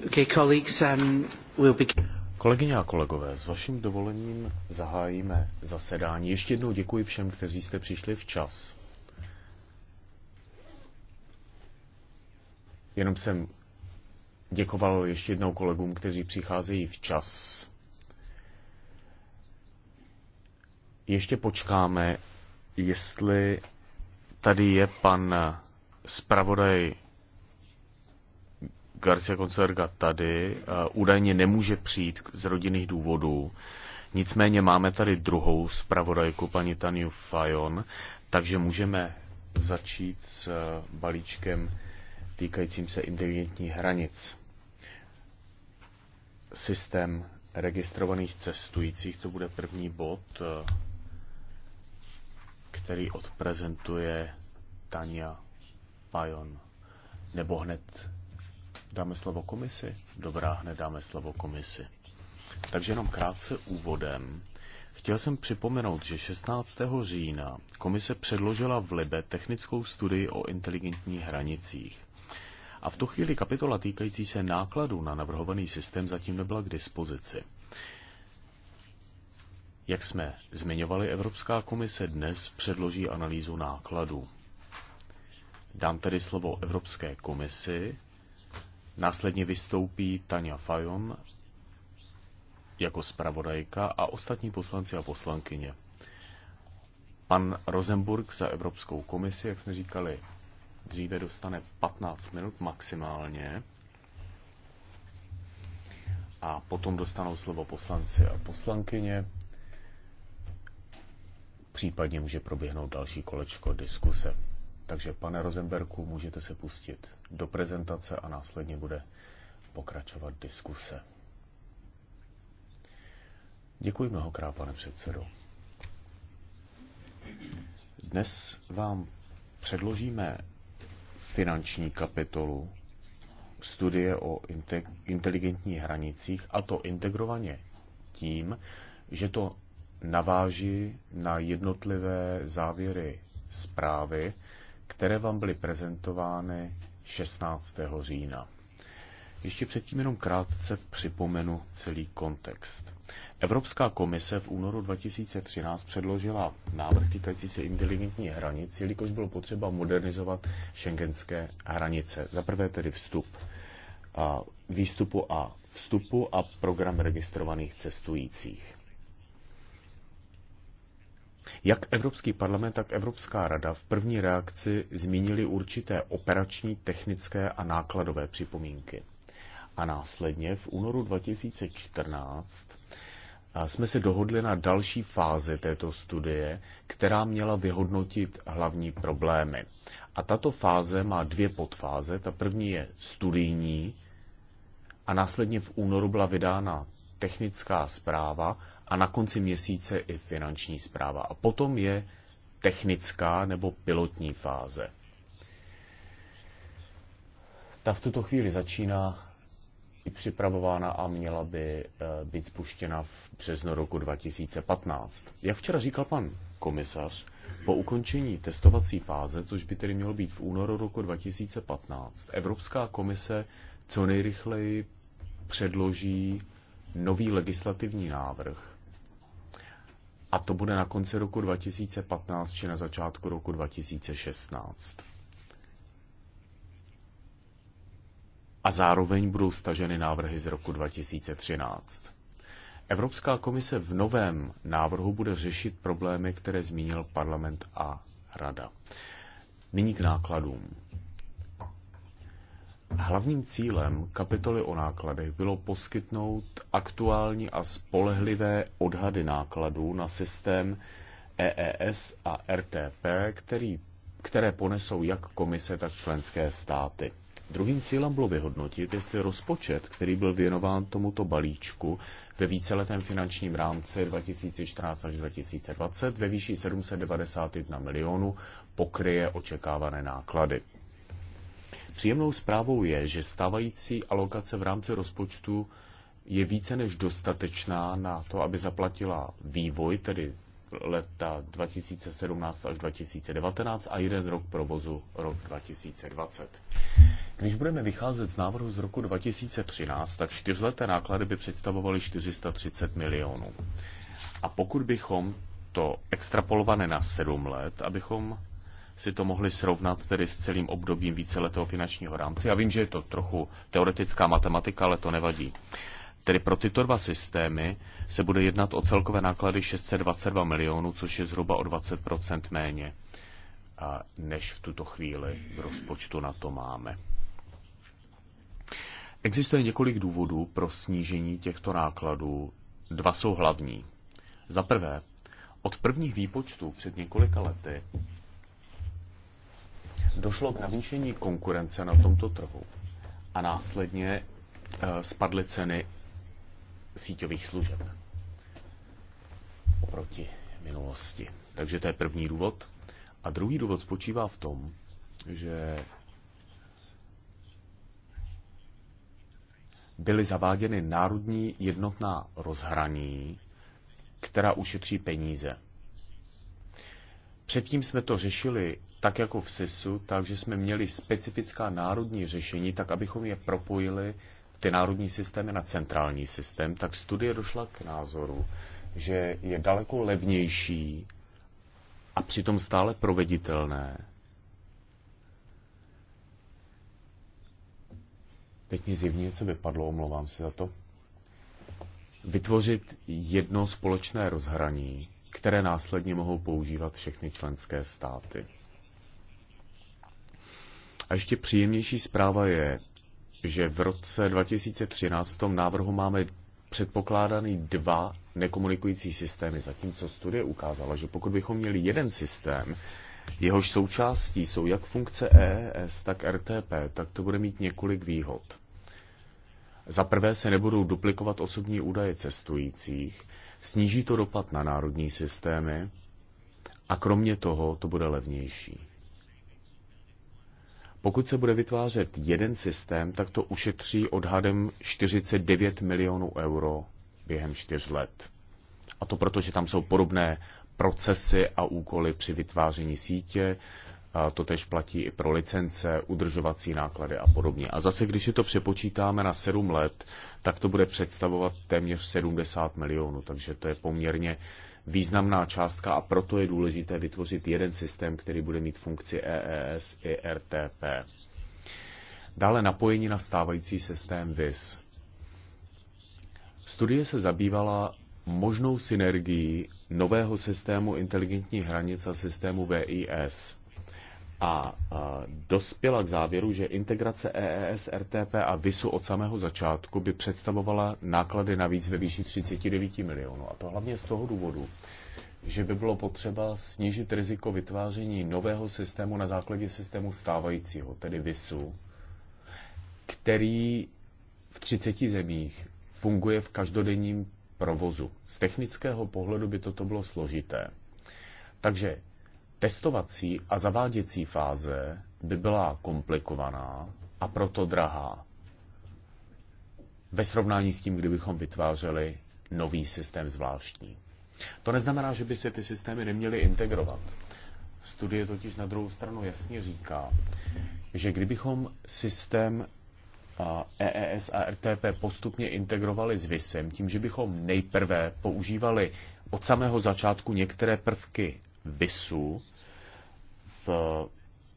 Um, Kolegyně a kolegové, s vaším dovolením zahájíme zasedání. Ještě jednou děkuji všem, kteří jste přišli včas. Jenom jsem děkoval ještě jednou kolegům, kteří přicházejí včas. Ještě počkáme, jestli tady je pan zpravodaj Garcia Concerga tady eh, údajně nemůže přijít z rodinných důvodů. Nicméně máme tady druhou zpravodajku, paní Taniu Fajon, takže můžeme začít s eh, balíčkem týkajícím se inteligentních hranic. Systém registrovaných cestujících, to bude první bod, eh, který odprezentuje Tania Fajon. Nebo hned Dáme slovo komisi? Dobrá, hned dáme slovo komisi. Takže jenom krátce úvodem. Chtěl jsem připomenout, že 16. října komise předložila v Libe technickou studii o inteligentních hranicích. A v tu chvíli kapitola týkající se nákladů na navrhovaný systém zatím nebyla k dispozici. Jak jsme zmiňovali, Evropská komise dnes předloží analýzu nákladů. Dám tedy slovo Evropské komisi, Následně vystoupí Tanja Fajon jako zpravodajka a ostatní poslanci a poslankyně. Pan Rosenburg za Evropskou komisi, jak jsme říkali, dříve dostane 15 minut maximálně a potom dostanou slovo poslanci a poslankyně. Případně může proběhnout další kolečko diskuse. Takže pane Rosenberku, můžete se pustit do prezentace a následně bude pokračovat diskuse. Děkuji mnohokrát, pane předsedo. Dnes vám předložíme finanční kapitolu studie o inteligentních hranicích a to integrovaně tím, že to naváží na jednotlivé závěry zprávy které vám byly prezentovány 16. října. Ještě předtím jenom krátce připomenu celý kontext. Evropská komise v únoru 2013 předložila návrh týkající se inteligentních hranic, jelikož bylo potřeba modernizovat šengenské hranice. Za prvé tedy vstup, a výstupu a vstupu a program registrovaných cestujících. Jak Evropský parlament, tak Evropská rada v první reakci zmínili určité operační, technické a nákladové připomínky. A následně v únoru 2014 eh, jsme se dohodli na další fázi této studie, která měla vyhodnotit hlavní problémy. A tato fáze má dvě podfáze. Ta první je studijní a následně v únoru byla vydána technická zpráva a na konci měsíce i finanční zpráva. A potom je technická nebo pilotní fáze. Ta v tuto chvíli začíná i připravována a měla by eh, být spuštěna v březnu roku 2015. Jak včera říkal pan komisař, po ukončení testovací fáze, což by tedy mělo být v únoru roku 2015, Evropská komise co nejrychleji předloží nový legislativní návrh, a to bude na konci roku 2015 či na začátku roku 2016. A zároveň budou staženy návrhy z roku 2013. Evropská komise v novém návrhu bude řešit problémy, které zmínil parlament a rada. Nyní k nákladům. Hlavním cílem kapitoly o nákladech bylo poskytnout aktuální a spolehlivé odhady nákladů na systém EES a RTP, který, které ponesou jak komise, tak členské státy. Druhým cílem bylo vyhodnotit, jestli rozpočet, který byl věnován tomuto balíčku ve víceletém finančním rámci 2014 až 2020 ve výši 791 milionů, pokryje očekávané náklady. Příjemnou zprávou je, že stávající alokace v rámci rozpočtu je více než dostatečná na to, aby zaplatila vývoj, tedy leta 2017 až 2019 a jeden rok provozu rok 2020. Když budeme vycházet z návrhu z roku 2013, tak čtyřleté náklady by představovaly 430 milionů. A pokud bychom to extrapolované na 7 let, abychom si to mohli srovnat tedy s celým obdobím víceletého finančního rámce. Já vím, že je to trochu teoretická matematika, ale to nevadí. Tedy pro tyto dva systémy se bude jednat o celkové náklady 622 milionů, což je zhruba o 20 méně, než v tuto chvíli v rozpočtu na to máme. Existuje několik důvodů pro snížení těchto nákladů. Dva jsou hlavní. Za prvé, od prvních výpočtů před několika lety došlo k navýšení konkurence na tomto trhu a následně eh, spadly ceny síťových služeb oproti minulosti. Takže to je první důvod. A druhý důvod spočívá v tom, že byly zaváděny národní jednotná rozhraní, která ušetří peníze. Předtím jsme to řešili tak jako v SISu, e takže jsme měli specifická národní řešení, tak abychom je propojili ty národní systémy na centrální systém, tak studie došla k názoru, že je daleko levnější a přitom stále proveditelné. Teď mi zjevně něco vypadlo, omlouvám se za to. Vytvořit jedno společné rozhraní které následně mohou používat všechny členské státy. A ještě příjemnější zpráva je, že v roce 2013 v tom návrhu máme předpokládaný dva nekomunikující systémy, zatímco studie ukázala, že pokud bychom měli jeden systém, jehož součástí jsou jak funkce EES, tak RTP, tak to bude mít několik výhod. Za prvé se nebudou duplikovat osobní údaje cestujících, Sníží to dopad na národní systémy a kromě toho to bude levnější. Pokud se bude vytvářet jeden systém, tak to ušetří odhadem 49 milionů euro během čtyř let. A to proto, že tam jsou podobné procesy a úkoly při vytváření sítě, a to tež platí i pro licence, udržovací náklady a podobně. A zase, když si to přepočítáme na 7 let, tak to bude představovat téměř 70 milionů, takže to je poměrně významná částka a proto je důležité vytvořit jeden systém, který bude mít funkci EES i RTP. Dále napojení na stávající systém VIS. Studie se zabývala možnou synergií nového systému inteligentních hranic a systému VIS a dospěla k závěru, že integrace EES, RTP a VISu od samého začátku by představovala náklady navíc ve výši 39 milionů. A to hlavně z toho důvodu, že by bylo potřeba snížit riziko vytváření nového systému na základě systému stávajícího, tedy VISu, který v 30 zemích funguje v každodenním provozu. Z technického pohledu by toto bylo složité. Takže testovací a zaváděcí fáze by byla komplikovaná a proto drahá. Ve srovnání s tím, kdybychom vytvářeli nový systém zvláštní. To neznamená, že by se ty systémy neměly integrovat. Studie totiž na druhou stranu jasně říká, že kdybychom systém EES a e e RTP postupně integrovali s VISem, tím, že bychom nejprve používali od samého začátku některé prvky VISů v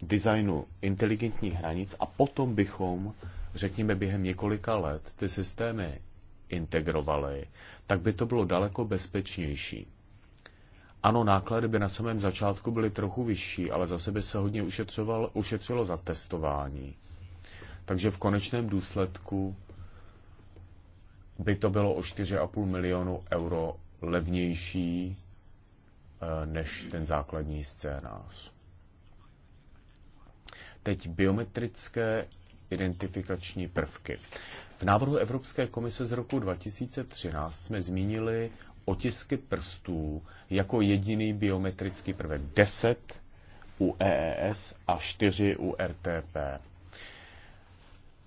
designu inteligentních hranic a potom bychom, řekněme, během několika let ty systémy integrovali, tak by to bylo daleko bezpečnější. Ano, náklady by na samém začátku byly trochu vyšší, ale zase by se hodně ušetřoval, ušetřilo za testování. Takže v konečném důsledku by to bylo o 4,5 milionu euro levnější Eh, než ten základní scénář. Teď biometrické identifikační prvky. V návrhu Evropské komise z roku 2013 jsme zmínili otisky prstů jako jediný biometrický prvek. 10 u EES a 4 u RTP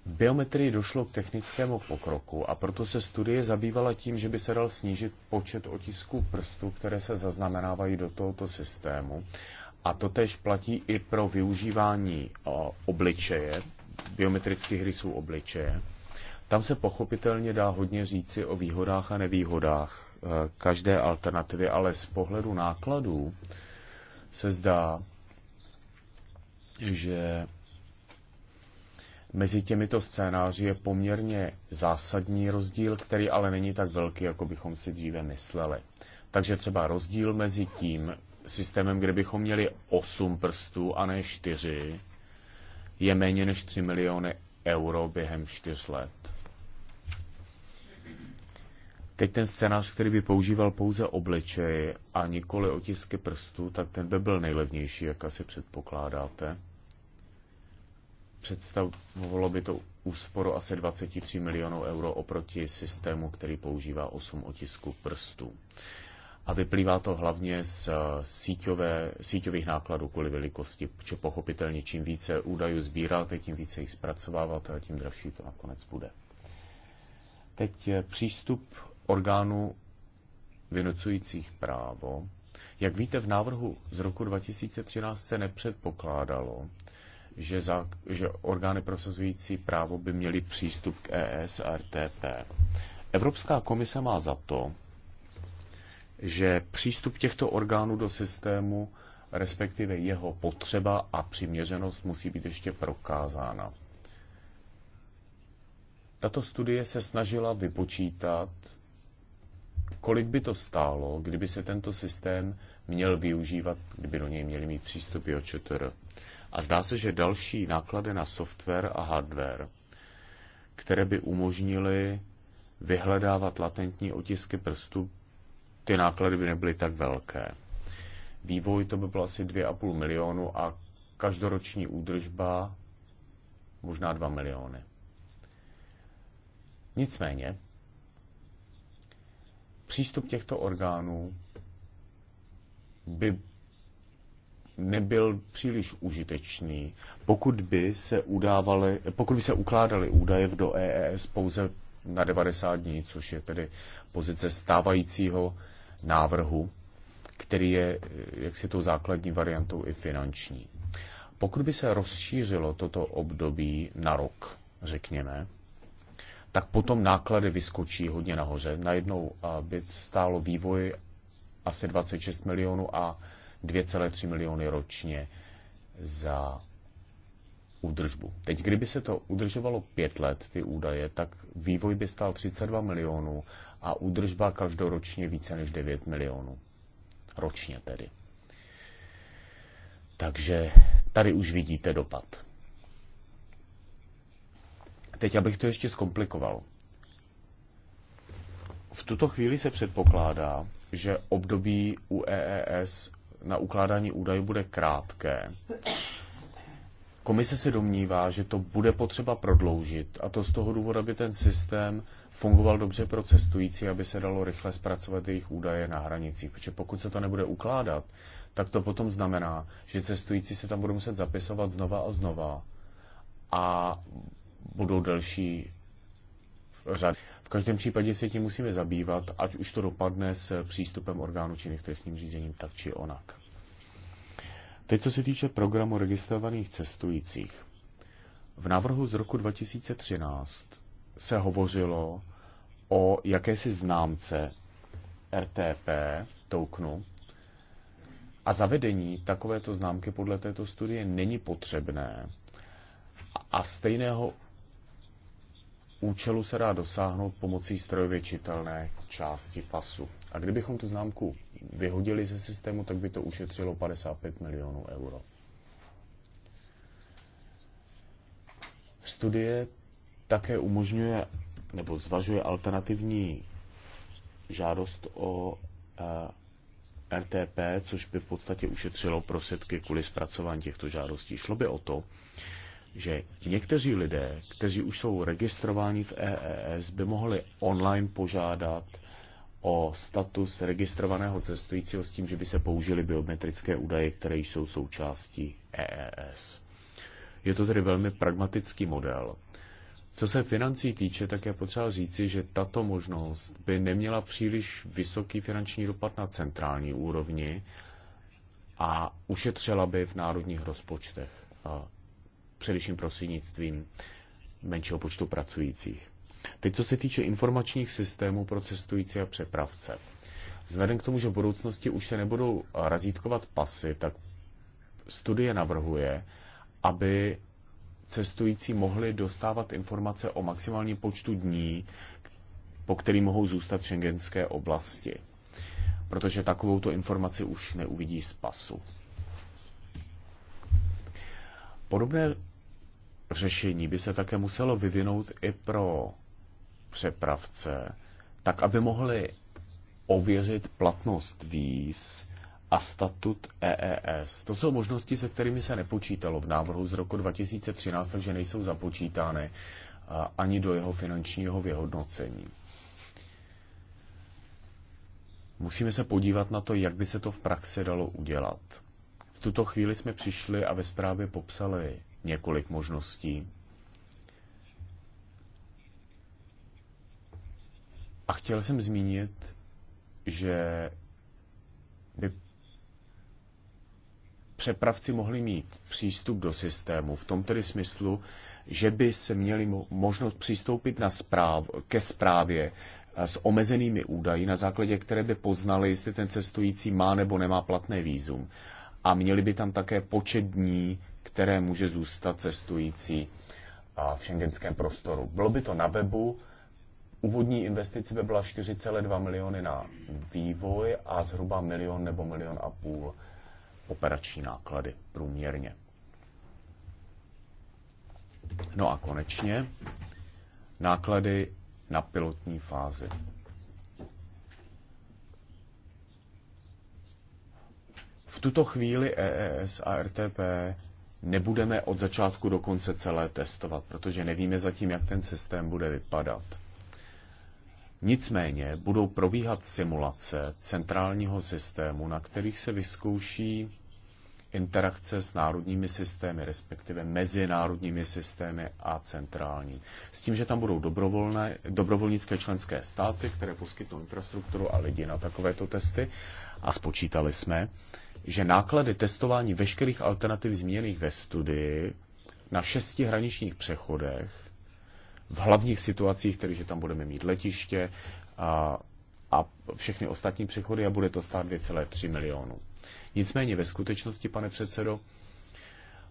biometrii došlo k technickému pokroku a proto se studie zabývala tím, že by se dal snížit počet otisků prstů, které se zaznamenávají do tohoto systému. A to tež platí i pro využívání obličeje, biometrických rysů obličeje. Tam se pochopitelně dá hodně říci o výhodách a nevýhodách e, každé alternativy, ale z pohledu nákladů se zdá, že Mezi těmito scénáři je poměrně zásadní rozdíl, který ale není tak velký, jako bychom si dříve mysleli. Takže třeba rozdíl mezi tím systémem, kde bychom měli 8 prstů a ne 4, je méně než 3 miliony euro během 4 let. Teď ten scénář, který by používal pouze obličeje a nikoli otisky prstů, tak ten by byl nejlevnější, jak asi předpokládáte. Představovalo by to úsporu asi 23 milionů euro oproti systému, který používá 8 otisků prstů. A vyplývá to hlavně z eh, síťové, síťových nákladů kvůli velikosti, protože pochopitelně čím více údajů sbíráte, tím více jich zpracováváte a tím dražší to nakonec bude. Teď eh, přístup orgánů vynucujících právo. Jak víte, v návrhu z roku 2013 se nepředpokládalo, že, za, že orgány prosazující právo by měly přístup k ESRTP. Evropská komise má za to, že přístup těchto orgánů do systému, respektive jeho potřeba a přiměřenost, musí být ještě prokázána. Tato studie se snažila vypočítat, kolik by to stálo, kdyby se tento systém měl využívat, kdyby do něj měli mít přístup i JČTR. A zdá se, že další náklady na software a hardware, které by umožnily vyhledávat latentní otisky prstů, ty náklady by nebyly tak velké. Vývoj to by bylo asi 2,5 milionu a každoroční údržba možná 2 miliony. Nicméně, přístup těchto orgánů by nebyl příliš užitečný, pokud by se, udávali, pokud by se ukládaly údaje do EES pouze na 90 dní, což je tedy pozice stávajícího návrhu, který je jaksi tou základní variantou i finanční. Pokud by se rozšířilo toto období na rok, řekněme, tak potom náklady vyskočí hodně nahoře. Najednou by stálo vývoj asi 26 milionů a 2,3 miliony ročně za údržbu. Teď, kdyby se to udržovalo pět let, ty údaje, tak vývoj by stál 32 milionů a údržba každoročně více než 9 milionů. Ročně tedy. Takže tady už vidíte dopad. Teď, abych to ještě zkomplikoval. V tuto chvíli se předpokládá, že období u EES na ukládání údajů bude krátké. Komise se domnívá, že to bude potřeba prodloužit a to z toho důvodu, aby ten systém fungoval dobře pro cestující, aby se dalo rychle zpracovat jejich údaje na hranicích. Protože pokud se to nebude ukládat, tak to potom znamená, že cestující se tam budou muset zapisovat znova a znova a budou delší řady. V každém případě se tím musíme zabývat, ať už to dopadne s přístupem orgánů činných trestním řízením tak či onak. Teď, co se týče programu registrovaných cestujících. V návrhu z roku 2013 se hovořilo o jakési známce RTP, touknu, a zavedení takovéto známky podle této studie není potřebné. A stejného účelu se dá dosáhnout pomocí strojově čitelné části pasu. A kdybychom tu známku vyhodili ze systému, tak by to ušetřilo 55 milionů euro. Studie také umožňuje nebo zvažuje alternativní žádost o e, eh, RTP, což by v podstatě ušetřilo prostředky kvůli zpracování těchto žádostí. Šlo by o to, že někteří lidé, kteří už jsou registrováni v EES, by mohli online požádat o status registrovaného cestujícího s tím, že by se použili biometrické údaje, které jsou součástí EES. Je to tedy velmi pragmatický model. Co se financí týče, tak je potřeba říci, že tato možnost by neměla příliš vysoký finanční dopad na centrální úrovni a ušetřila by v národních rozpočtech především prostřednictvím menšího počtu pracujících. Teď, co se týče informačních systémů pro cestující a přepravce. Vzhledem k tomu, že v budoucnosti už se nebudou razítkovat pasy, tak studie navrhuje, aby cestující mohli dostávat informace o maximálním počtu dní, po který mohou zůstat v šengenské oblasti. Protože takovouto informaci už neuvidí z pasu. Podobné řešení by se také muselo vyvinout i pro přepravce, tak aby mohli ověřit platnost víz a statut EES. To jsou možnosti, se kterými se nepočítalo v návrhu z roku 2013, takže nejsou započítány ani do jeho finančního vyhodnocení. Musíme se podívat na to, jak by se to v praxi dalo udělat. V tuto chvíli jsme přišli a ve zprávě popsali několik možností. A chtěl jsem zmínit, že by přepravci mohli mít přístup do systému v tom tedy smyslu, že by se měli možnost přistoupit na správ, ke zprávě eh, s omezenými údaji, na základě které by poznali, jestli ten cestující má nebo nemá platné výzum a měli by tam také počet dní, které může zůstat cestující v šengenském prostoru. Bylo by to na webu, Úvodní investice by byla 4,2 miliony na vývoj a zhruba milion nebo milion a půl operační náklady průměrně. No a konečně náklady na pilotní fázi. tuto chvíli EES a RTP nebudeme od začátku do konce celé testovat, protože nevíme zatím, jak ten systém bude vypadat. Nicméně budou probíhat simulace centrálního systému, na kterých se vyzkouší interakce s národními systémy, respektive mezi národními systémy a centrální. S tím, že tam budou dobrovolné, dobrovolnické členské státy, které poskytnou infrastrukturu a lidi na takovéto testy a spočítali jsme, že náklady testování veškerých alternativ zmíněných ve studii na šesti hraničních přechodech v hlavních situacích, tedy že tam budeme mít letiště a, a všechny ostatní přechody a bude to stát 2,3 milionu. Nicméně ve skutečnosti, pane předsedo,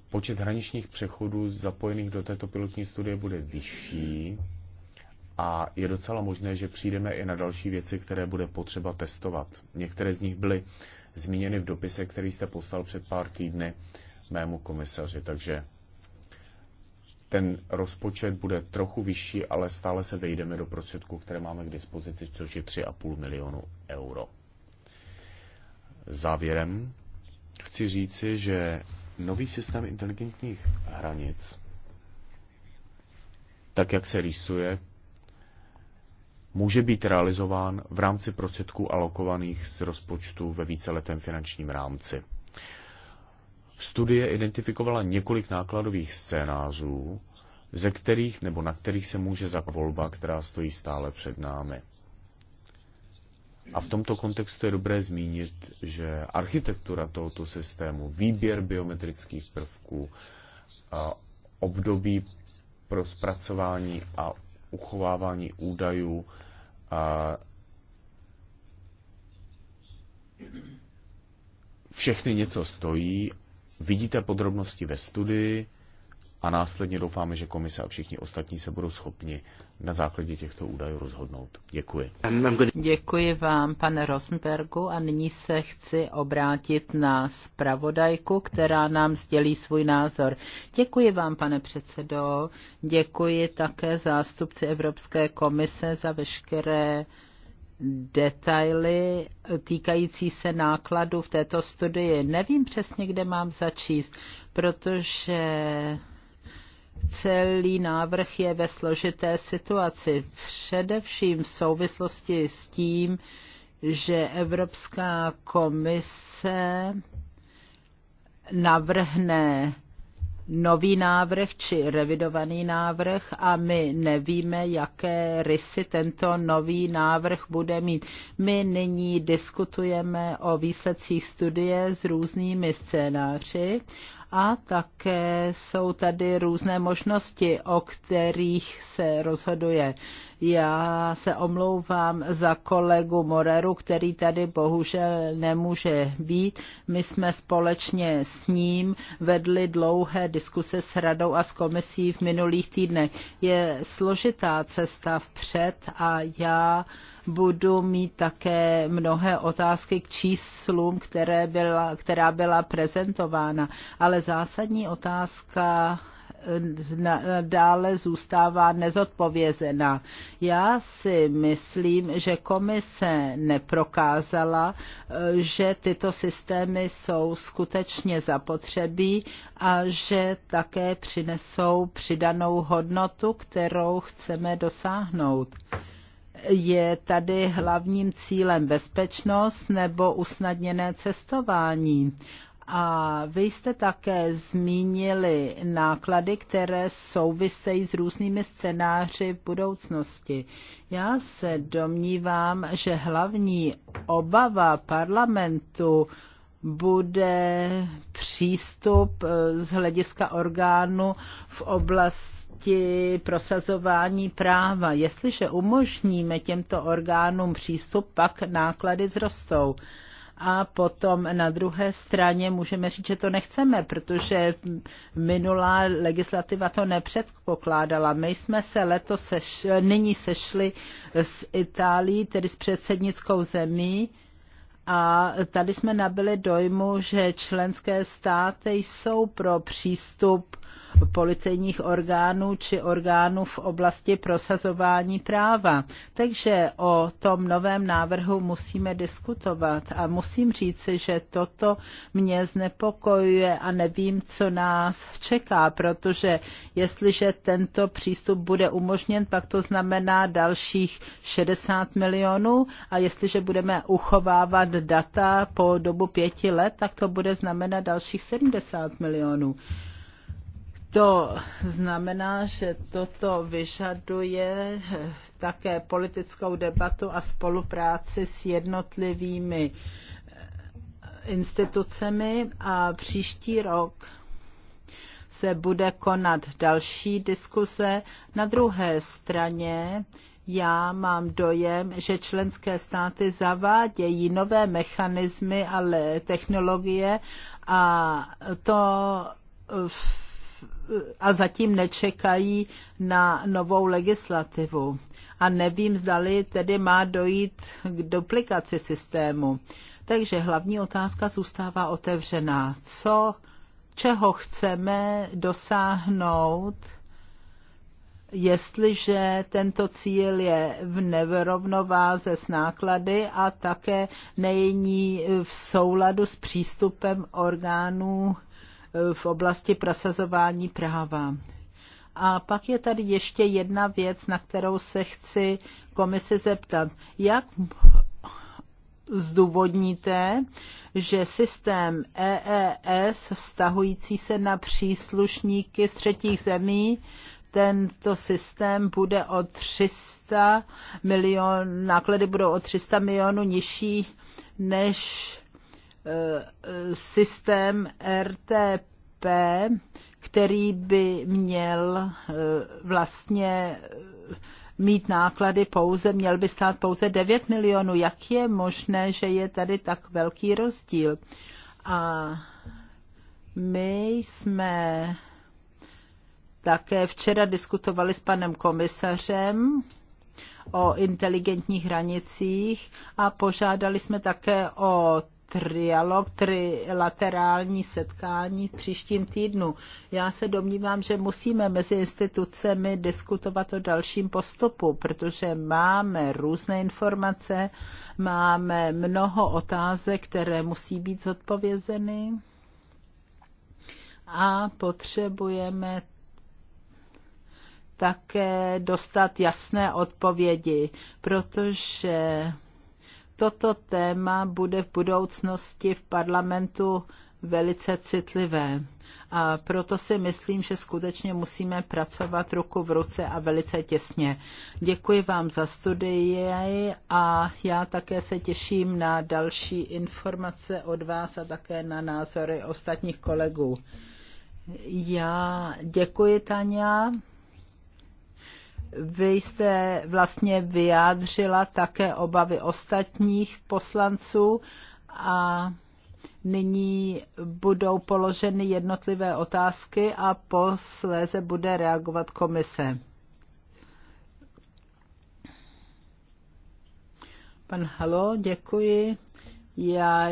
počet hraničních přechodů zapojených do této pilotní studie bude vyšší a je docela možné, že přijdeme i na další věci, které bude potřeba testovat. Některé z nich byly zmíněny v dopise, který jste poslal před pár týdny mému komisaři. Takže ten rozpočet bude trochu vyšší, ale stále se vejdeme do prostředků, které máme k dispozici, což je 3,5 milionu euro. Závěrem chci říci, že nový systém inteligentních hranic, tak jak se rýsuje, může být realizován v rámci prostředků alokovaných z rozpočtu ve víceletém finančním rámci. Studie identifikovala několik nákladových scénářů, ze kterých nebo na kterých se může za volba, která stojí stále před námi. A v tomto kontextu je dobré zmínit, že architektura tohoto systému, výběr biometrických prvků, období pro zpracování a uchovávání údajů všechny něco stojí, vidíte podrobnosti ve studii, a následně doufáme, že komise a všichni ostatní se budou schopni na základě těchto údajů rozhodnout. Děkuji. Děkuji vám, pane Rosenbergu, a nyní se chci obrátit na zpravodajku, která nám sdělí svůj názor. Děkuji vám, pane předsedo, děkuji také zástupci Evropské komise za veškeré detaily týkající se nákladu v této studii. Nevím přesně, kde mám začíst, protože Celý návrh je ve složité situaci, především v souvislosti s tím, že Evropská komise navrhne nový návrh či revidovaný návrh a my nevíme, jaké rysy tento nový návrh bude mít. My nyní diskutujeme o výsledcích studie s různými scénáři a také jsou tady různé možnosti, o kterých se rozhoduje. Já se omlouvám za kolegu Moreru, který tady bohužel nemůže být. My jsme společně s ním vedli dlouhé diskuse s radou a s komisí v minulých týdnech. Je složitá cesta vpřed a já budu mít také mnohé otázky k číslům, které byla, která byla prezentována. Ale zásadní otázka eh, dále zůstává nezodpovězená. Já si myslím, že komise neprokázala, eh, že tyto systémy jsou skutečně zapotřebí a že také přinesou přidanou hodnotu, kterou chceme dosáhnout je tady hlavním cílem bezpečnost nebo usnadněné cestování. A vy jste také zmínili náklady, které souvisejí s různými scénáři v budoucnosti. Já se domnívám, že hlavní obava parlamentu bude přístup eh, z hlediska orgánu v oblasti oblasti prosazování práva. Jestliže umožníme těmto orgánům přístup, pak náklady vzrostou. A potom na druhé straně můžeme říct, že to nechceme, protože minulá legislativa to nepředpokládala. My jsme se letos seš, nyní sešli s Itálií, tedy s předsednickou zemí, a tady jsme nabili dojmu, že členské státy jsou pro přístup policejních orgánů či orgánů v oblasti prosazování práva. Takže o tom novém návrhu musíme diskutovat a musím říci, že toto mě znepokojuje a nevím, co nás čeká, protože jestliže tento přístup bude umožněn, pak to znamená dalších 60 milionů a jestliže budeme uchovávat data po dobu pěti let, tak to bude znamenat dalších 70 milionů. To znamená, že toto vyžaduje také politickou debatu a spolupráci s jednotlivými eh, institucemi a příští rok se bude konat další diskuse. Na druhé straně já mám dojem, že členské státy zavádějí nové mechanismy, ale technologie a to v a zatím nečekají na novou legislativu. A nevím, zdali tedy má dojít k duplikaci systému. Takže hlavní otázka zůstává otevřená. Co, čeho chceme dosáhnout, jestliže tento cíl je v nerovnováze s náklady a také není v souladu s přístupem orgánů v oblasti prosazování práva. A pak je tady ještě jedna věc, na kterou se chci komisi zeptat. Jak zdůvodníte, že systém EES vztahující se na příslušníky z třetích zemí, tento systém bude o 300 milionů náklady budou o 300 milionů nižší než Eh, systém RTP, který by měl eh, vlastně eh, mít náklady pouze, měl by stát pouze 9 milionů. Jak je možné, že je tady tak velký rozdíl? A my jsme také včera diskutovali s panem komisařem o inteligentních hranicích a požádali jsme také o trialog, trilaterální setkání v příštím týdnu. Já se domnívám, že musíme mezi institucemi diskutovat o dalším postupu, protože máme různé informace, máme mnoho otázek, které musí být zodpovězeny a potřebujeme také dostat jasné odpovědi, protože toto téma bude v budoucnosti v parlamentu velice citlivé. A proto si myslím, že skutečně musíme pracovat ruku v ruce a velice těsně. Děkuji vám za studii a já také se těším na další informace od vás a také na názory ostatních kolegů. Já děkuji, Tania. Vy jste vlastně vyjádřila také obavy ostatních poslanců a nyní budou položeny jednotlivé otázky a posléze bude reagovat komise. Pan Halo, děkuji. Já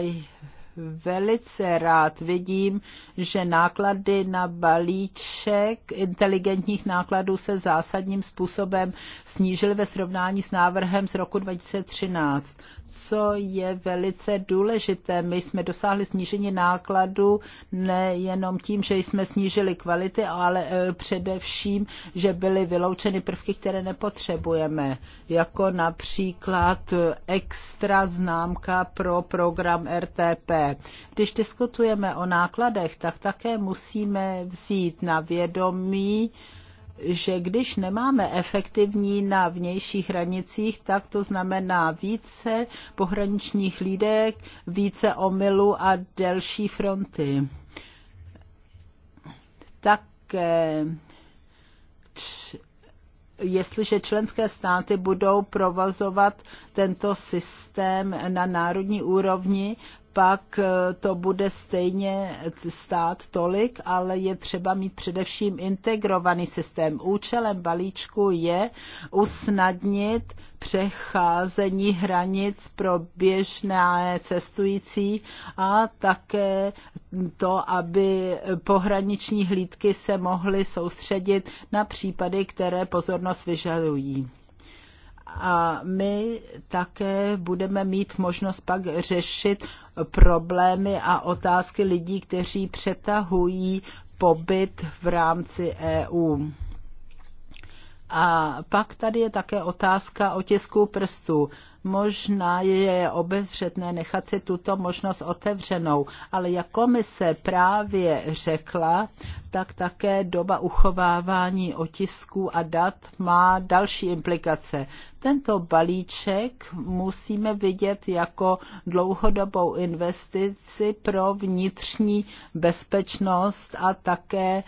velice rád vidím, že náklady na balíček inteligentních nákladů se zásadním způsobem snížily ve srovnání s návrhem z roku 2013 co je velice důležité. My jsme dosáhli snížení nákladu nejenom tím, že jsme snížili kvality, ale e, především, že byly vyloučeny prvky, které nepotřebujeme, jako například extra známka pro program RTP. Když diskutujeme o nákladech, tak také musíme vzít na vědomí, že když nemáme efektivní na vnějších hranicích, tak to znamená více pohraničních lídek, více omylů a delší fronty. Také jestliže členské státy budou provozovat tento systém na národní úrovni, pak eh, to bude stejně stát tolik, ale je třeba mít především integrovaný systém. Účelem balíčku je usnadnit přecházení hranic pro běžné cestující a také to, aby pohraniční hlídky se mohly soustředit na případy, které pozornost vyžadují a my také budeme mít možnost pak řešit problémy a otázky lidí, kteří přetahují pobyt v rámci EU. A pak tady je také otázka otisku prstů. Možná je obezřetné nechat si tuto možnost otevřenou, ale jak komise právě řekla, tak také doba uchovávání otisků a dat má další implikace. Tento balíček musíme vidět jako dlouhodobou investici pro vnitřní bezpečnost a také e,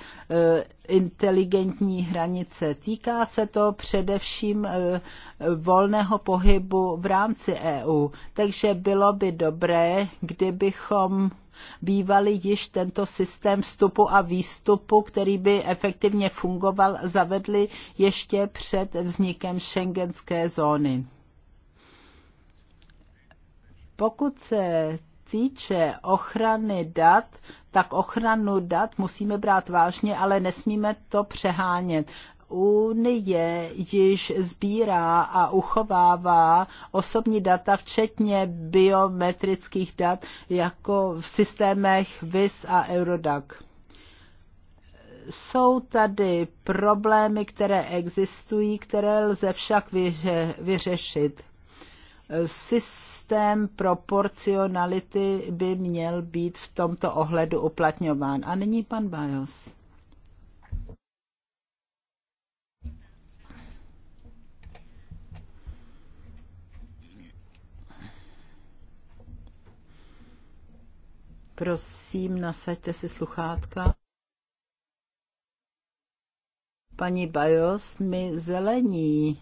inteligentní hranice. Týká se to především e, volného pohybu v rámci EU. Takže bylo by dobré, kdybychom bývali již tento systém vstupu a výstupu, který by efektivně fungoval, zavedli ještě před vznikem šengenské zóny. Pokud se týče ochrany dat, tak ochranu dat musíme brát vážně, ale nesmíme to přehánět. Unie již sbírá a uchovává osobní data, včetně biometrických dat, jako v systémech VIS a Eurodac. Jsou tady problémy, které existují, které lze však vyře- vyřešit. Systém proporcionality by měl být v tomto ohledu uplatňován. A nyní pan Bajos. Prosím, nasaďte si sluchátka. Paní Bajos, my zelení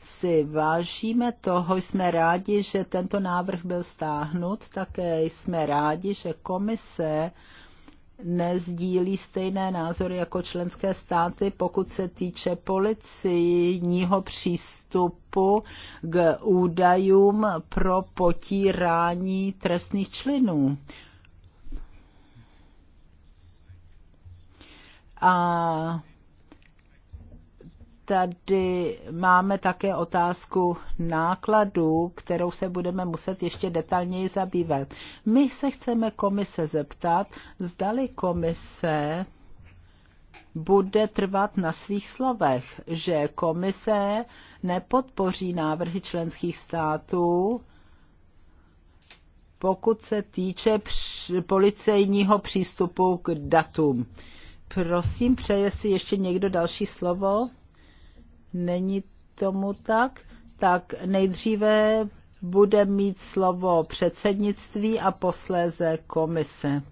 si vážíme toho, jsme rádi, že tento návrh byl stáhnut, také jsme rádi, že komise nezdílí stejné názory jako členské státy, pokud se týče policijního přístupu k údajům pro potírání trestných členů. A tady máme také otázku nákladů, kterou se budeme muset ještě detailněji zabývat. My se chceme komise zeptat, zdali komise bude trvat na svých slovech, že komise nepodpoří návrhy členských států, pokud se týče policejního přístupu k datům. Prosím, přeje si ještě někdo další slovo? Není tomu tak? Tak nejdříve bude mít slovo předsednictví a posléze komise.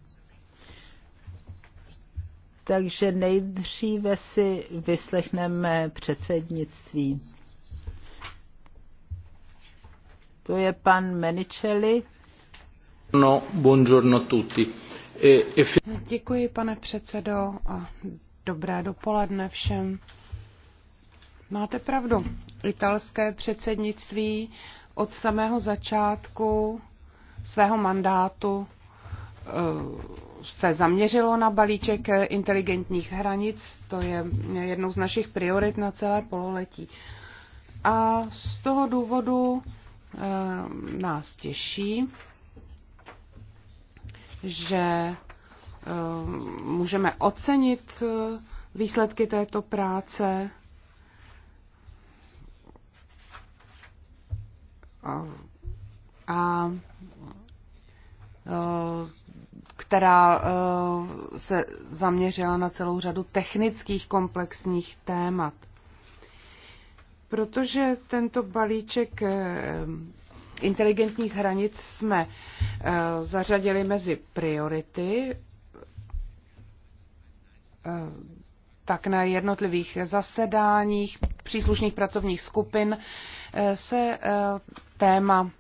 Takže nejdříve si vyslechneme předsednictví. To je pan Menicelli. No, buongiorno tutti. Děkuji, pane předsedo, a dobré dopoledne všem. Máte pravdu. Italské předsednictví od samého začátku svého mandátu eh, se zaměřilo na balíček inteligentních hranic. To je jednou z našich priorit na celé pololetí. A z toho důvodu eh, nás těší, že eh, můžeme ocenit eh, výsledky této práce. A eh, která se zaměřila na celou řadu technických komplexních témat. Protože tento balíček inteligentních hranic jsme eh, zařadili mezi priority eh, tak na jednotlivých zasedáních příslušných pracovních skupin eh, se téma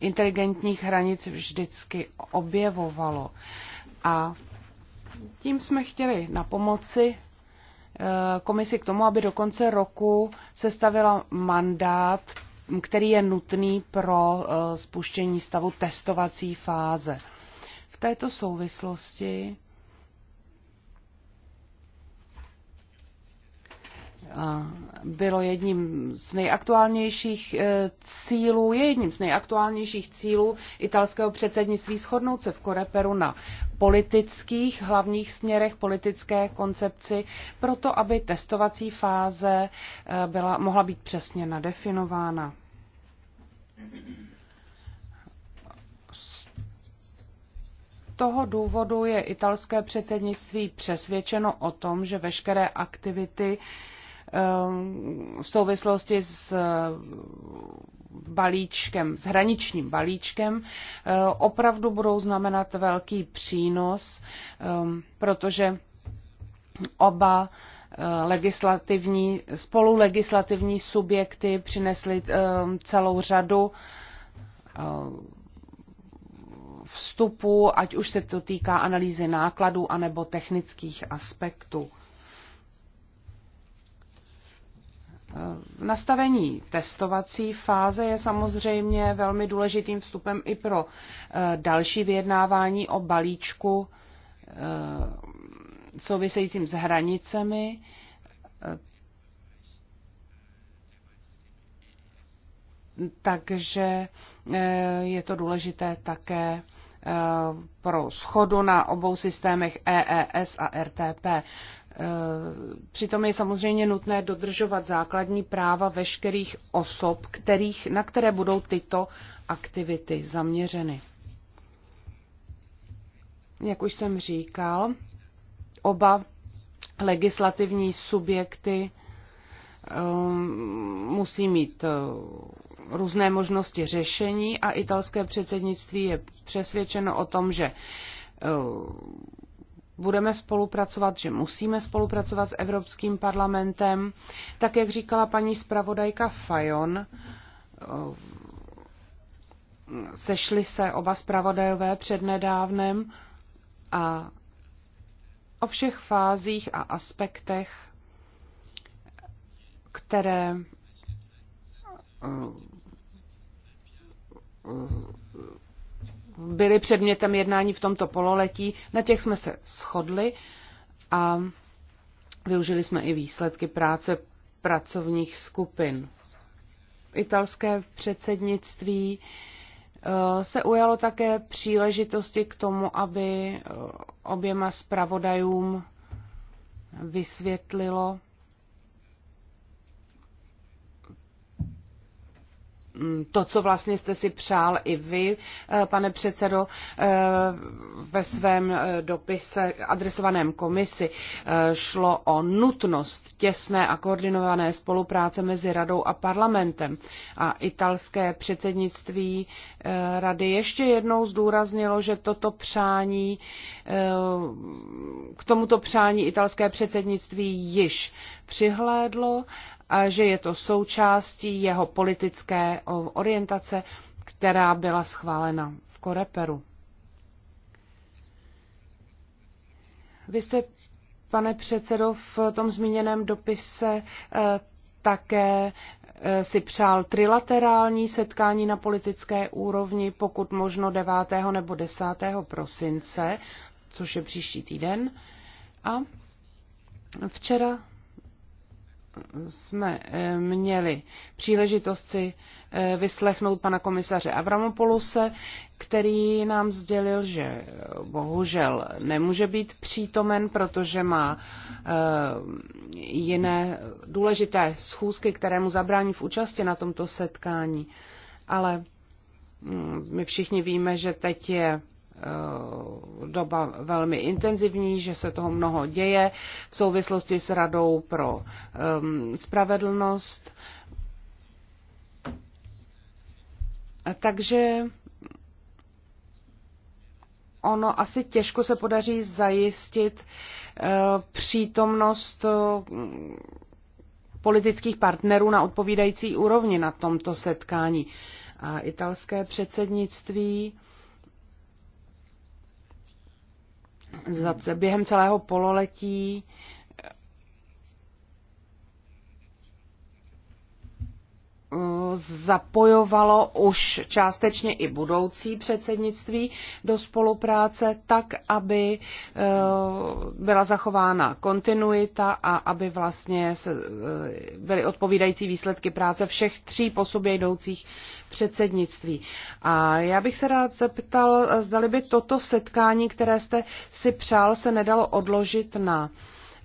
inteligentních hranic vždycky objevovalo. A tím jsme chtěli na pomoci komisi k tomu, aby do konce roku sestavila mandát který je nutný pro eh, spuštění stavu testovací fáze. V této souvislosti bylo jedním z nejaktuálnějších e, cílů, je jedním z nejaktuálnějších cílů italského předsednictví shodnout se v Koreperu na politických hlavních směrech politické koncepci, proto aby testovací fáze e, byla, mohla být přesně nadefinována. toho důvodu je italské předsednictví přesvědčeno o tom, že veškeré aktivity uh, Um, v souvislosti s uh, balíčkem, s hraničním balíčkem, uh, opravdu budou znamenat velký přínos, um, protože oba uh, legislativní, spolulegislativní subjekty přinesly um, celou řadu vstupů, ať už se to týká analýzy nákladů anebo technických aspektů. V Nastavení testovací fáze je samozřejmě velmi důležitým vstupem i pro eh, další vyjednávání o balíčku eh, souvisejícím s hranicemi. Eh, takže je to důležité také pro schodu na obou systémech EES a RTP. Přitom je samozřejmě nutné dodržovat základní práva veškerých osob, kterých, na které budou tyto aktivity zaměřeny. Jak už jsem říkal, oba legislativní subjekty um, musí mít uh, různé možnosti řešení a italské předsednictví je přesvědčeno o tom, že uh, budeme spolupracovat, že musíme spolupracovat s Evropským parlamentem. Tak, jak říkala paní zpravodajka Fajon, eh, sešli se oba zpravodajové přednedávnem a o všech fázích a aspektech, které eh, byly předmětem jednání v tomto pololetí. Na těch jsme se shodli a využili jsme i výsledky práce pracovních skupin. Italské předsednictví e, se ujalo také příležitosti k tomu, aby e, oběma zpravodajům vysvětlilo, Mm, to, co vlastně jste si přál i vy, eh, pane předsedo, eh, ve svém eh, dopise adresovaném komisi. Šlo o nutnost těsné a koordinované spolupráce mezi radou a parlamentem. A italské předsednictví rady ještě jednou zdůraznilo, že toto přání, k tomuto přání italské předsednictví již přihlédlo a že je to součástí jeho politické orientace, která byla schválena v Koreperu. Vy jste, pane předsedo, v tom zmíněném dopise eh, také eh, si přál trilaterální setkání na politické úrovni, pokud možno 9. nebo 10. prosince, což je příští týden. A včera jsme eh, měli příležitost si eh, vyslechnout pana komisaře Avramopoluse, který nám sdělil, že bohužel nemůže být přítomen, protože má eh, jiné důležité schůzky, které mu zabrání v účasti na tomto setkání. Ale hm, my všichni víme, že teď je Eh, doba velmi intenzivní, že se toho mnoho děje v souvislosti s Radou pro ehm, spravedlnost. Eh, takže ono asi těžko se podaří zajistit eh, přítomnost politických partnerů na odpovídající úrovni na tomto setkání. A italské předsednictví během celého pololetí zapojovalo už částečně i budoucí předsednictví do spolupráce, tak aby e, byla zachována kontinuita a aby vlastně e, byly odpovídající výsledky práce všech tří po sobě jdoucích předsednictví. A já bych se rád zeptal, zdali by toto setkání, které jste si přál, se nedalo odložit na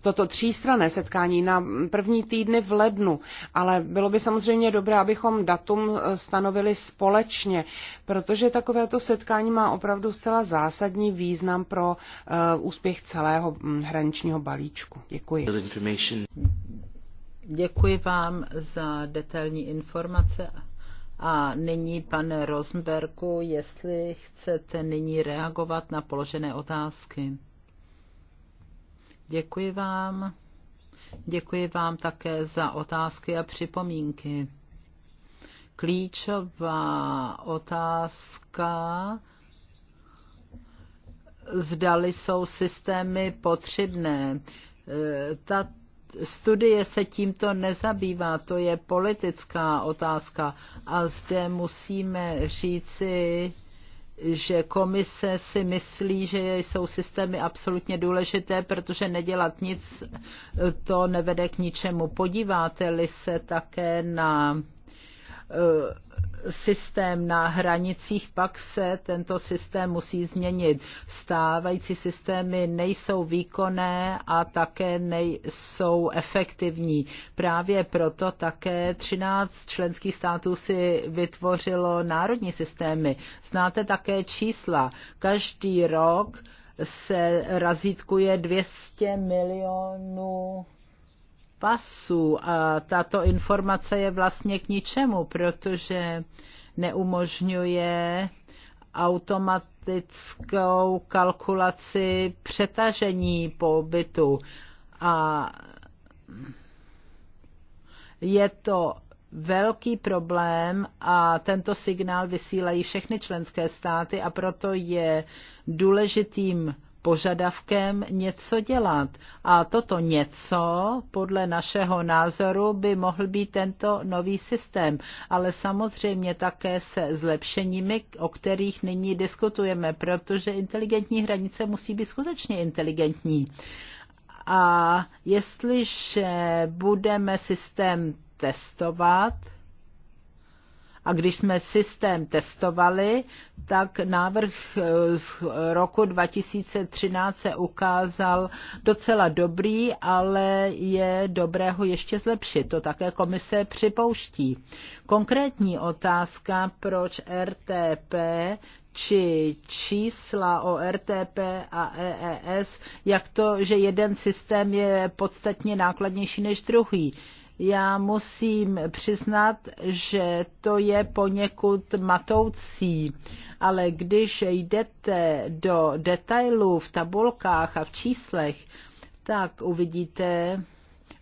toto třístrané setkání na první týdny v lednu, ale bylo by samozřejmě dobré, abychom datum eh, stanovili společně, protože takovéto setkání má opravdu zcela zásadní význam pro eh, úspěch celého hm, hraničního balíčku. Děkuji. Děkuji vám za detailní informace. A nyní, pane Rosenbergu, jestli chcete nyní reagovat na položené otázky. Děkuji vám. Děkuji vám také za otázky a připomínky. Klíčová otázka, zdali jsou systémy potřebné. E, ta studie se tímto nezabývá, to je politická otázka a zde musíme říci, že komise si myslí, že jsou systémy absolutně důležité, protože nedělat nic, to nevede k ničemu. Podíváte-li se také na E, systém na hranicích, pak se tento systém musí změnit. Stávající systémy nejsou výkonné a také nejsou efektivní. Právě proto také 13 členských států si vytvořilo národní systémy. Znáte také čísla. Každý rok se razítkuje 200 milionů pasů a tato informace je vlastně k ničemu, protože neumožňuje automatickou kalkulaci přetažení pobytu. A je to velký problém a tento signál vysílají všechny členské státy a proto je důležitým požadavkem něco dělat. A toto něco, podle našeho názoru, by mohl být tento nový systém, ale samozřejmě také se zlepšeními, o kterých nyní diskutujeme, protože inteligentní hranice musí být skutečně inteligentní. A jestliže budeme systém testovat, a když jsme systém testovali, tak návrh eh, z roku 2013 se ukázal docela dobrý, ale je dobré ho ještě zlepšit. To také komise připouští. Konkrétní otázka, proč RTP či čísla o RTP a EES, jak to, že jeden systém je podstatně nákladnější než druhý. Já musím přiznat, že to je poněkud matoucí, ale když jdete do detailů v tabulkách a v číslech, tak uvidíte,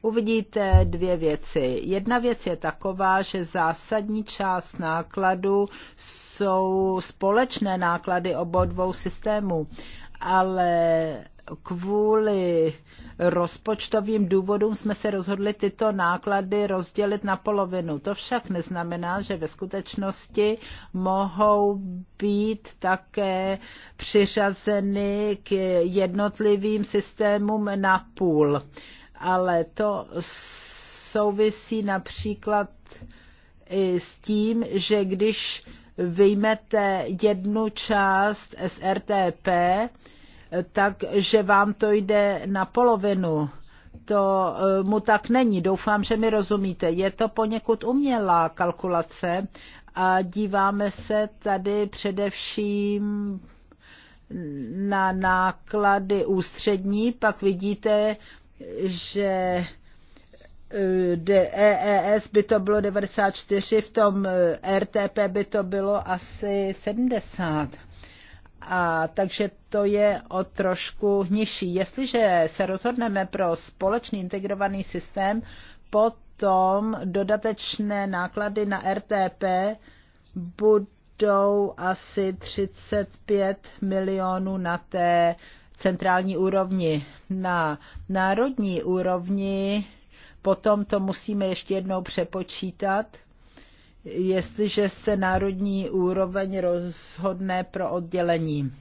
uvidíte dvě věci. Jedna věc je taková, že zásadní část nákladu jsou společné náklady obou dvou systémů, ale kvůli rozpočtovým důvodům jsme se rozhodli tyto náklady rozdělit na polovinu. To však neznamená, že ve skutečnosti mohou být také přiřazeny k jednotlivým systémům na půl. Ale to souvisí například i s tím, že když vyjmete jednu část SRTP, takže vám to jde na polovinu. To eh, mu tak není. Doufám, že mi rozumíte. Je to poněkud umělá kalkulace a díváme se tady především na náklady ústřední, pak vidíte, že EES eh, e e by to bylo 94, v tom eh, RTP by to bylo asi 70 a takže to je o trošku nižší. Jestliže se rozhodneme pro společný integrovaný systém, potom dodatečné náklady na RTP budou asi 35 milionů na té centrální úrovni. Na národní úrovni potom to musíme ještě jednou přepočítat jestliže se národní úroveň rozhodne pro oddělení.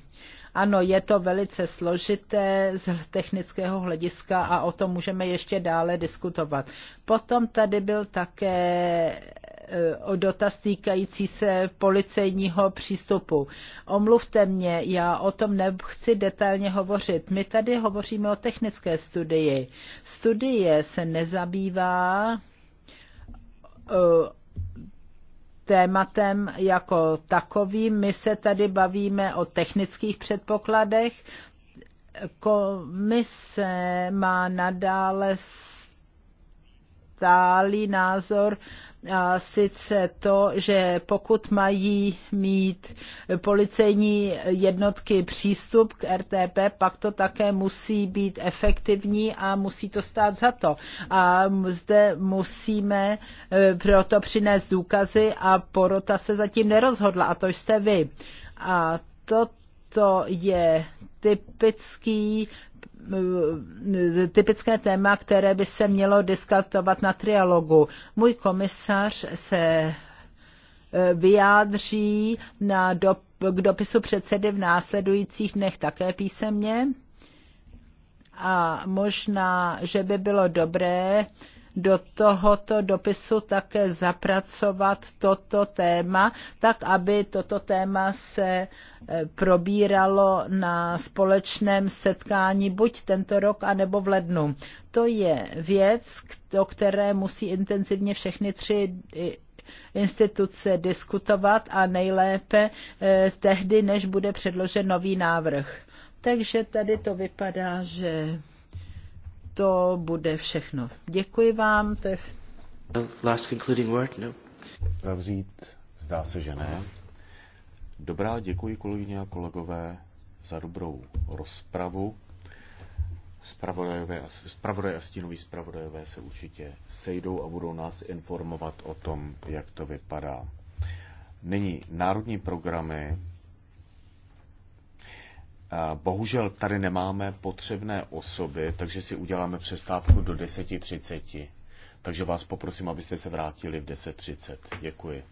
Ano, je to velice složité z technického hlediska a o tom můžeme ještě dále diskutovat. Potom tady byl také o e, dotaz týkající se policejního přístupu. Omluvte mě, já o tom nechci detailně hovořit. My tady hovoříme o technické studii. Studie se nezabývá e, tématem jako takovým. My se tady bavíme o technických předpokladech. Komise má nadále stálý názor, a sice to, že pokud mají mít policejní jednotky přístup k RTP, pak to také musí být efektivní a musí to stát za to. A zde musíme e, proto přinést důkazy a porota se zatím nerozhodla a to jste vy. A toto je typický Eh, typické téma, které by se mělo diskutovat na trialogu. Můj komisař se eh, vyjádří na do, k dopisu předsedy v následujících dnech také písemně. A možná, že by bylo dobré, do tohoto dopisu také zapracovat toto téma, tak aby toto téma se e, probíralo na společném setkání buď tento rok, anebo v lednu. To je věc, o které musí intenzivně všechny tři instituce diskutovat a nejlépe e, tehdy, než bude předložen nový návrh. Takže tady to vypadá, že to bude všechno. Děkuji vám. To je... Last concluding word, no. Zavřít, zdá se, že ne. Dobrá, děkuji kolegyně a kolegové za dobrou rozpravu. Spravodajové, spravodaj a stínoví spravodajové se určitě sejdou a budou nás informovat o tom, jak to vypadá. Nyní národní programy Bohužel tady nemáme potřebné osoby, takže si uděláme přestávku do 10.30. Takže vás poprosím, abyste se vrátili v 10.30. Děkuji.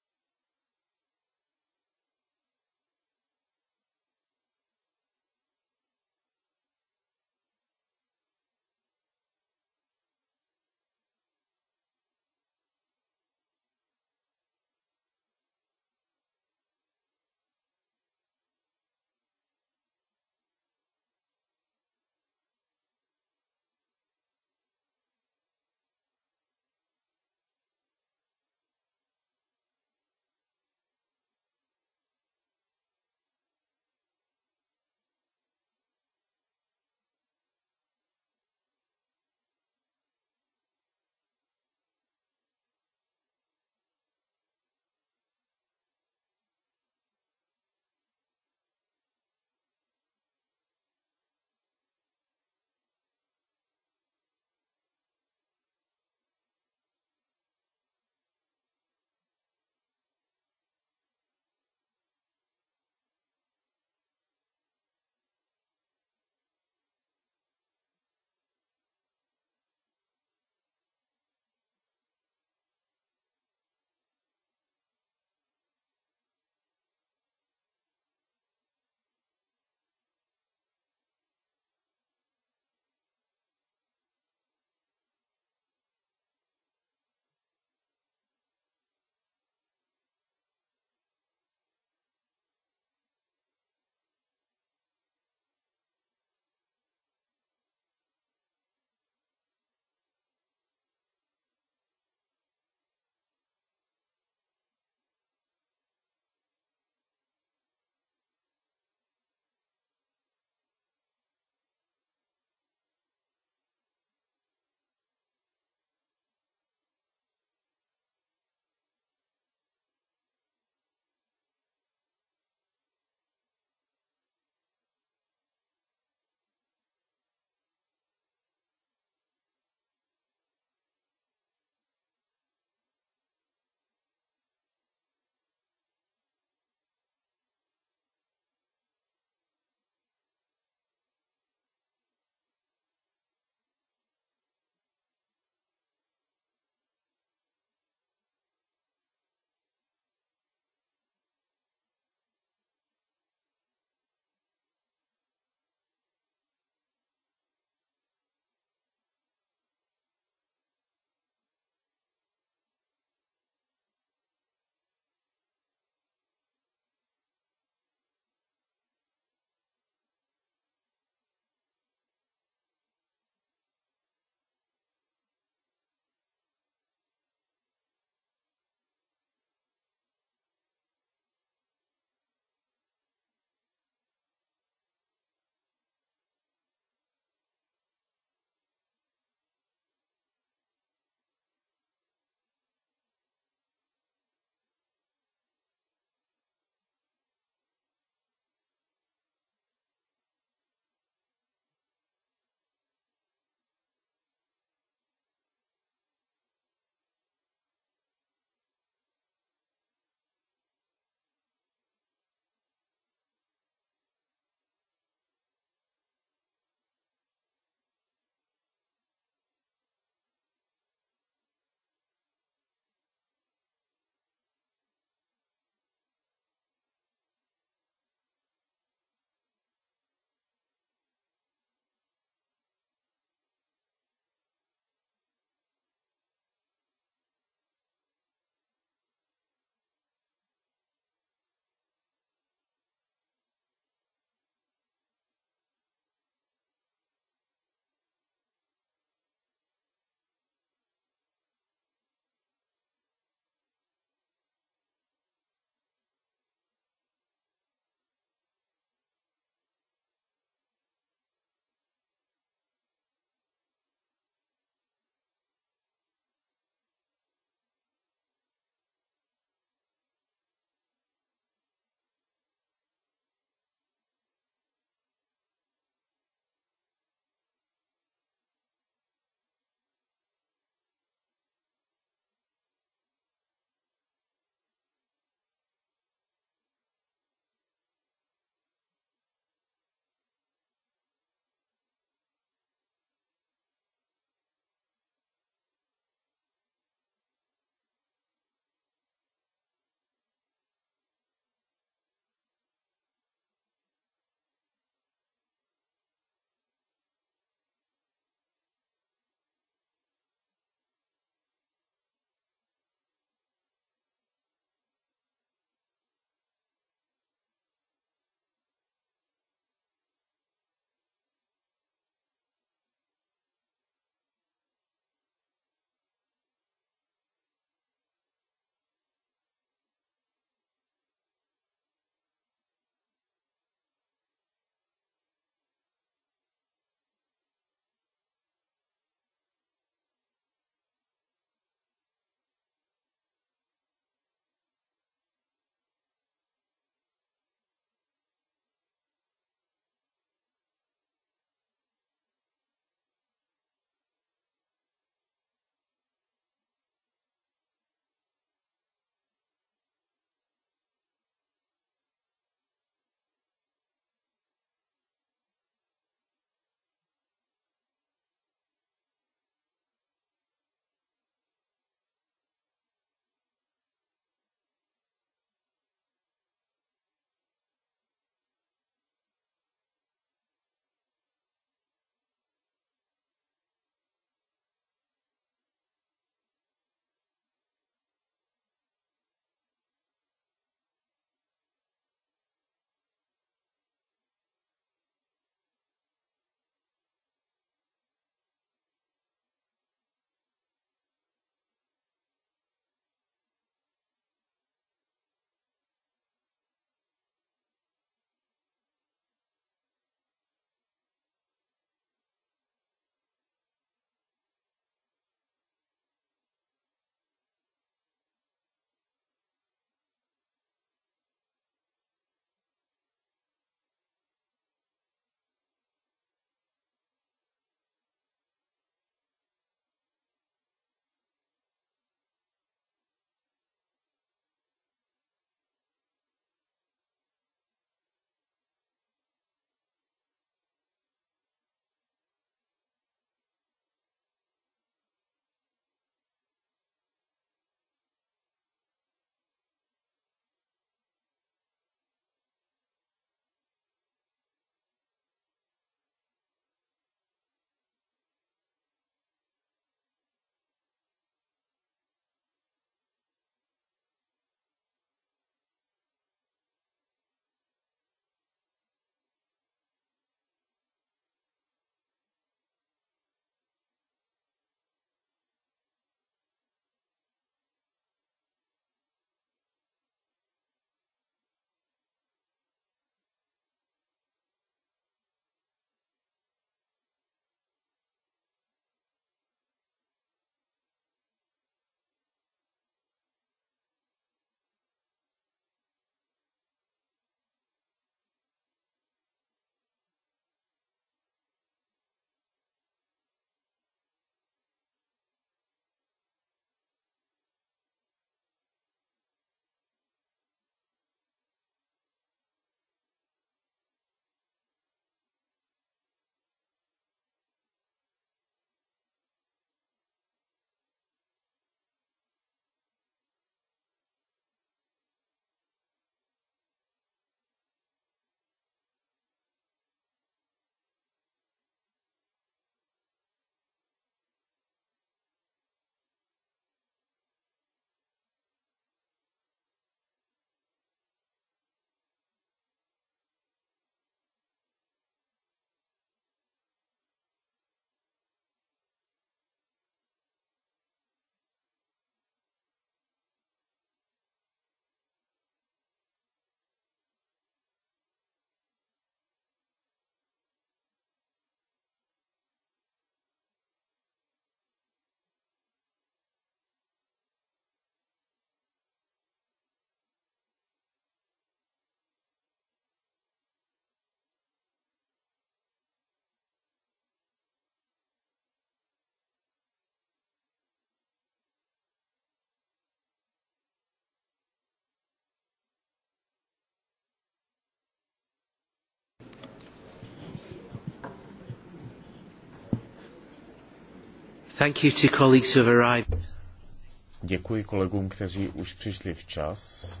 Děkuji kolegům, kteří už přišli včas.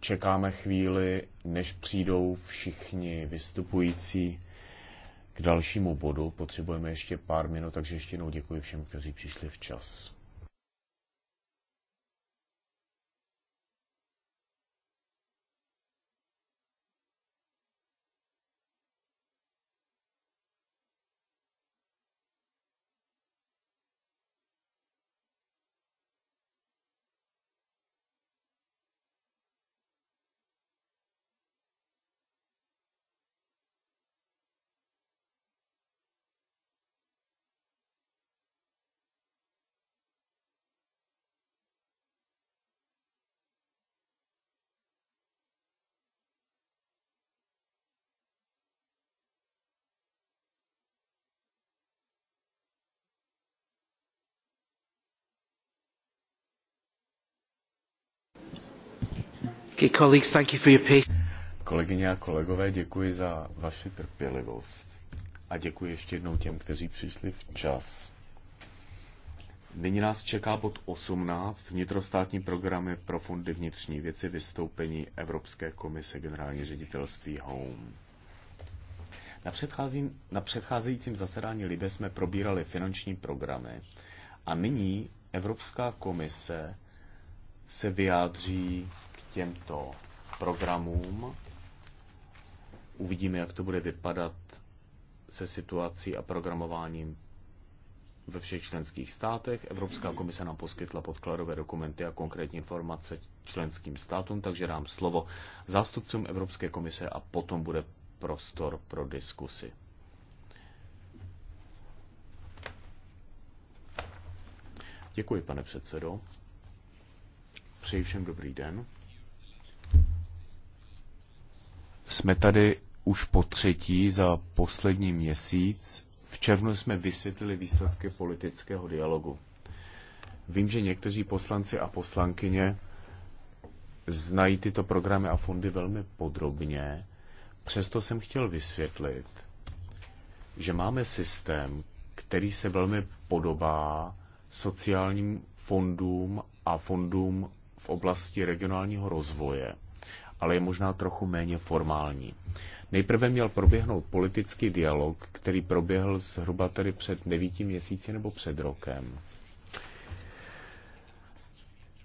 Čekáme chvíli, než přijdou všichni vystupující k dalšímu bodu. Potřebujeme ještě pár minut, takže ještě jednou děkuji všem, kteří přišli včas. Kolegyně a kolegové, děkuji za vaši trpělivost. A děkuji ještě jednou těm, kteří přišli včas. Nyní nás čeká pod 18 vnitrostátní programy pro fondy vnitřní věci vystoupení Evropské komise generální ředitelství Home. Na, předchází, na předcházejícím zasedání Libe jsme probírali finanční programy a nyní Evropská komise se vyjádří těmto programům. Uvidíme, jak to bude vypadat se situací a programováním ve všech členských státech. Evropská komise nám poskytla podkladové dokumenty a konkrétní informace členským státům, takže dám slovo zástupcům Evropské komise a potom bude prostor pro diskusy. Děkuji, pane předsedo. Přeji všem dobrý den. Jsme tady už po třetí za poslední měsíc. V červnu jsme vysvětlili výsledky politického dialogu. Vím, že někteří poslanci a poslankyně znají tyto programy a fondy velmi podrobně. Přesto jsem chtěl vysvětlit, že máme systém, který se velmi podobá sociálním fondům a fondům v oblasti regionálního rozvoje ale je možná trochu méně formální. Nejprve měl proběhnout politický dialog, který proběhl zhruba tedy před devíti měsíci nebo před rokem.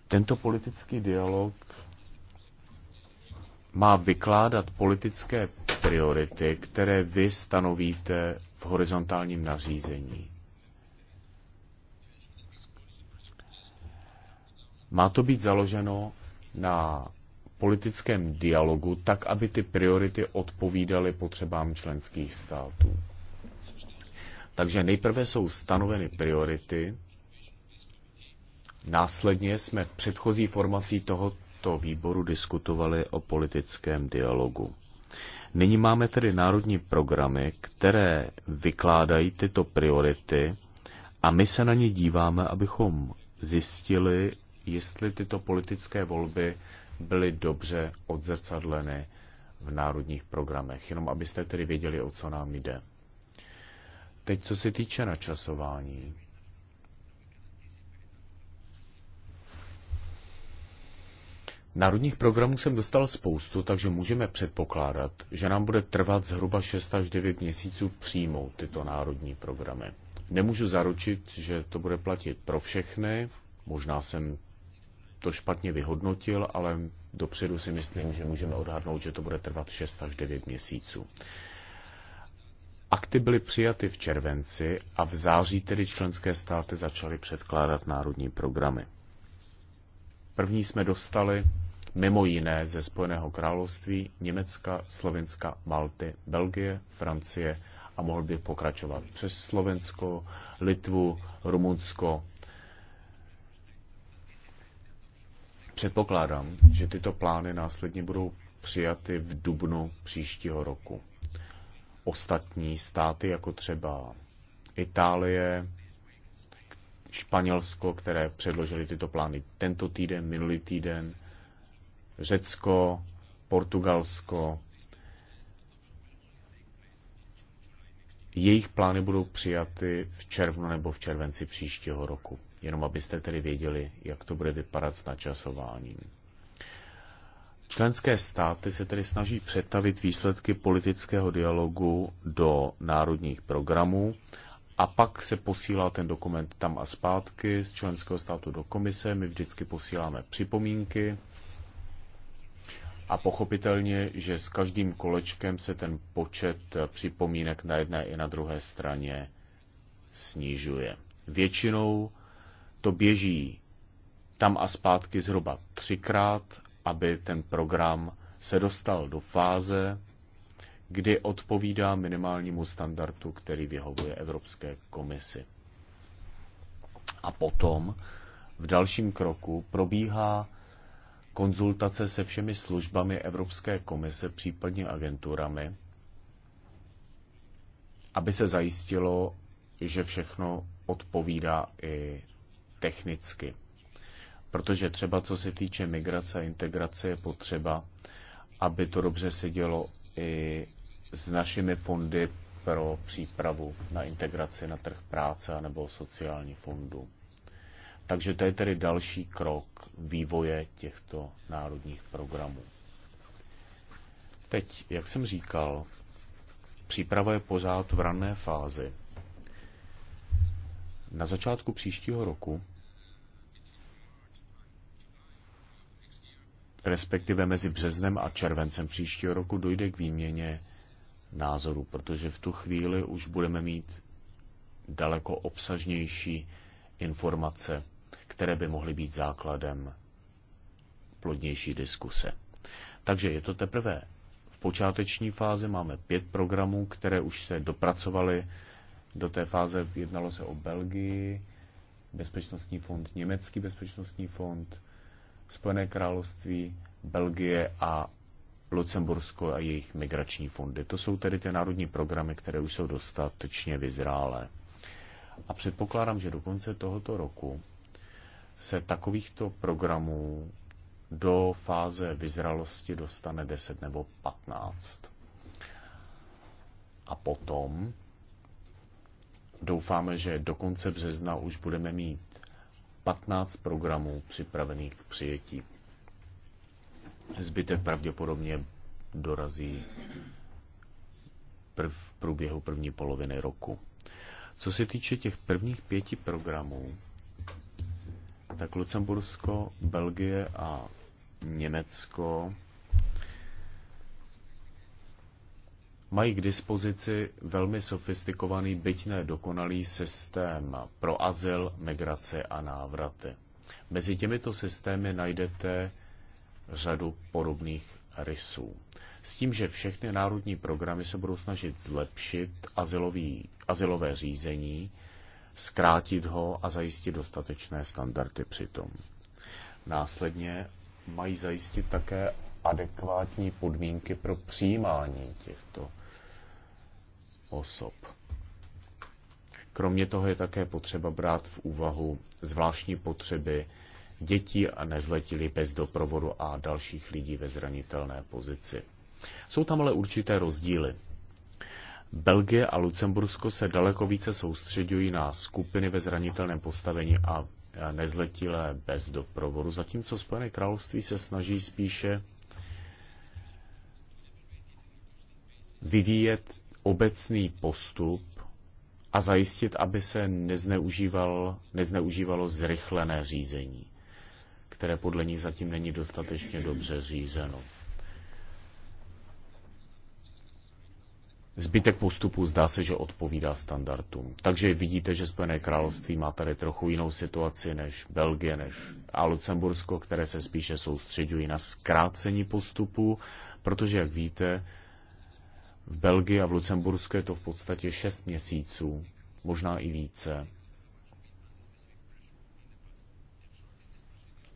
Tento politický dialog má vykládat politické priority, které vy stanovíte v horizontálním nařízení. Má to být založeno na politickém dialogu tak, aby ty priority odpovídaly potřebám členských států. Takže nejprve jsou stanoveny priority, následně jsme v předchozí formací tohoto výboru diskutovali o politickém dialogu. Nyní máme tedy národní programy, které vykládají tyto priority a my se na ně díváme, abychom zjistili, jestli tyto politické volby byly dobře odzrcadleny v národních programech, jenom abyste tedy věděli, o co nám jde. Teď, co se týče načasování, Národních programů jsem dostal spoustu, takže můžeme předpokládat, že nám bude trvat zhruba 6 až 9 měsíců přijmout tyto národní programy. Nemůžu zaručit, že to bude platit pro všechny, možná jsem to špatně vyhodnotil, ale dopředu si myslím, že můžeme odhadnout, že to bude trvat 6 až 9 měsíců. Akty byly přijaty v červenci a v září tedy členské státy začaly předkládat národní programy. První jsme dostali mimo jiné ze Spojeného království, Německa, Slovenska, Malty, Belgie, Francie a mohl by pokračovat přes Slovensko, Litvu, Rumunsko, Předpokládám, že tyto plány následně budou přijaty v dubnu příštího roku. Ostatní státy, jako třeba Itálie, Španělsko, které předložili tyto plány tento týden, minulý týden, Řecko, Portugalsko, jejich plány budou přijaty v červnu nebo v červenci příštího roku jenom abyste tedy věděli, jak to bude vypadat s načasováním. Členské státy se tedy snaží přetavit výsledky politického dialogu do národních programů a pak se posílá ten dokument tam a zpátky z členského státu do komise. My vždycky posíláme připomínky a pochopitelně, že s každým kolečkem se ten počet připomínek na jedné i na druhé straně snižuje. Většinou to běží tam a zpátky zhruba třikrát, aby ten program se dostal do fáze, kdy odpovídá minimálnímu standardu, který vyhovuje Evropské komisi. A potom v dalším kroku probíhá konzultace se všemi službami Evropské komise, případně agenturami, aby se zajistilo, že všechno odpovídá i technicky. Protože třeba co se týče migrace a integrace je potřeba, aby to dobře sedělo i s našimi fondy pro přípravu na integraci na trh práce nebo sociální fondu. Takže to je tedy další krok vývoje těchto národních programů. Teď, jak jsem říkal, příprava je pořád v rané fázi. Na začátku příštího roku respektive mezi březnem a červencem příštího roku dojde k výměně názorů, protože v tu chvíli už budeme mít daleko obsažnější informace, které by mohly být základem plodnější diskuse. Takže je to teprve v počáteční fázi, máme pět programů, které už se dopracovaly do té fáze, jednalo se o Belgii, Bezpečnostní fond, Německý bezpečnostní fond, Spojené království, Belgie a Lucembursko a jejich migrační fondy. To jsou tedy ty národní programy, které už jsou dostatečně vyzrálé. A předpokládám, že do konce tohoto roku se takovýchto programů do fáze vyzralosti dostane 10 nebo 15. A potom doufáme, že do konce března už budeme mít 15 programů připravených k přijetí. Zbytek pravděpodobně dorazí prv, v průběhu první poloviny roku. Co se týče těch prvních pěti programů, tak Lucembursko, Belgie a Německo mají k dispozici velmi sofistikovaný, byť ne dokonalý systém pro azyl, migraci a návraty. Mezi těmito systémy najdete řadu podobných rysů. S tím, že všechny národní programy se budou snažit zlepšit azylový, azylové řízení, zkrátit ho a zajistit dostatečné standardy přitom. Následně mají zajistit také adekvátní podmínky pro přijímání těchto osob. Kromě toho je také potřeba brát v úvahu zvláštní potřeby dětí a nezletili bez doprovodu a dalších lidí ve zranitelné pozici. Jsou tam ale určité rozdíly. Belgie a Lucembursko se daleko více soustředují na skupiny ve zranitelném postavení a nezletilé bez doprovodu, zatímco Spojené království se snaží spíše vyvíjet obecný postup a zajistit, aby se nezneužíval, nezneužívalo zrychlené řízení, které podle ní zatím není dostatečně dobře řízeno. Zbytek postupu zdá se, že odpovídá standardům. Takže vidíte, že Spojené království má tady trochu jinou situaci než Belgie než a Lucembursko, které se spíše soustředují na zkrácení postupu, protože, jak víte, v Belgii a v Lucembursku je to v podstatě 6 měsíců, možná i více.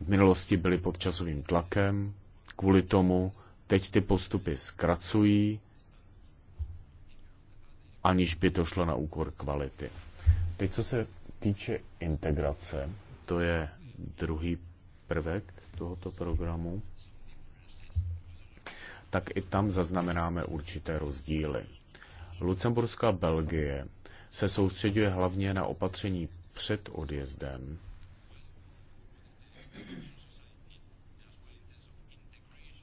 V minulosti byli pod časovým tlakem, kvůli tomu teď ty postupy zkracují, aniž by to šlo na úkor kvality. Teď, co se týče integrace, to je druhý prvek tohoto programu tak i tam zaznamenáme určité rozdíly. Lucemburská Belgie se soustředuje hlavně na opatření před odjezdem,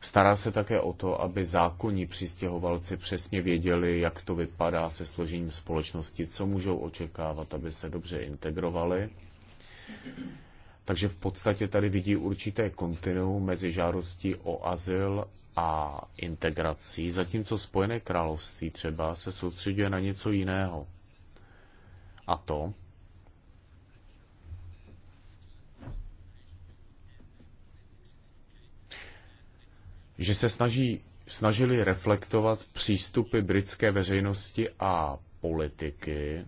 Stará se také o to, aby zákonní přistěhovalci přesně věděli, jak to vypadá se složením společnosti, co můžou očekávat, aby se dobře integrovali. Takže v podstatě tady vidí určité kontinuum mezi žádostí o azyl a integrací, zatímco Spojené království třeba se soustředuje na něco jiného. A to, že se snaží, snažili reflektovat přístupy britské veřejnosti a politiky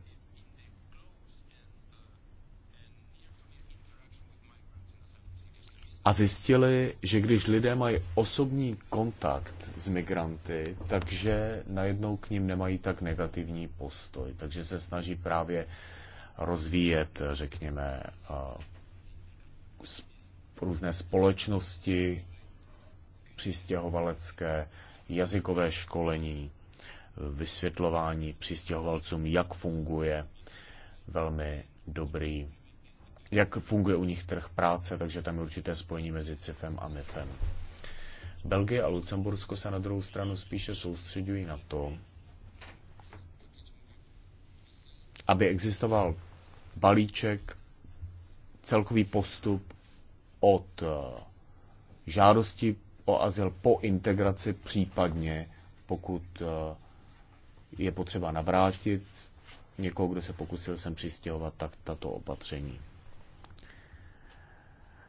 a zjistili, že když lidé mají osobní kontakt s migranty, takže najednou k ním nemají tak negativní postoj. Takže se snaží právě rozvíjet, řekněme, různé společnosti přistěhovalecké, jazykové školení, vysvětlování přistěhovalcům, jak funguje velmi dobrý jak funguje u nich trh práce, takže tam je určité spojení mezi CIFem a MIFem. Belgie a Lucembursko se na druhou stranu spíše soustředují na to, aby existoval balíček, celkový postup od eh, žádosti o azyl po integraci, případně pokud eh, je potřeba navrátit někoho, kdo se pokusil sem přistěhovat, tak tato opatření.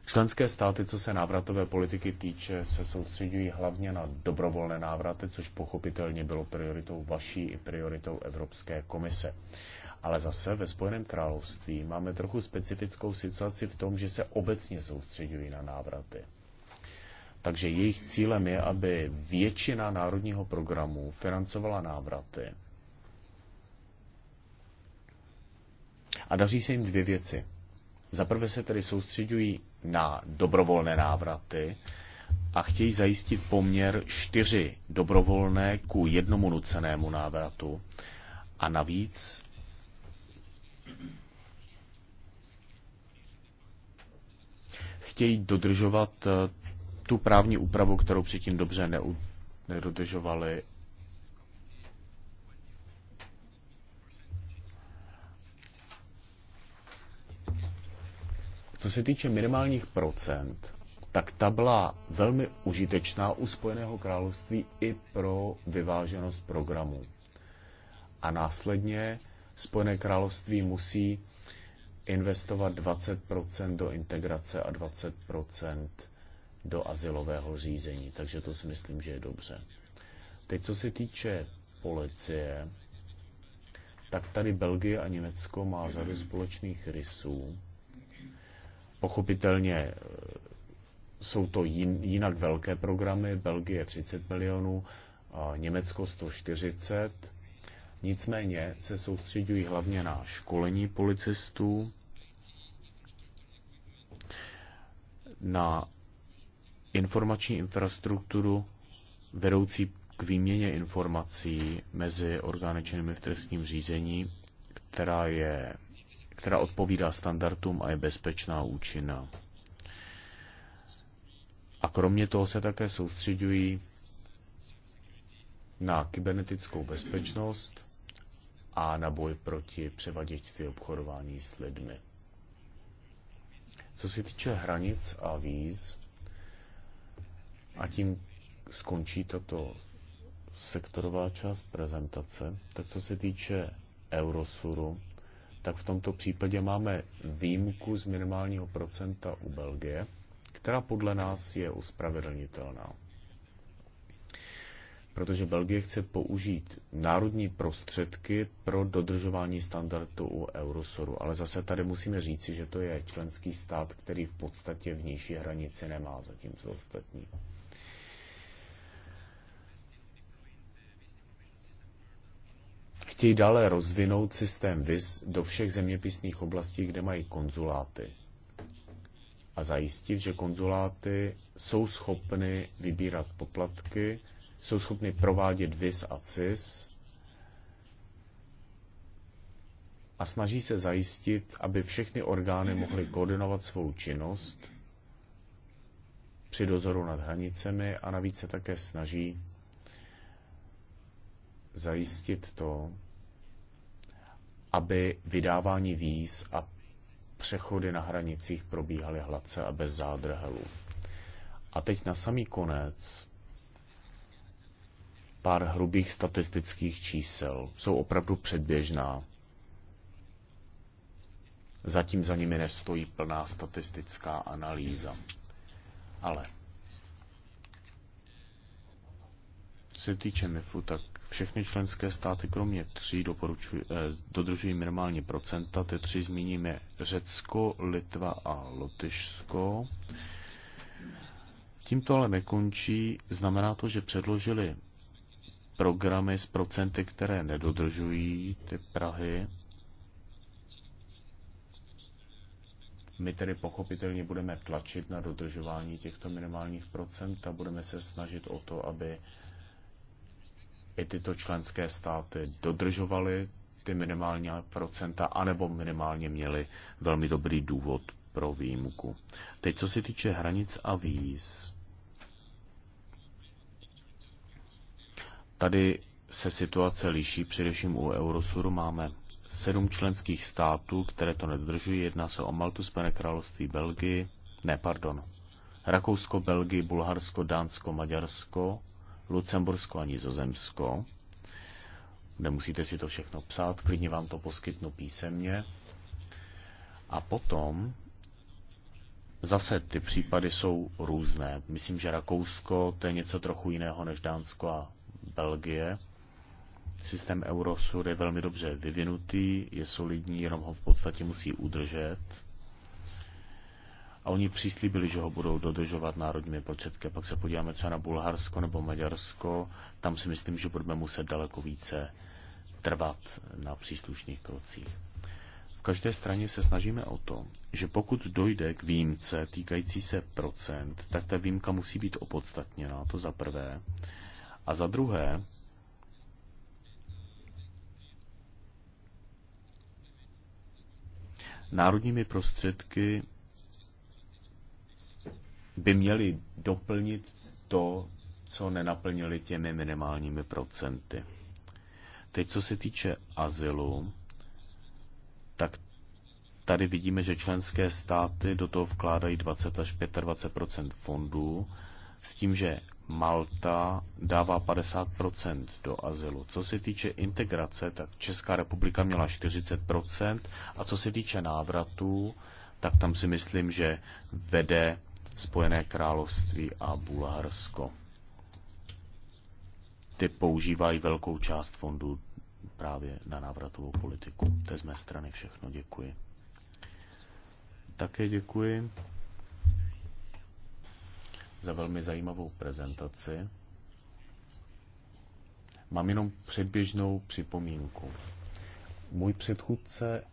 Členské státy, co se návratové politiky týče, se soustředují hlavně na dobrovolné návraty, což pochopitelně bylo prioritou vaší i prioritou Evropské komise. Ale zase ve Spojeném království máme trochu specifickou situaci v tom, že se obecně soustředují na návraty. Takže jejich cílem je, aby většina národního programu financovala návraty. A daří se jim dvě věci. Za prvé se tedy soustředují na dobrovolné návraty a chtějí zajistit poměr čtyři dobrovolné ku jednomu nucenému návratu. A navíc chtějí dodržovat eh, tu právní úpravu, kterou předtím dobře neudržovali Co se týče minimálních procent, tak ta byla velmi užitečná u Spojeného království i pro vyváženost programu. A následně Spojené království musí investovat 20% do integrace a 20% do asilového řízení. Takže to si myslím, že je dobře. Teď, co se týče policie, tak tady Belgie a Německo má řadu společných rysů. Pochopitelně eh, jsou to jinak velké programy, Belgie 30 milionů, Německo 140, nicméně se soustředují hlavně na školení policistů, na informační infrastrukturu vedoucí k výměně informací mezi orgány činnými v trestním řízení, která je která odpovídá standardům a je bezpečná a účinná. A kromě toho se také soustředují na kybernetickou bezpečnost a na boj proti převaděčství obchodování s lidmi. Co se týče hranic a víz, a tím skončí tato sektorová část prezentace, tak co se týče Eurosuru, tak v tomto případě máme výjimku z minimálního procenta u Belgie, která podle nás je uspravedlnitelná. Protože Belgie chce použít národní prostředky pro dodržování standardu u Eurosoru. Ale zase tady musíme říci, že to je členský stát, který v podstatě vnější hranici nemá, zatímco ostatní. chtějí dále rozvinout systém VIS do všech zeměpisných oblastí, kde mají konzuláty a zajistit, že konzuláty jsou schopny vybírat poplatky, jsou schopny provádět VIS a CIS a snaží se zajistit, aby všechny orgány mohly koordinovat svou činnost při dozoru nad hranicemi a navíc se také snaží zajistit to, aby vydávání víz a přechody na hranicích probíhaly hladce a bez zádrhelů. A teď na samý konec pár hrubých statistických čísel. Jsou opravdu předběžná. Zatím za nimi nestojí plná statistická analýza. Ale se týče MIFu, tak všechny členské státy, kromě tří, eh, dodržují minimálně procenta. Ty tři zmíníme Řecko, Litva a Lotyšsko. Tím to ale nekončí. Znamená to, že předložili programy s procenty, které nedodržují ty Prahy. My tedy pochopitelně budeme tlačit na dodržování těchto minimálních procent a budeme se snažit o to, aby i tyto členské státy dodržovaly ty minimální procenta, anebo minimálně měly velmi dobrý důvod pro výjimku. Teď, co se týče hranic a víz, tady se situace liší, především u Eurosuru máme sedm členských států, které to nedodržují. Jedná se o Maltu, Spojené království, Belgii, ne, pardon, Rakousko, Belgii, Bulharsko, Dánsko, Maďarsko, Lucembursko a Nizozemsko, nemusíte si to všechno psát, klidně vám to poskytnu písemně. A potom zase ty případy jsou různé. Myslím, že Rakousko to je něco trochu jiného než Dánsko a Belgie. Systém Eurosur je velmi dobře vyvinutý, je solidní, jenom ho v podstatě musí udržet a oni přislíbili, že ho budou dodržovat národními početky. Pak se podíváme třeba na Bulharsko nebo Maďarsko, tam si myslím, že budeme muset daleko více trvat na příslušných krocích. V každé straně se snažíme o to, že pokud dojde k výjimce týkající se procent, tak ta výjimka musí být opodstatněná, to za prvé. A za druhé, národními prostředky by měli doplnit to, co nenaplnili těmi minimálními procenty. Teď, co se týče azylu, tak tady vidíme, že členské státy do toho vkládají 20 až 25 fondů, s tím, že Malta dává 50 do azylu. Co se týče integrace, tak Česká republika měla 40 a co se týče návratů, tak tam si myslím, že vede Spojené království a Bulharsko. Ty používají velkou část fondů právě na návratovou politiku. To je z mé strany všechno. Děkuji. Také děkuji za velmi zajímavou prezentaci. Mám jenom předběžnou připomínku. Můj předchůdce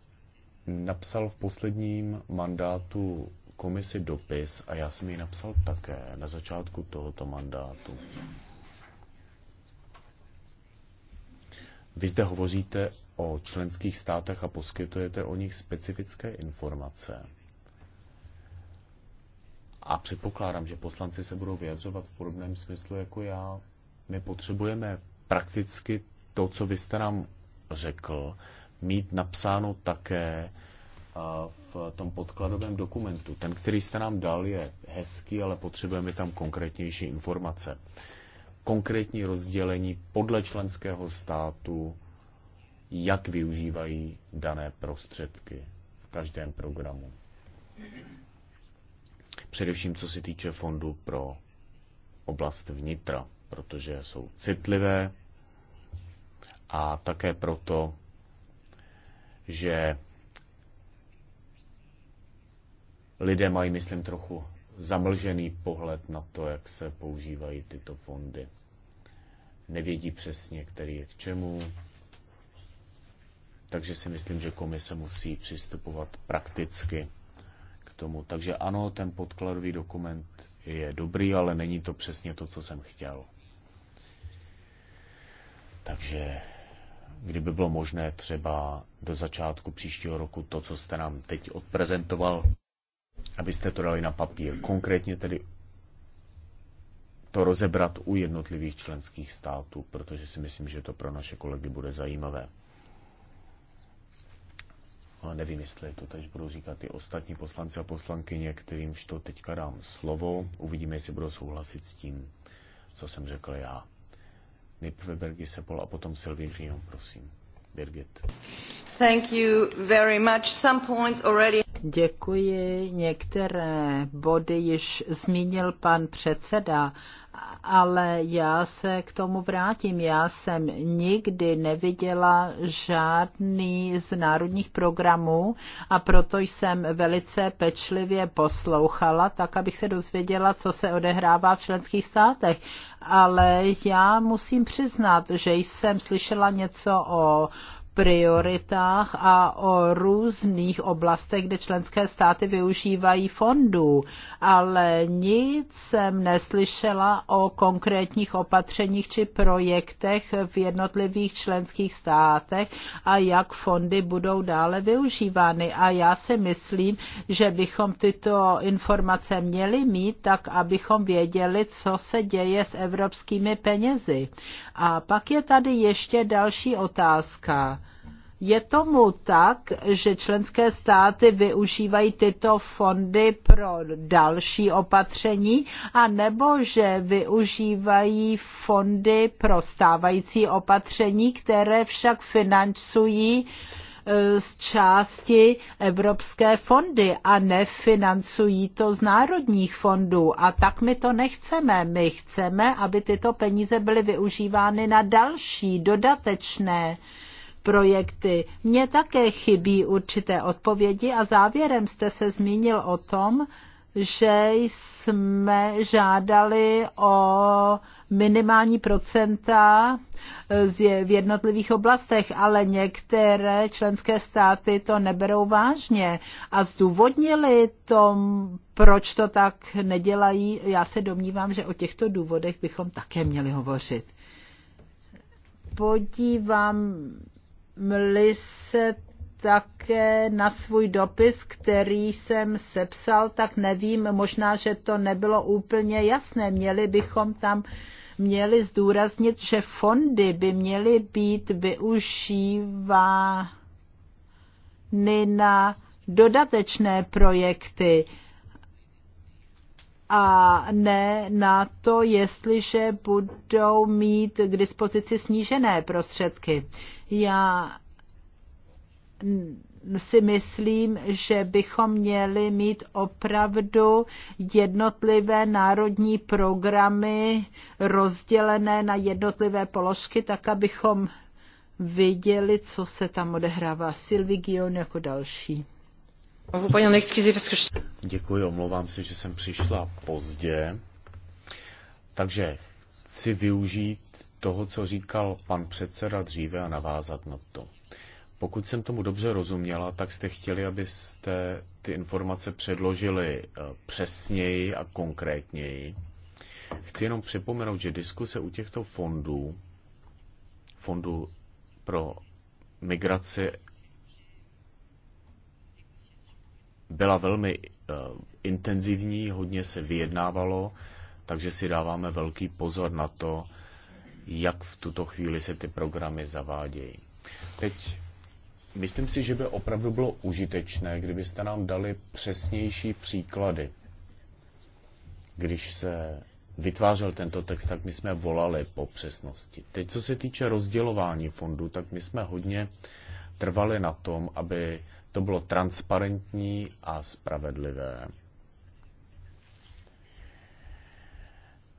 napsal v posledním mandátu komisi dopis a já jsem ji napsal také na začátku tohoto mandátu. Vy zde hovoříte o členských státech a poskytujete o nich specifické informace. A předpokládám, že poslanci se budou vyjadřovat v podobném smyslu jako já. My potřebujeme prakticky to, co vy jste nám řekl, mít napsáno také v tom podkladovém dokumentu. Ten, který jste nám dal, je hezký, ale potřebujeme tam konkrétnější informace. Konkrétní rozdělení podle členského státu, jak využívají dané prostředky v každém programu. Především co se týče fondu pro oblast vnitra, protože jsou citlivé a také proto, že lidé mají, myslím, trochu zamlžený pohled na to, jak se používají tyto fondy. Nevědí přesně, který je k čemu. Takže si myslím, že komise musí přistupovat prakticky k tomu. Takže ano, ten podkladový dokument je dobrý, ale není to přesně to, co jsem chtěl. Takže kdyby bylo možné třeba do začátku příštího roku to, co jste nám teď odprezentoval, abyste to dali na papír. Konkrétně tedy to rozebrat u jednotlivých členských států, protože si myslím, že to pro naše kolegy bude zajímavé. A nevím, jestli to tež budou říkat i ostatní poslanci a poslankyně, kterýmž to teďka dám slovo. Uvidíme, jestli budou souhlasit s tím, co jsem řekl já. Nejprve Bergy Sepol a potom Sylvie Rion, prosím. Birgit. Thank you very much. Some points already... Děkuji. Některé body již zmínil pan předseda, ale já se k tomu vrátím. Já jsem nikdy neviděla žádný z národních programů a proto jsem velice pečlivě poslouchala, tak abych se dozvěděla, co se odehrává v členských státech. Ale já musím přiznat, že jsem slyšela něco o prioritách a o různých oblastech, kde členské státy využívají fondů, ale nic jsem neslyšela o konkrétních opatřeních či projektech v jednotlivých členských státech a jak fondy budou dále využívány. A já si myslím, že bychom tyto informace měli mít tak, abychom věděli, co se děje s evropskými penězi. A pak je tady ještě další otázka je tomu tak, že členské státy využívají tyto fondy pro další opatření, a nebo že využívají fondy pro stávající opatření, které však financují e, z části evropské fondy a nefinancují to z národních fondů. A tak my to nechceme. My chceme, aby tyto peníze byly využívány na další dodatečné uh, projekty. Mně také chybí určité odpovědi a závěrem jste se zmínil o tom, že jsme žádali o minimální procenta v jednotlivých oblastech, ale některé členské státy to neberou vážně a zdůvodnili to, proč to tak nedělají. Já se domnívám, že o těchto důvodech bychom také měli hovořit. Podívám Mli se také na svůj dopis, který jsem sepsal, tak nevím, možná, že to nebylo úplně jasné. Měli bychom tam měli zdůraznit, že fondy by měly být využívány na dodatečné projekty a ne na to, jestliže budou mít k dispozici snížené prostředky. Já si myslím, že bychom měli mít opravdu jednotlivé národní programy rozdělené na jednotlivé položky, tak abychom viděli, co se tam odehrává. Sylvie Gion jako další. Děkuji, omlouvám se, že jsem přišla pozdě. Takže chci využít toho, co říkal pan předseda dříve a navázat na to. Pokud jsem tomu dobře rozuměla, tak jste chtěli, abyste ty informace předložili eh, přesněji a konkrétněji. Chci jenom připomenout, že diskuse u těchto fondů, fondu pro migraci, byla velmi eh, intenzivní, hodně se vyjednávalo, takže si dáváme velký pozor na to, jak v tuto chvíli se ty programy zavádějí. Teď myslím si, že by opravdu bylo užitečné, kdybyste nám dali přesnější příklady. Když se vytvářel tento text, tak my jsme volali po přesnosti. Teď, co se týče rozdělování fondů, tak my jsme hodně trvali na tom, aby to bylo transparentní a spravedlivé.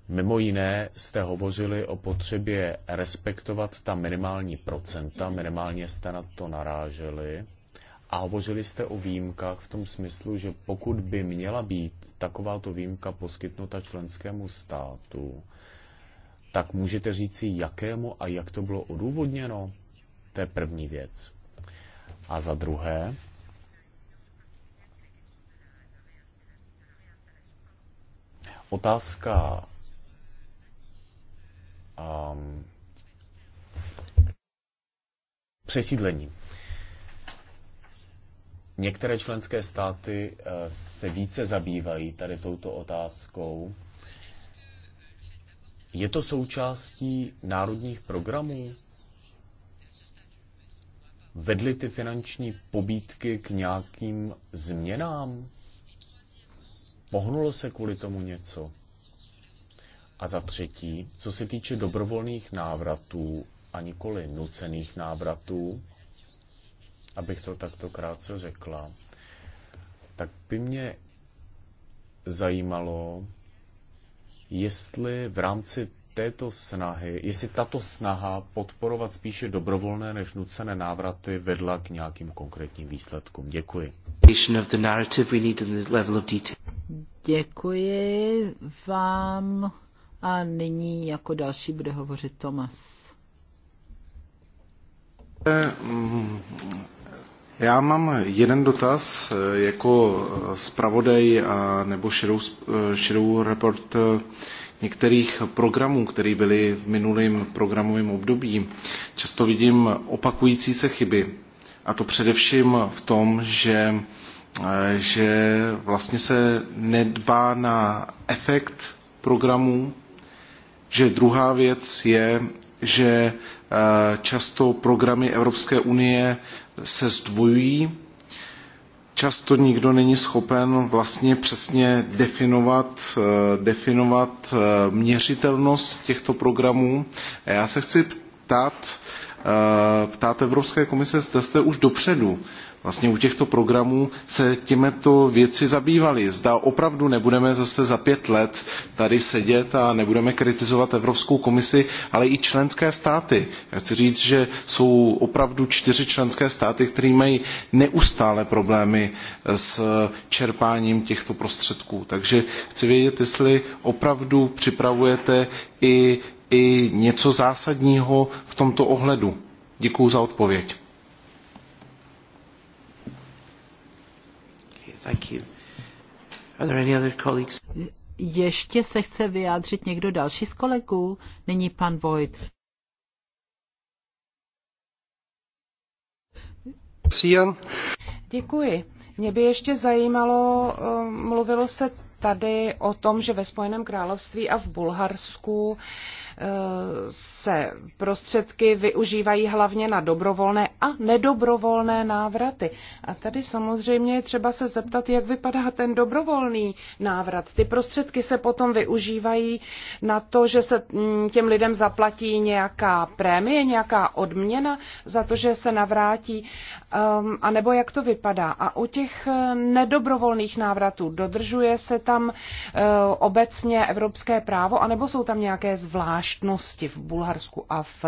Mimo jiné jste hovořili o potřebě respektovat ta minimální procenta, minimálně jste na to naráželi. A hovořili jste o výjimkách v tom smyslu, že pokud by měla být takováto výjimka poskytnuta členskému státu, tak můžete říci, jakému a jak to bylo odůvodněno? To je první věc. A za druhé, otázka um, přesídlení. Některé členské státy eh, se více zabývají tady touto otázkou. Je to součástí národních programů? Vedly ty finanční pobídky k nějakým změnám? Pohnulo se kvůli tomu něco? A za třetí, co se týče dobrovolných návratů a nikoli nucených návratů, abych to takto krátce řekla, tak by mě zajímalo, jestli v rámci této snahy, jestli tato snaha podporovat spíše dobrovolné než nucené návraty vedla k nějakým konkrétním výsledkům. Děkuji. Děkuji vám a nyní jako další bude hovořit Tomas. Eh, mm, já mám jeden dotaz eh, jako eh, zpravodaj nebo šedou, šedou report některých programů, které byly v minulém programovém období. Často vidím opakující se chyby. A to především v tom, že, že vlastně se nedbá na efekt programů, že druhá věc je, že eh, často programy Evropské unie se zdvojují, často nikdo není schopen vlastně přesně definovat, eh, definovat eh, měřitelnost těchto programů. A já se chci ptát, ptát Evropské komise, zda jste už dopředu vlastně u těchto programů se těmito věci zabývali. Zda opravdu nebudeme zase za pět let tady sedět a nebudeme kritizovat Evropskou komisi, ale i členské státy. Já chci říct, že jsou opravdu čtyři členské státy, které mají neustále problémy s čerpáním těchto prostředků. Takže chci vědět, jestli opravdu připravujete i, i něco zásadního v tomto ohledu. Děkuji za odpověď. Thank you. Are there any other colleagues? Ještě se chce vyjádřit někdo další z kolegů? Není pan Vojt. Děkuji. Mě by ještě zajímalo, eh, mluvilo se tady o tom, že ve Spojeném království a v Bulharsku se prostředky využívají hlavně na dobrovolné a nedobrovolné návraty. A tady samozřejmě je třeba se zeptat, jak vypadá ten dobrovolný návrat. Ty prostředky se potom využívají na to, že se mm, těm lidem zaplatí nějaká prémie, nějaká odměna za to, že se navrátí, um, a nebo jak to vypadá. A u těch eh, nedobrovolných návratů dodržuje se tam eh, obecně evropské právo, anebo jsou tam nějaké zvláštní zvláštnosti v Bulharsku a v,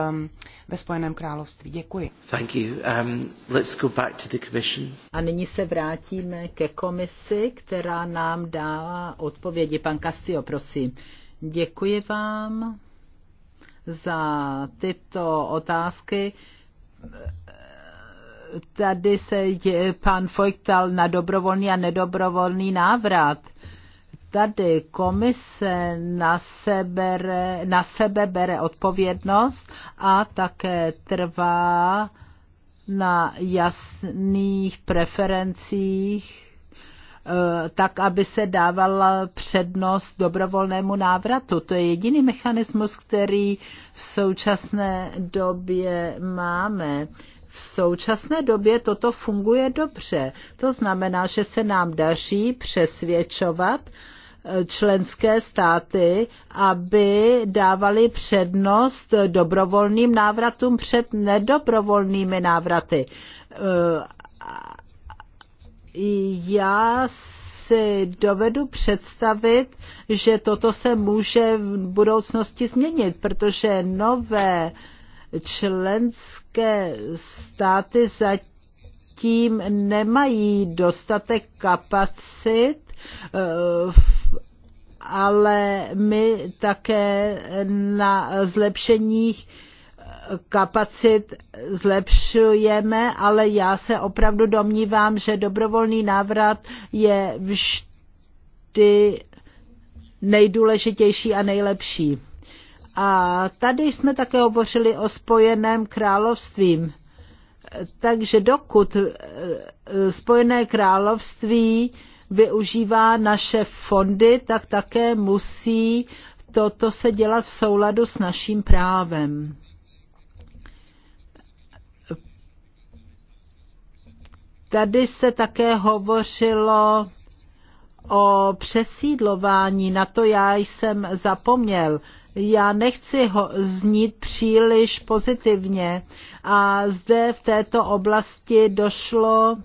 ve Spojeném království. Děkuji. Thank you. Um, let's go back to the commission. A nyní se vrátíme ke komisi, která nám dá odpovědi. Pan Castillo, prosím. Děkuji vám za tyto otázky tady se pan Fojk na dobrovolný a nedobrovolný návrat tady komise na sebe, na sebe bere odpovědnost a také trvá na jasných preferencích, eh, tak, aby se dávala přednost dobrovolnému návratu. To je jediný mechanismus, který v současné době máme. V současné době toto funguje dobře. To znamená, že se nám daří přesvědčovat členské státy, aby dávali přednost dobrovolným návratům před nedobrovolnými návraty. Eh, já si dovedu představit, že toto se může v budoucnosti změnit, protože nové členské státy zatím nemají dostatek kapacit v eh, ale my také na zlepšeních kapacit zlepšujeme, ale já se opravdu domnívám, že dobrovolný návrat je vždy nejdůležitější a nejlepší. A tady jsme také hovořili o spojeném královstvím. Takže dokud eh, spojené království využívá naše fondy, tak také musí toto se dělat v souladu s naším právem. Tady se také hovořilo o přesídlování, na to já jsem zapomněl. Já nechci ho znít příliš pozitivně a zde v této oblasti došlo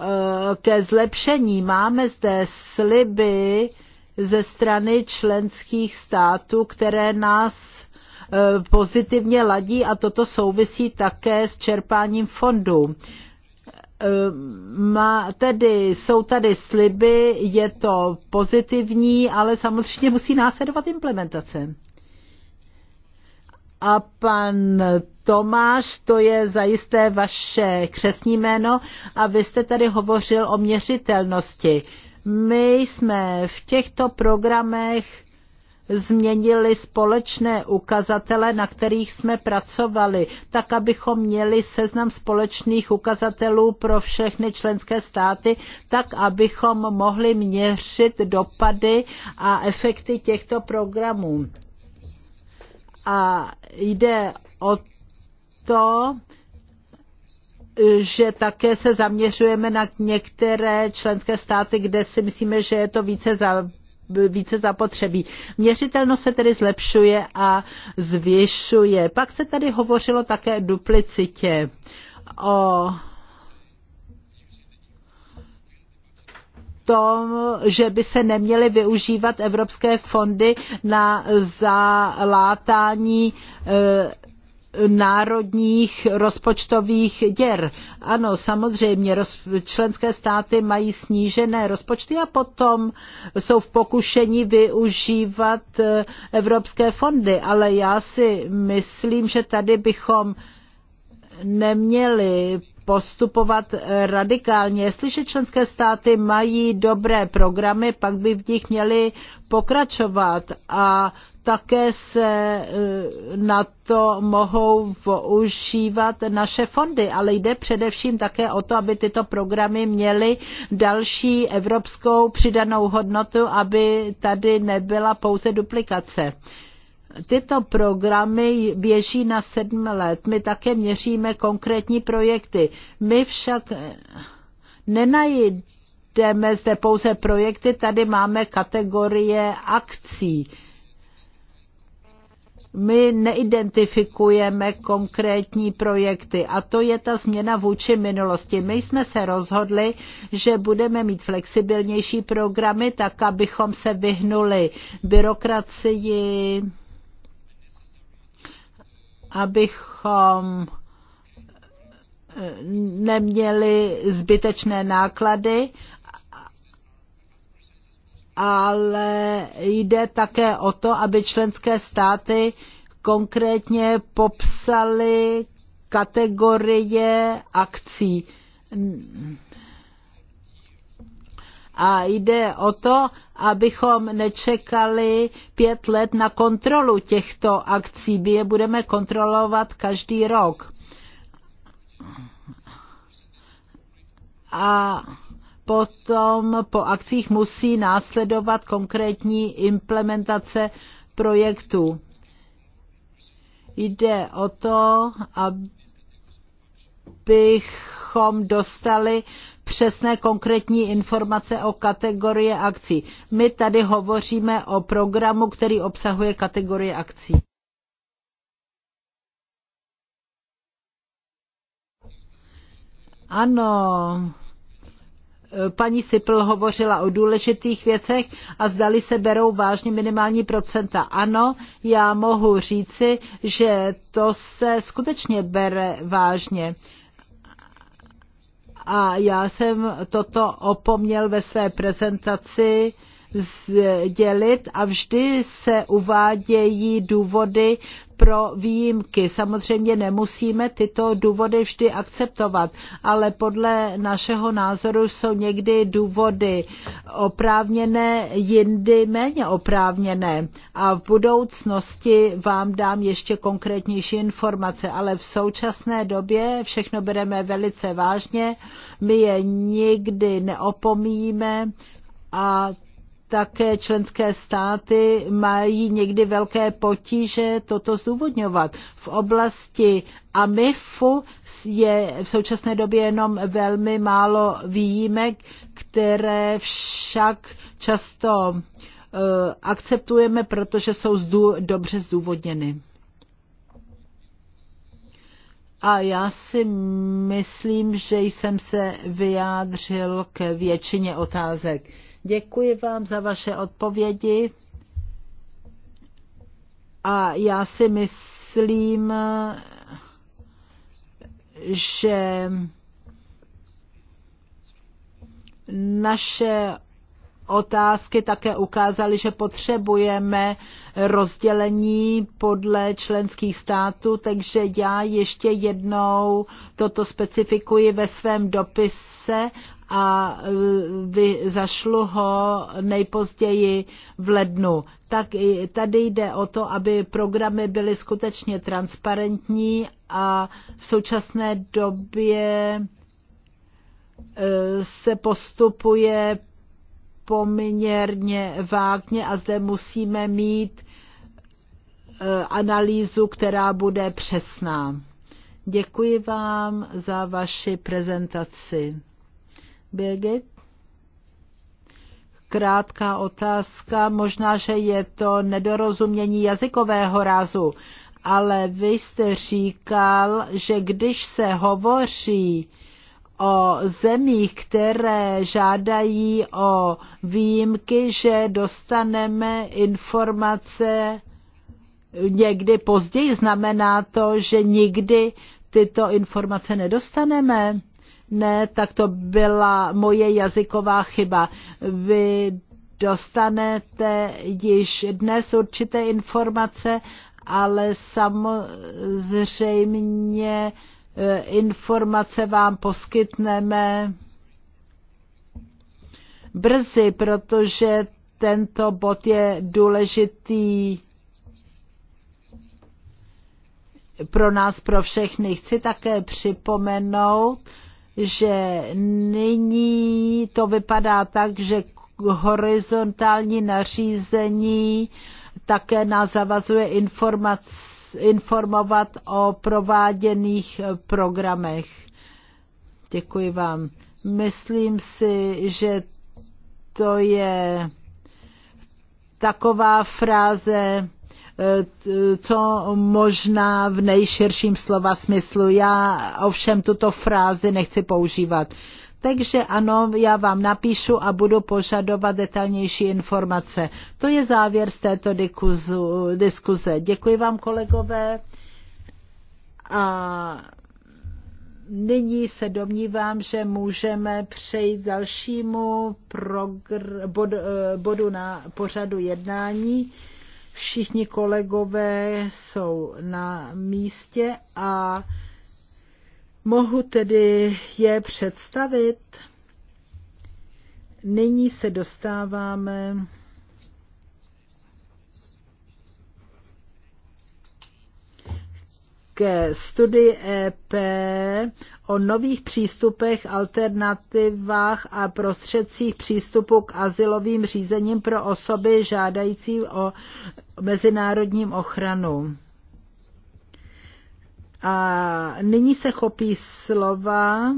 Eh, ke zlepšení. Máme zde sliby ze strany členských států, které nás eh, pozitivně ladí a toto souvisí také s čerpáním fondů. Eh, má, tedy jsou tady sliby, je to pozitivní, ale samozřejmě musí následovat implementace. A pan Tomáš, to je zajisté vaše křesní jméno a vy jste tady hovořil o měřitelnosti. My jsme v těchto programech změnili společné ukazatele, na kterých jsme pracovali, tak abychom měli seznam společných ukazatelů pro všechny členské státy, tak abychom mohli měřit dopady a efekty těchto programů. A jde o to, že také se zaměřujeme na některé členské státy, kde si myslíme, že je to více za více zapotřebí. Měřitelnost se tedy zlepšuje a zvyšuje. Pak se tady hovořilo také o duplicitě, o tom, že by se neměly využívat evropské fondy na zalátání eh, národních rozpočtových děr. Ano, samozřejmě, roz, členské státy mají snížené rozpočty a potom jsou v pokušení využívat eh, evropské fondy, ale já si myslím, že tady bychom neměli postupovat eh, radikálně. Jestliže členské státy mají dobré programy, pak by v nich měly pokračovat a také se eh, na to mohou užívat naše fondy, ale jde především také o to, aby tyto programy měly další evropskou přidanou hodnotu, aby tady nebyla pouze duplikace. Tyto programy běží na sedm let. My také měříme konkrétní projekty. My však nenajdeme zde pouze projekty, tady máme kategorie akcí. My neidentifikujeme konkrétní projekty a to je ta změna vůči minulosti. My jsme se rozhodli, že budeme mít flexibilnější programy, tak abychom se vyhnuli byrokracii, abychom eh, neměli zbytečné náklady, ale jde také o to, aby členské státy konkrétně popsaly kategorie akcí. A jde o to, abychom nečekali pět let na kontrolu těchto akcí. My je budeme kontrolovat každý rok. A potom po akcích musí následovat konkrétní implementace projektu. Jde o to, abychom dostali přesné konkrétní informace o kategorie akcí. My tady hovoříme o programu, který obsahuje kategorie akcí. Ano, paní Sipl hovořila o důležitých věcech a zdali se berou vážně minimální procenta. Ano, já mohu říci, že to se skutečně bere vážně a já jsem toto opomněl ve své prezentaci sdělit a vždy se uvádějí důvody pro výjimky. Samozřejmě nemusíme tyto důvody vždy akceptovat, ale podle našeho názoru jsou někdy důvody oprávněné, jindy méně oprávněné. A v budoucnosti vám dám ještě konkrétnější informace, ale v současné době všechno bereme velice vážně, my je nikdy neopomíjíme a také členské státy mají někdy velké potíže toto zúvodňovat. V oblasti AMIFu je v současné době jenom velmi málo výjimek, které však často eh, akceptujeme, protože jsou zdů, dobře zdůvodněny. A já si myslím, že jsem se vyjádřil k většině otázek. Děkuji vám za vaše odpovědi a já si myslím, že naše otázky také ukázaly, že potřebujeme rozdělení podle členských států, takže já ještě jednou toto specifikuji ve svém dopise a e, vy, zašlu ho nejpozději v lednu. Tak tady jde o to, aby programy byly skutečně transparentní a v současné době e, se postupuje poměrně vágně a zde musíme mít e, analýzu, která bude přesná. Děkuji vám za vaši prezentaci. Birgit? Krátká otázka, možná, že je to nedorozumění jazykového rázu, ale vy jste říkal, že když se hovoří o zemích, které žádají o výjimky, že dostaneme informace někdy později. Znamená to, že nikdy tyto informace nedostaneme? Ne, tak to byla moje jazyková chyba. Vy dostanete již dnes určité informace, ale samozřejmě eh, informace vám poskytneme brzy, protože tento bod je důležitý pro nás, pro všechny. Chci také připomenout, že nyní to vypadá tak, že horizontální nařízení také nás zavazuje informovat o prováděných programech. Děkuji vám. Myslím si, že to je taková fráze, co možná v nejširším slova smyslu. Já ovšem tuto frázi nechci používat. Takže ano, já vám napíšu a budu požadovat detailnější informace. To je závěr z této diskuze. Děkuji vám, kolegové. A nyní se domnívám, že můžeme přejít dalšímu eh, bodu na pořadu jednání. Všichni kolegové jsou na místě a mohu tedy je představit. Nyní se dostáváme ke studii EP o nových přístupech, alternativách a prostředcích přístupu k asilovým řízením pro osoby žádající o mezinárodním ochranu. A nyní se chopí slova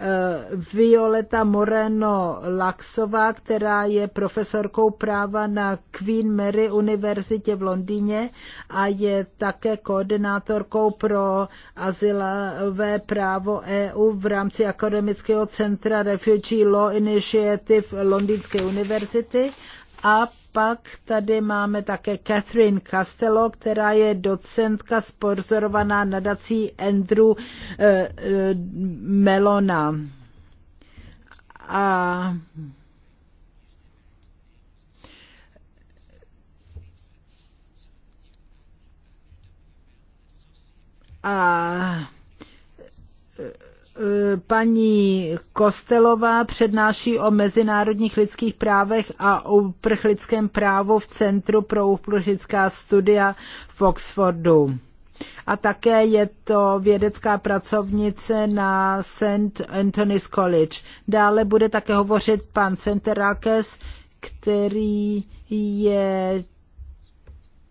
Eh, Violeta Moreno Laxová, která je profesorkou práva na Queen Mary univerzitě v Londýně a je také koordinátorkou pro azylové právo EU v rámci akademického centra Refugee Law Initiative Londýnské univerzity a pak tady máme také Catherine Castello, která je docentka sponzorovaná nadací Andrew uh, uh, Melona. A a paní Kostelová přednáší o mezinárodních lidských právech a o uprchlickém právu v Centru pro uprchlická studia v Oxfordu. A také je to vědecká pracovnice na St. Anthony's College. Dále bude také hovořit pan Senterakes, který je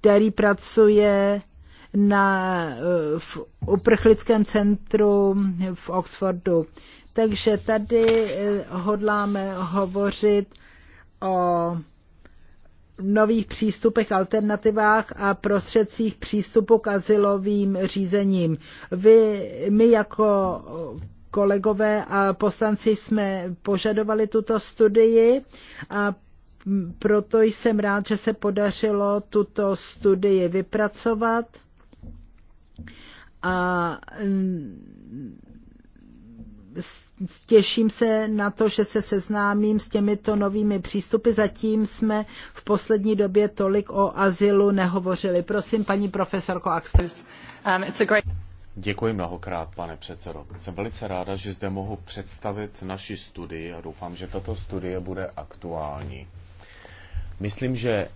který pracuje na, eh, v uprchlickém centru v Oxfordu. Takže tady eh, hodláme hovořit o nových přístupech, alternativách a prostředcích přístupu k azylovým řízením. Vy, my jako kolegové a poslanci jsme požadovali tuto studii a proto jsem rád, že se podařilo tuto studii vypracovat a mm, těším se na to, že se seznámím s těmito novými přístupy. Zatím jsme v poslední době tolik o azylu nehovořili. Prosím, paní profesorko Axters. Um, Děkuji mnohokrát, pane předsedo. Jsem velice ráda, že zde mohu představit naši studii a doufám, že tato studie bude aktuální. Myslím, že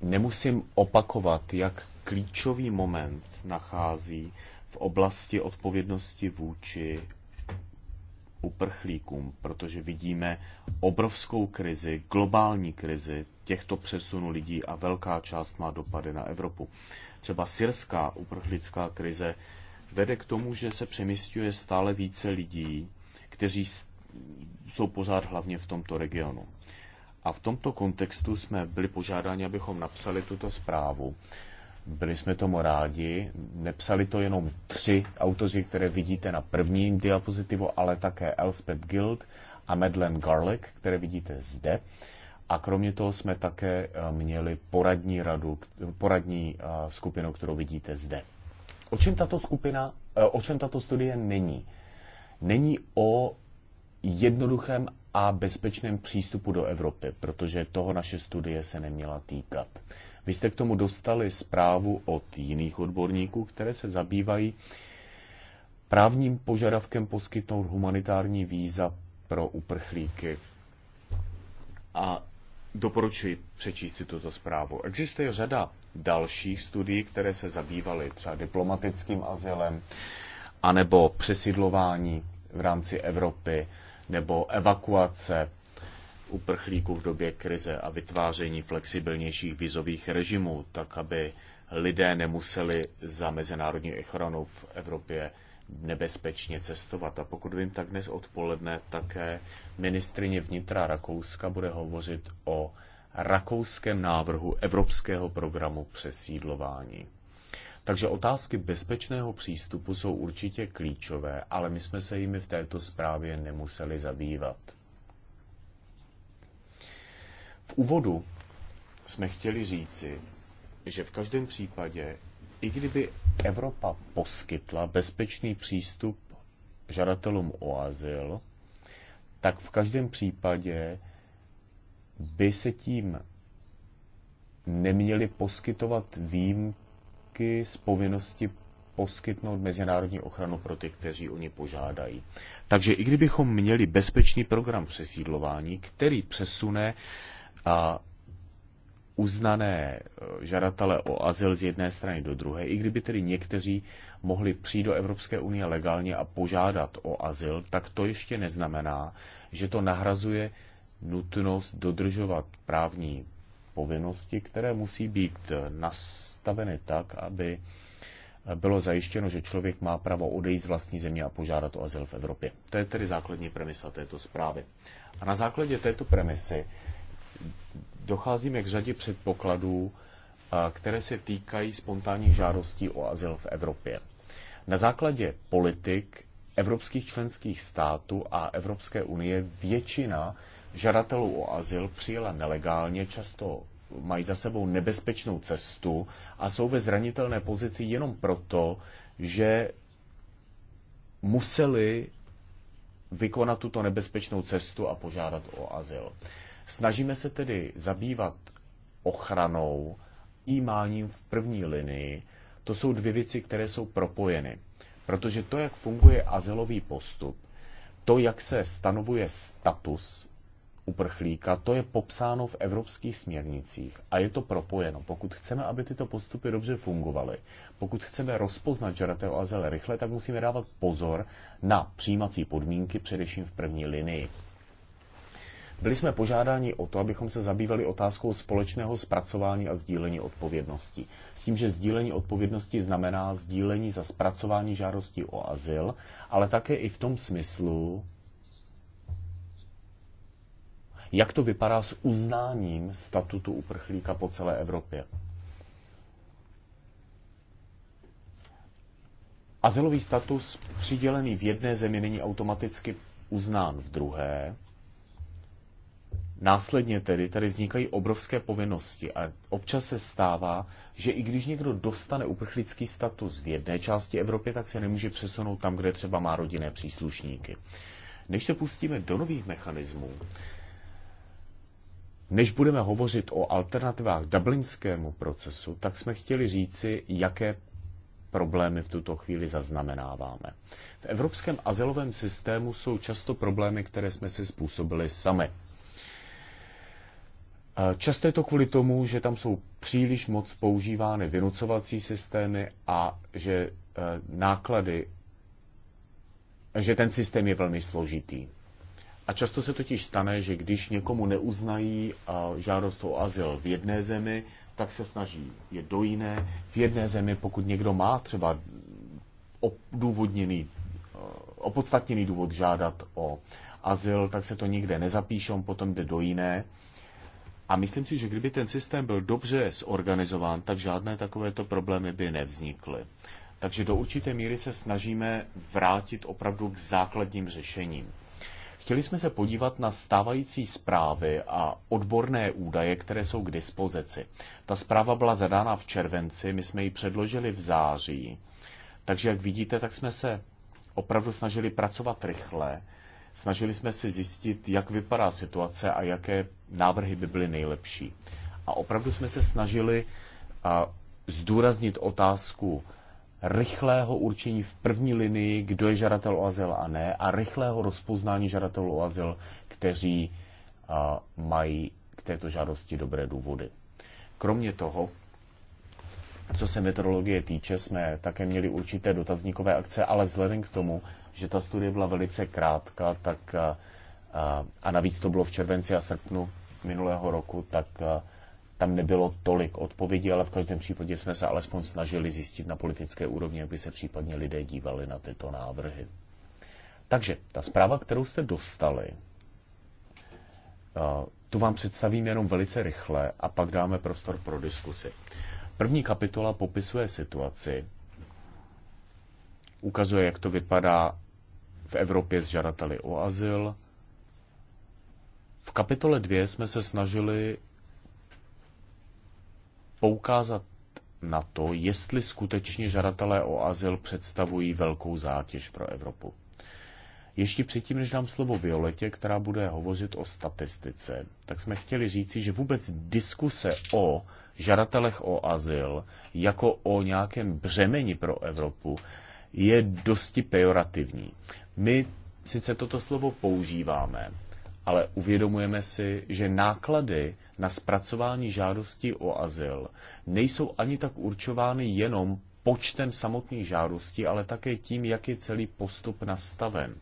nemusím opakovat, jak klíčový moment nachází v oblasti odpovědnosti vůči uprchlíkům, protože vidíme obrovskou krizi, globální krizi těchto přesunů lidí a velká část má dopady na Evropu. Třeba syrská uprchlická krize vede k tomu, že se přemysťuje stále více lidí, kteří jsou pořád hlavně v tomto regionu. A v tomto kontextu jsme byli požádáni, abychom napsali tuto zprávu, byli jsme tomu rádi. Nepsali to jenom tři autoři, které vidíte na prvním diapozitivu, ale také Elspeth Guild a Madeleine Garlick, které vidíte zde. A kromě toho jsme také eh, měli poradní, radu, eh, poradní eh, skupinu, kterou vidíte zde. O čem tato skupina, o čem tato studie není? Není o jednoduchém a bezpečném přístupu do Evropy, protože toho naše studie se neměla týkat. Vy jste k tomu dostali zprávu od jiných odborníků, které se zabývají právním požadavkem poskytnout humanitární víza pro uprchlíky. A doporučuji přečíst si tuto zprávu. Existuje řada dalších studií, které se zabývaly třeba diplomatickým azylem, anebo přesidlování v rámci Evropy, nebo evakuace uprchlíků v době krize a vytváření flexibilnějších vizových režimů, tak aby lidé nemuseli za mezinárodní ochranou v Evropě nebezpečně cestovat. A pokud vím, tak dnes odpoledne také ministrině vnitra Rakouska bude hovořit o rakouském návrhu Evropského programu přesídlování. Takže otázky bezpečného přístupu jsou určitě klíčové, ale my jsme se jimi v této zprávě nemuseli zabývat. V úvodu jsme chtěli říci, že v každém případě, i kdyby Evropa poskytla bezpečný přístup žadatelům o azyl, tak v každém případě by se tím neměly poskytovat výjimky z povinnosti poskytnout mezinárodní ochranu pro ty, kteří o ně požádají. Takže i kdybychom měli bezpečný program přesídlování, který přesune a uznané eh, žadatele o azyl z jedné strany do druhé, i kdyby tedy někteří mohli přijít do Evropské unie legálně a požádat o azyl, tak to ještě neznamená, že to nahrazuje nutnost dodržovat právní povinnosti, které musí být eh, nastaveny tak, aby eh, bylo zajištěno, že člověk má právo odejít z vlastní země a požádat o azyl v Evropě. To je tedy základní premisa této zprávy. A na základě této premisy docházíme k řadě předpokladů, které se týkají spontánních žádostí o azyl v Evropě. Na základě politik evropských členských států a Evropské unie většina žadatelů o azyl přijela nelegálně, často mají za sebou nebezpečnou cestu a jsou ve zranitelné pozici jenom proto, že museli vykonat tuto nebezpečnou cestu a požádat o azyl. Snažíme se tedy zabývat ochranou, jímáním v první linii. To jsou dvě věci, které jsou propojeny. Protože to, jak funguje azylový postup, to, jak se stanovuje status uprchlíka, to je popsáno v evropských směrnicích a je to propojeno. Pokud chceme, aby tyto postupy dobře fungovaly, pokud chceme rozpoznat žadatel o azyl rychle, tak musíme dávat pozor na přijímací podmínky, především v první linii. Byli jsme požádáni o to, abychom se zabývali otázkou společného zpracování a sdílení odpovědností. S tím, že sdílení odpovědnosti znamená sdílení za zpracování žádostí o azyl, ale také i v tom smyslu, jak to vypadá s uznáním statutu uprchlíka po celé Evropě. Azylový status přidělený v jedné zemi není automaticky uznán v druhé, Následně tedy tady vznikají obrovské povinnosti a občas se stává, že i když někdo dostane uprchlický status v jedné části Evropy, tak se nemůže přesunout tam, kde třeba má rodinné příslušníky. Než se pustíme do nových mechanismů, než budeme hovořit o alternativách dublinskému procesu, tak jsme chtěli říci, jaké problémy v tuto chvíli zaznamenáváme. V evropském azylovém systému jsou často problémy, které jsme si způsobili sami. Často je to kvůli tomu, že tam jsou příliš moc používány vynucovací systémy a že e, náklady, že ten systém je velmi složitý. A často se totiž stane, že když někomu neuznají e, žádost o azyl v jedné zemi, tak se snaží je do jiné. V jedné zemi, pokud někdo má třeba důvodněný, e, opodstatněný důvod žádat o azyl, tak se to nikde nezapíše, on potom jde do jiné a myslím si, že kdyby ten systém byl dobře zorganizován, tak žádné takovéto problémy by nevznikly. Takže do určité míry se snažíme vrátit opravdu k základním řešením. Chtěli jsme se podívat na stávající zprávy a odborné údaje, které jsou k dispozici. Ta zpráva byla zadána v červenci, my jsme ji předložili v září. Takže jak vidíte, tak jsme se opravdu snažili pracovat rychle Snažili jsme se zjistit, jak vypadá situace a jaké návrhy by byly nejlepší. A opravdu jsme se snažili zdůraznit otázku rychlého určení v první linii, kdo je žadatel o azyl a ne, a rychlého rozpoznání žadatelů o azyl, kteří mají k této žádosti dobré důvody. Kromě toho, co se meteorologie týče, jsme také měli určité dotazníkové akce, ale vzhledem k tomu, že ta studie byla velice krátká, tak a, a navíc to bylo v červenci a srpnu minulého roku, tak tam nebylo tolik odpovědí, ale v každém případě jsme se alespoň snažili zjistit na politické úrovni, jak by se případně lidé dívali na tyto návrhy. Takže ta zpráva, kterou jste dostali, tu vám představím jenom velice rychle a pak dáme prostor pro diskusi. První kapitola popisuje situaci, ukazuje, jak to vypadá v Evropě s žadateli o azyl. V kapitole 2 jsme se snažili poukázat na to, jestli skutečně žadatelé o azyl představují velkou zátěž pro Evropu. Ještě předtím, než dám slovo Violetě, která bude hovořit o statistice, tak jsme chtěli říci, že vůbec diskuse o žadatelech o azyl jako o nějakém břemeni pro Evropu je dosti pejorativní. My sice toto slovo používáme, ale uvědomujeme si, že náklady na zpracování žádosti o azyl nejsou ani tak určovány jenom počtem samotných žádostí, ale také tím, jak je celý postup nastaven.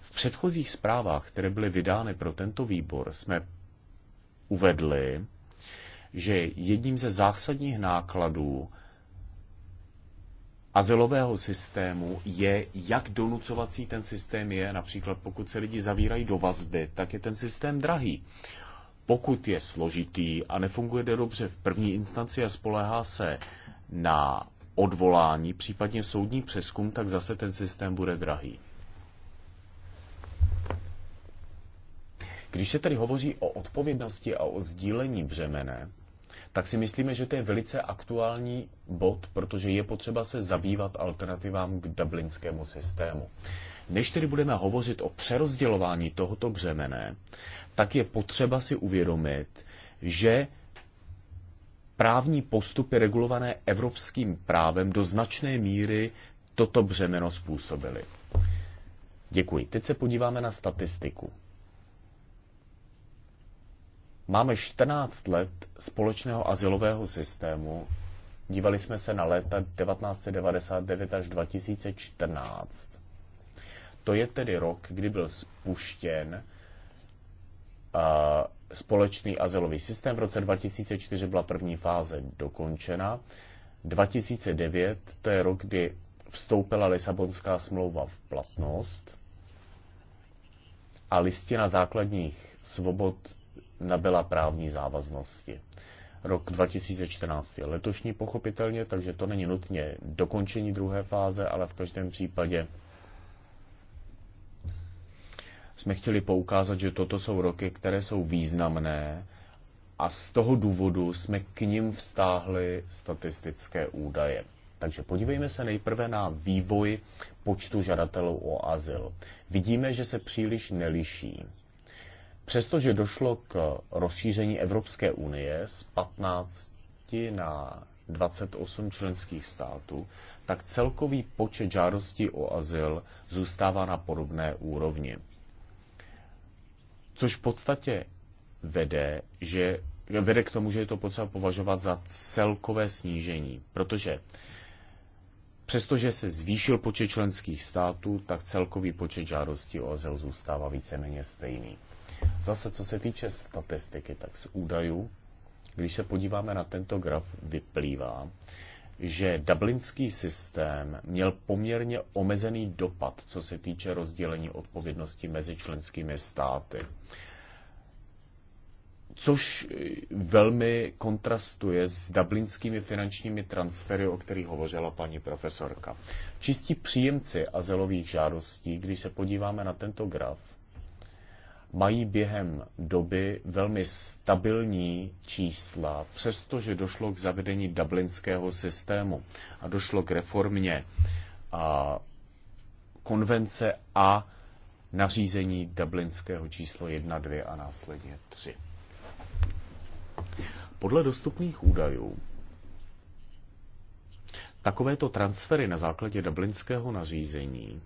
V předchozích zprávách, které byly vydány pro tento výbor, jsme uvedli, že jedním ze zásadních nákladů azylového systému je, jak donucovací ten systém je. Například pokud se lidi zavírají do vazby, tak je ten systém drahý. Pokud je složitý a nefunguje dobře v první instanci a spolehá se na odvolání, případně soudní přeskum, tak zase ten systém bude drahý. Když se tedy hovoří o odpovědnosti a o sdílení břemene, tak si myslíme, že to je velice aktuální bod, protože je potřeba se zabývat alternativám k dublinskému systému. Než tedy budeme hovořit o přerozdělování tohoto břemene, tak je potřeba si uvědomit, že právní postupy regulované evropským právem do značné míry toto břemeno způsobily. Děkuji. Teď se podíváme na statistiku. Máme 14 let společného asilového systému. Dívali jsme se na léta 1999 až 2014. To je tedy rok, kdy byl spuštěn společný azylový systém. V roce 2004 byla první fáze dokončena. 2009 to je rok, kdy vstoupila Lisabonská smlouva v platnost a listina základních svobod nabyla právní závaznosti. Rok 2014 je letošní pochopitelně, takže to není nutně dokončení druhé fáze, ale v každém případě jsme chtěli poukázat, že toto jsou roky, které jsou významné a z toho důvodu jsme k ním vztáhli statistické údaje. Takže podívejme se nejprve na vývoj počtu žadatelů o azyl. Vidíme, že se příliš neliší. Přestože došlo k rozšíření Evropské unie z 15 na 28 členských států, tak celkový počet žádostí o azyl zůstává na podobné úrovni. Což v podstatě vede, že, vede k tomu, že je to potřeba považovat za celkové snížení, protože přestože se zvýšil počet členských států, tak celkový počet žádostí o azyl zůstává víceméně stejný. Zase, co se týče statistiky, tak z údajů, když se podíváme na tento graf, vyplývá, že dublinský systém měl poměrně omezený dopad, co se týče rozdělení odpovědnosti mezi členskými státy. Což eh, velmi kontrastuje s dublinskými finančními transfery, o kterých hovořila paní profesorka. Čistí příjemci azylových žádostí, když se podíváme na tento graf, mají během doby velmi stabilní čísla, přestože došlo k zavedení dublinského systému a došlo k reformě a konvence a nařízení dublinského číslo 1, 2 a následně 3. Podle dostupných údajů takovéto transfery na základě dublinského nařízení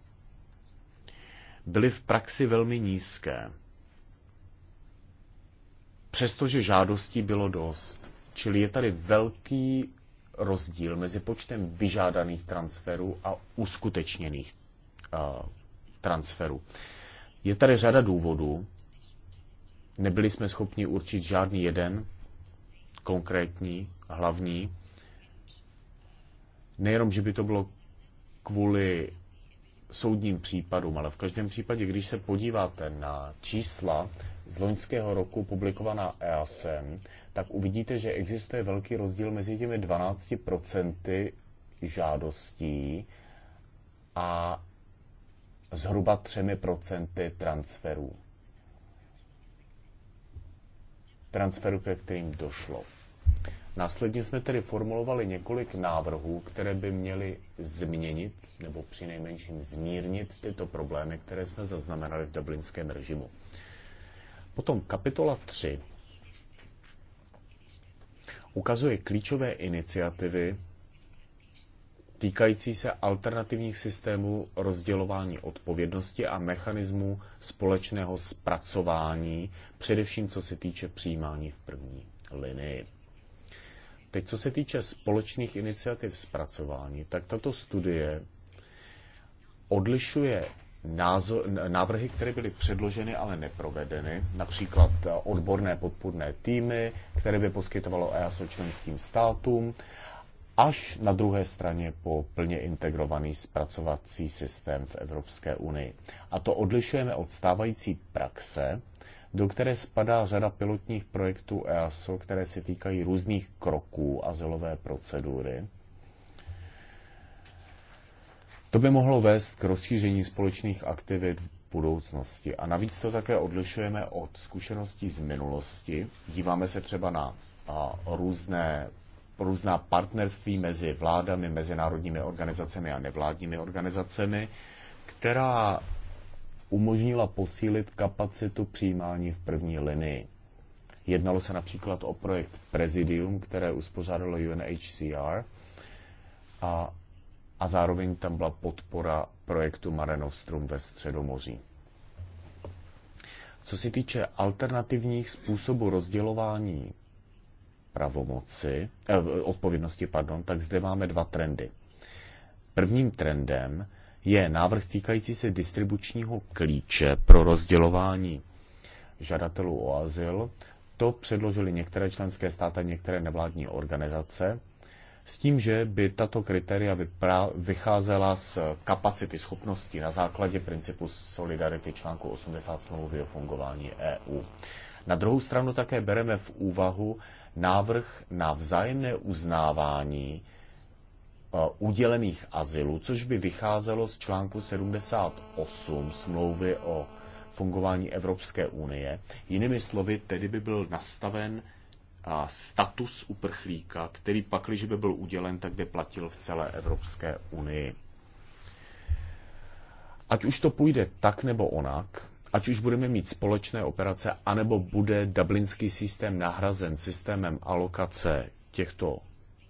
byly v praxi velmi nízké přestože žádostí bylo dost. Čili je tady velký rozdíl mezi počtem vyžádaných transferů a uskutečněných uh, transferů. Je tady řada důvodů. Nebyli jsme schopni určit žádný jeden konkrétní, hlavní. Nejenom, že by to bylo kvůli soudním případům, ale v každém případě, když se podíváte na čísla, z loňského roku publikovaná EASem, tak uvidíte, že existuje velký rozdíl mezi těmi 12% žádostí a zhruba 3% transferů. Transferů, ke kterým došlo. Následně jsme tedy formulovali několik návrhů, které by měly změnit nebo přinejmenším zmírnit tyto problémy, které jsme zaznamenali v dublinském režimu. Potom kapitola 3 ukazuje klíčové iniciativy týkající se alternativních systémů rozdělování odpovědnosti a mechanismů společného zpracování, především co se týče přijímání v první linii. Teď, co se týče společných iniciativ zpracování, tak tato studie odlišuje názor, návrhy, které byly předloženy, ale neprovedeny, například eh, odborné podpůrné týmy, které by poskytovalo EASO členským státům, až na druhé straně po plně integrovaný zpracovací systém v Evropské unii. A to odlišujeme od stávající praxe, do které spadá řada pilotních projektů EASO, které se týkají různých kroků azylové procedury, to by mohlo vést k rozšíření společných aktivit v budoucnosti. A navíc to také odlišujeme od zkušeností z minulosti. Díváme se třeba na a, různé různá partnerství mezi vládami, mezinárodními organizacemi a nevládními organizacemi, která umožnila posílit kapacitu přijímání v první linii. Jednalo se například o projekt Presidium, které uspořádalo UNHCR a a zároveň tam byla podpora projektu Mare Nostrum ve Středomoří. Co se týče alternativních způsobů rozdělování pravomoci, eh, odpovědnosti, pardon, tak zde máme dva trendy. Prvním trendem je návrh týkající se distribučního klíče pro rozdělování žadatelů o azyl. To předložili některé členské státy, některé nevládní organizace s tím, že by tato kritéria vycházela z kapacity schopností na základě principu solidarity článku 80 smlouvy o fungování EU. Na druhou stranu také bereme v úvahu návrh na vzájemné uznávání e, udělených azylů, což by vycházelo z článku 78 smlouvy o fungování Evropské unie. Jinými slovy, tedy by byl nastaven status uprchlíka, který pak, když by byl udělen, tak by platil v celé Evropské unii. Ať už to půjde tak nebo onak, ať už budeme mít společné operace, anebo bude dublinský systém nahrazen systémem alokace těchto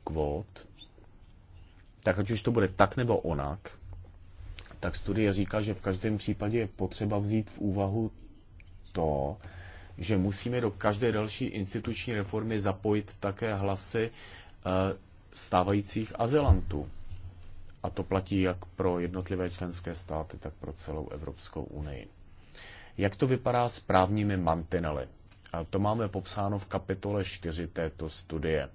kvót, tak ať už to bude tak nebo onak, tak studie říká, že v každém případě je potřeba vzít v úvahu to, že musíme do každé další instituční reformy zapojit také hlasy eh, stávajících azylantů. A to platí jak pro jednotlivé členské státy, tak pro celou Evropskou unii. Jak to vypadá s právními mantinely? A to máme popsáno v kapitole 4 této studie.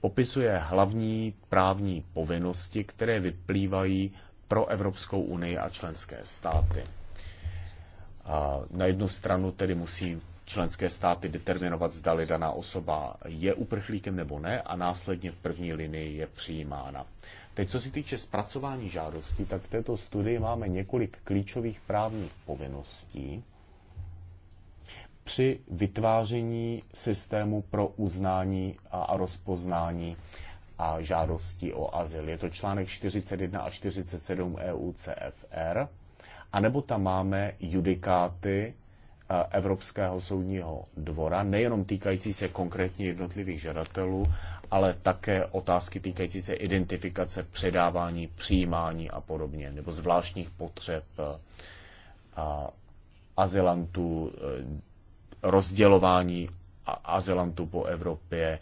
Popisuje hlavní právní povinnosti, které vyplývají pro Evropskou unii a členské státy na jednu stranu tedy musí členské státy determinovat, zdali daná osoba je uprchlíkem nebo ne a následně v první linii je přijímána. Teď, co se týče zpracování žádosti, tak v této studii máme několik klíčových právních povinností při vytváření systému pro uznání a rozpoznání a žádosti o azyl. Je to článek 41 a 47 EUCFR anebo tam máme judikáty eh, Evropského soudního dvora, nejenom týkající se konkrétně jednotlivých žadatelů, ale také otázky týkající se identifikace, předávání, přijímání a podobně, nebo zvláštních potřeb eh, azylantů, eh, rozdělování azylantů po Evropě,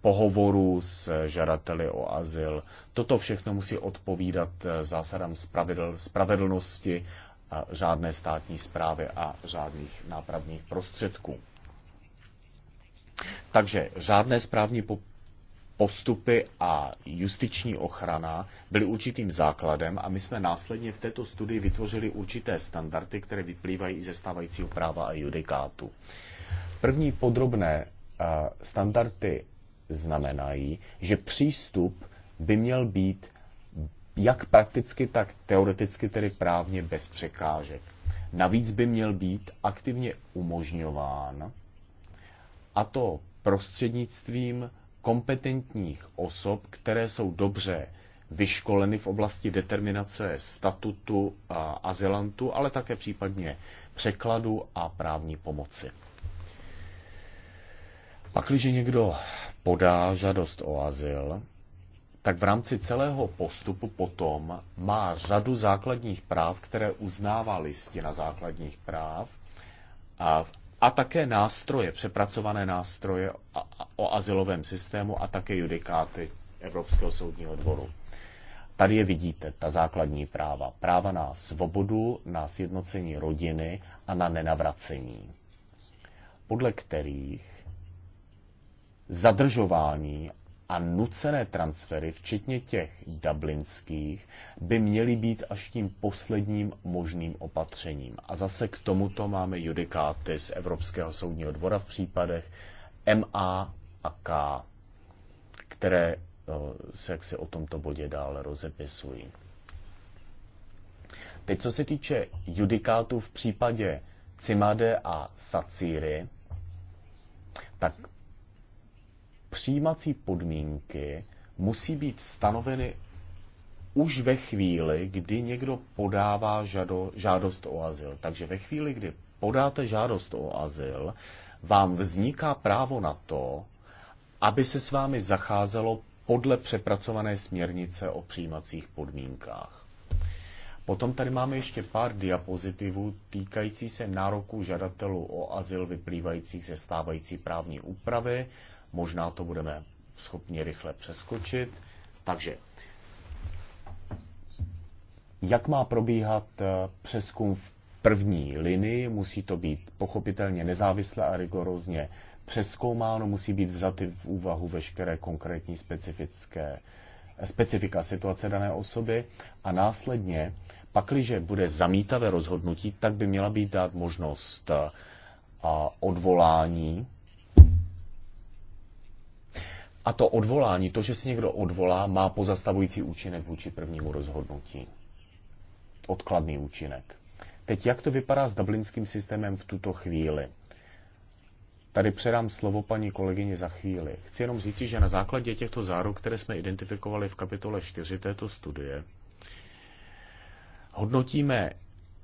pohovoru s žadateli o azyl. Toto všechno musí odpovídat eh, zásadám spravedl, spravedlnosti, a řádné státní zprávy a řádných nápravních prostředků. Takže řádné správní postupy a justiční ochrana byly určitým základem a my jsme následně v této studii vytvořili určité standardy, které vyplývají ze stávajícího práva a judikátu. První podrobné eh, standardy znamenají, že přístup by měl být jak prakticky, tak teoreticky, tedy právně bez překážek. Navíc by měl být aktivně umožňován, a to prostřednictvím kompetentních osob, které jsou dobře vyškoleny v oblasti determinace statutu azylantu, ale také případně překladu a právní pomoci. Pak, když někdo podá žádost o azyl, tak v rámci celého postupu potom má řadu základních práv, které uznává listina základních práv a, a také nástroje, přepracované nástroje o azylovém systému a také judikáty Evropského soudního dvoru. Tady je vidíte, ta základní práva. Práva na svobodu, na sjednocení rodiny a na nenavracení. Podle kterých zadržování a nucené transfery, včetně těch dublinských, by měly být až tím posledním možným opatřením. A zase k tomuto máme judikáty z Evropského soudního dvora v případech MA a K, které eh, se jaksi o tomto bodě dále rozepisují. Teď, co se týče judikátů v případě Cimade a Sacíry, tak přijímací podmínky musí být stanoveny už ve chvíli, kdy někdo podává žado, žádost o azyl. Takže ve chvíli, kdy podáte žádost o azyl, vám vzniká právo na to, aby se s vámi zacházelo podle přepracované směrnice o přijímacích podmínkách. Potom tady máme ještě pár diapozitivů týkající se nároku žadatelů o azyl vyplývajících ze stávající právní úpravy, Možná to budeme schopni rychle přeskočit. Takže, jak má probíhat eh, přeskum v první linii, musí to být pochopitelně nezávisle a rigorózně přeskoumáno, musí být vzaty v úvahu veškeré konkrétní specifické eh, specifika situace dané osoby a následně, pakliže bude zamítavé rozhodnutí, tak by měla být dát možnost eh, odvolání a to odvolání, to, že se někdo odvolá, má pozastavující účinek vůči prvnímu rozhodnutí. Odkladný účinek. Teď jak to vypadá s dublinským systémem v tuto chvíli? Tady předám slovo paní kolegyně za chvíli. Chci jenom říci, že na základě těchto záruk, které jsme identifikovali v kapitole 4 této studie, hodnotíme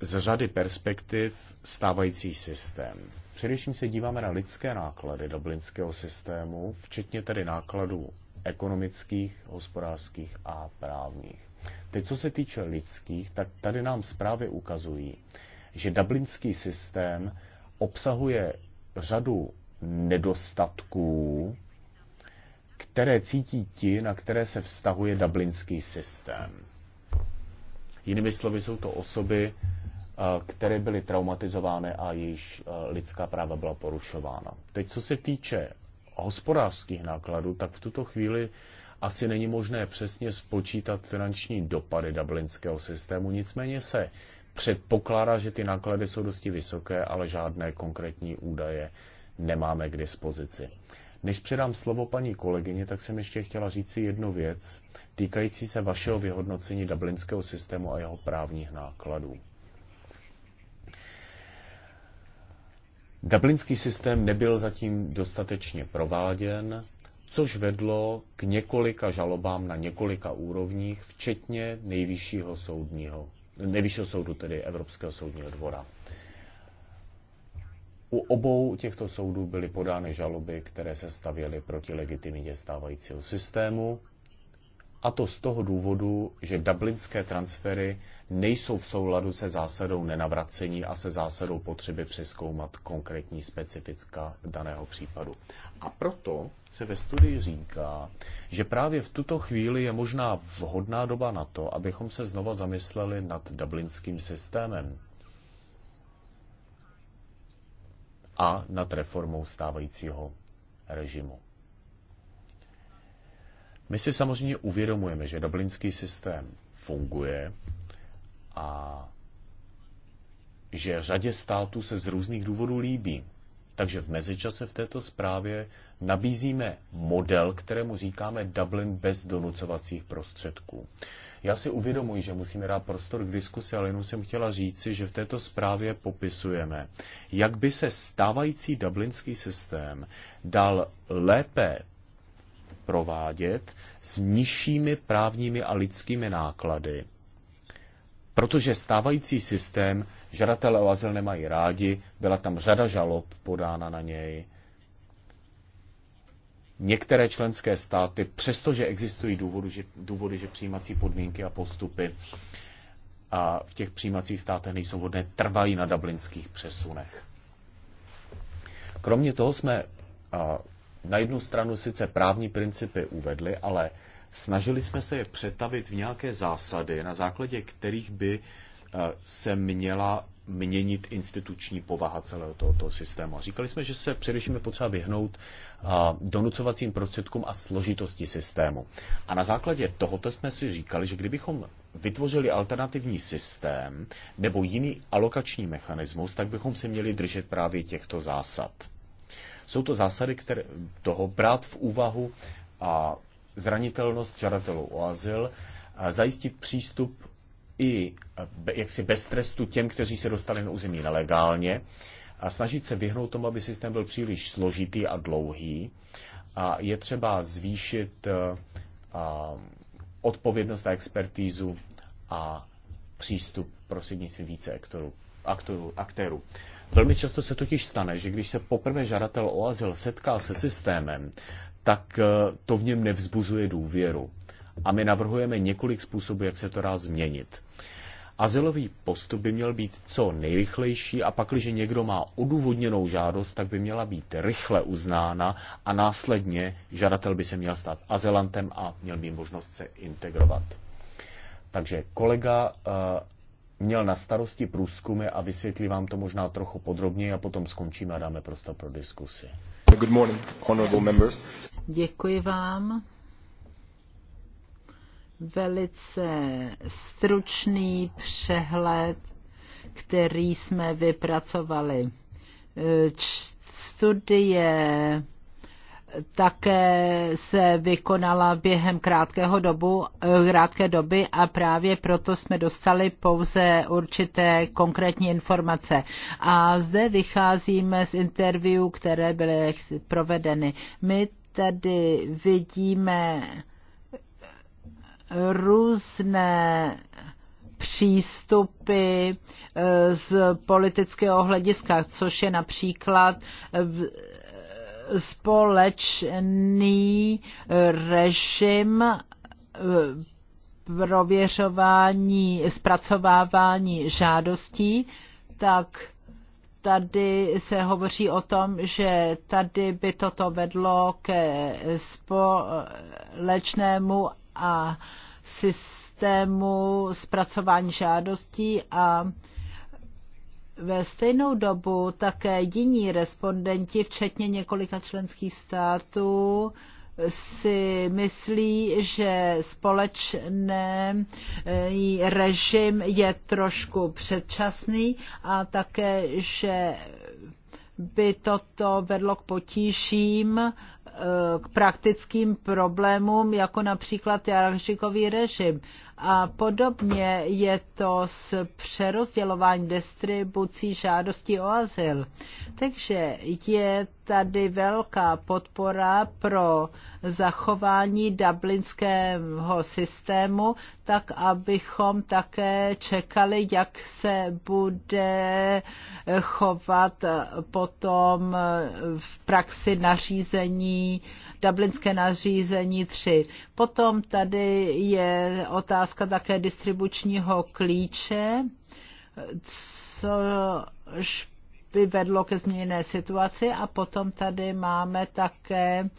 z řady perspektiv stávající systém. Především se díváme na lidské náklady dublinského systému, včetně tedy nákladů ekonomických, hospodářských a právních. Teď, co se týče lidských, tak tady nám zprávy ukazují, že dublinský systém obsahuje řadu nedostatků, které cítí ti, na které se vztahuje dublinský systém. Jinými slovy jsou to osoby které byly traumatizovány a již lidská práva byla porušována. Teď, co se týče hospodářských nákladů, tak v tuto chvíli asi není možné přesně spočítat finanční dopady dublinského systému, nicméně se předpokládá, že ty náklady jsou dosti vysoké, ale žádné konkrétní údaje nemáme k dispozici. Než předám slovo paní kolegyně, tak jsem ještě chtěla říci jednu věc týkající se vašeho vyhodnocení dublinského systému a jeho právních nákladů. Dublinský systém nebyl zatím dostatečně prováděn, což vedlo k několika žalobám na několika úrovních, včetně nejvyššího soudního, nejvyššího soudu, tedy Evropského soudního dvora. U obou těchto soudů byly podány žaloby, které se stavěly proti legitimitě stávajícího systému a to z toho důvodu, že dublinské transfery nejsou v souladu se zásadou nenavracení a se zásadou potřeby přeskoumat konkrétní specifická daného případu. A proto se ve studii říká, že právě v tuto chvíli je možná vhodná doba na to, abychom se znova zamysleli nad dublinským systémem a nad reformou stávajícího režimu. My si samozřejmě uvědomujeme, že dublinský systém funguje a že řadě států se z různých důvodů líbí. Takže v mezičase v této zprávě nabízíme model, kterému říkáme Dublin bez donucovacích prostředků. Já si uvědomuji, že musíme dát prostor k diskusi, ale jenom jsem chtěla říci, že v této zprávě popisujeme, jak by se stávající dublinský systém dal lépe provádět s nižšími právními a lidskými náklady, protože stávající systém žadatelé o azyl nemají rádi, byla tam řada žalob podána na něj. Některé členské státy, přestože existují důvody, že, důvody, že přijímací podmínky a postupy a v těch přijímacích státech nejsou vhodné, trvají na dublinských přesunech. Kromě toho jsme na jednu stranu sice právní principy uvedli, ale snažili jsme se je přetavit v nějaké zásady, na základě kterých by eh, se měla měnit instituční povaha celého tohoto systému. Říkali jsme, že se především je potřeba vyhnout eh, donucovacím prostředkům a složitosti systému. A na základě tohoto jsme si říkali, že kdybychom vytvořili alternativní systém nebo jiný alokační mechanismus, tak bychom se měli držet právě těchto zásad. Jsou to zásady které, toho brát v úvahu a zranitelnost žadatelů o azyl, a zajistit přístup i jaksi bez trestu těm, kteří se dostali na území nelegálně a snažit se vyhnout tomu, aby systém byl příliš složitý a dlouhý. A je třeba zvýšit eh, a, odpovědnost a expertízu a přístup prostřednictvím více aktorů. aktorů aktérů. Velmi často se totiž stane, že když se poprvé žadatel o azyl setká se systémem, tak eh, to v něm nevzbuzuje důvěru. A my navrhujeme několik způsobů, jak se to dá změnit. Azylový postup by měl být co nejrychlejší a pak, když někdo má odůvodněnou žádost, tak by měla být rychle uznána a následně žadatel by se měl stát azylantem a měl by možnost se integrovat. Takže kolega eh, měl na starosti průzkumy a vysvětlí vám to možná trochu podrobněji a potom skončíme a dáme prostor pro diskusi. Good morning, honorable members. Děkuji vám. Velice stručný přehled, který jsme vypracovali. Studie také se vykonala během krátkého dobu, krátké doby a právě proto jsme dostali pouze určité konkrétní informace. A zde vycházíme z interview, které byly provedeny. My tedy vidíme různé přístupy eh, z politického hlediska, což je například společný eh, režim eh, prověřování, zpracovávání žádostí, tak tady se hovoří o tom, že tady by toto vedlo ke společnému a systému zpracování žádostí a ve stejnou dobu také jiní respondenti, včetně několika členských států, si myslí, že společný eh, režim je trošku předčasný a také, že by toto vedlo k potížím, eh, k praktickým problémům, jako například jaržíkový režim. A podobně je to s přerozdělování distribucí žádostí o azyl. Takže je tady velká podpora pro zachování dublinského systému, tak abychom také čekali, jak se bude chovat potom v praxi nařízení Dublinské nařízení 3. Potom tady je otázka také distribučního klíče, což by vedlo ke změněné situaci a potom tady máme také e,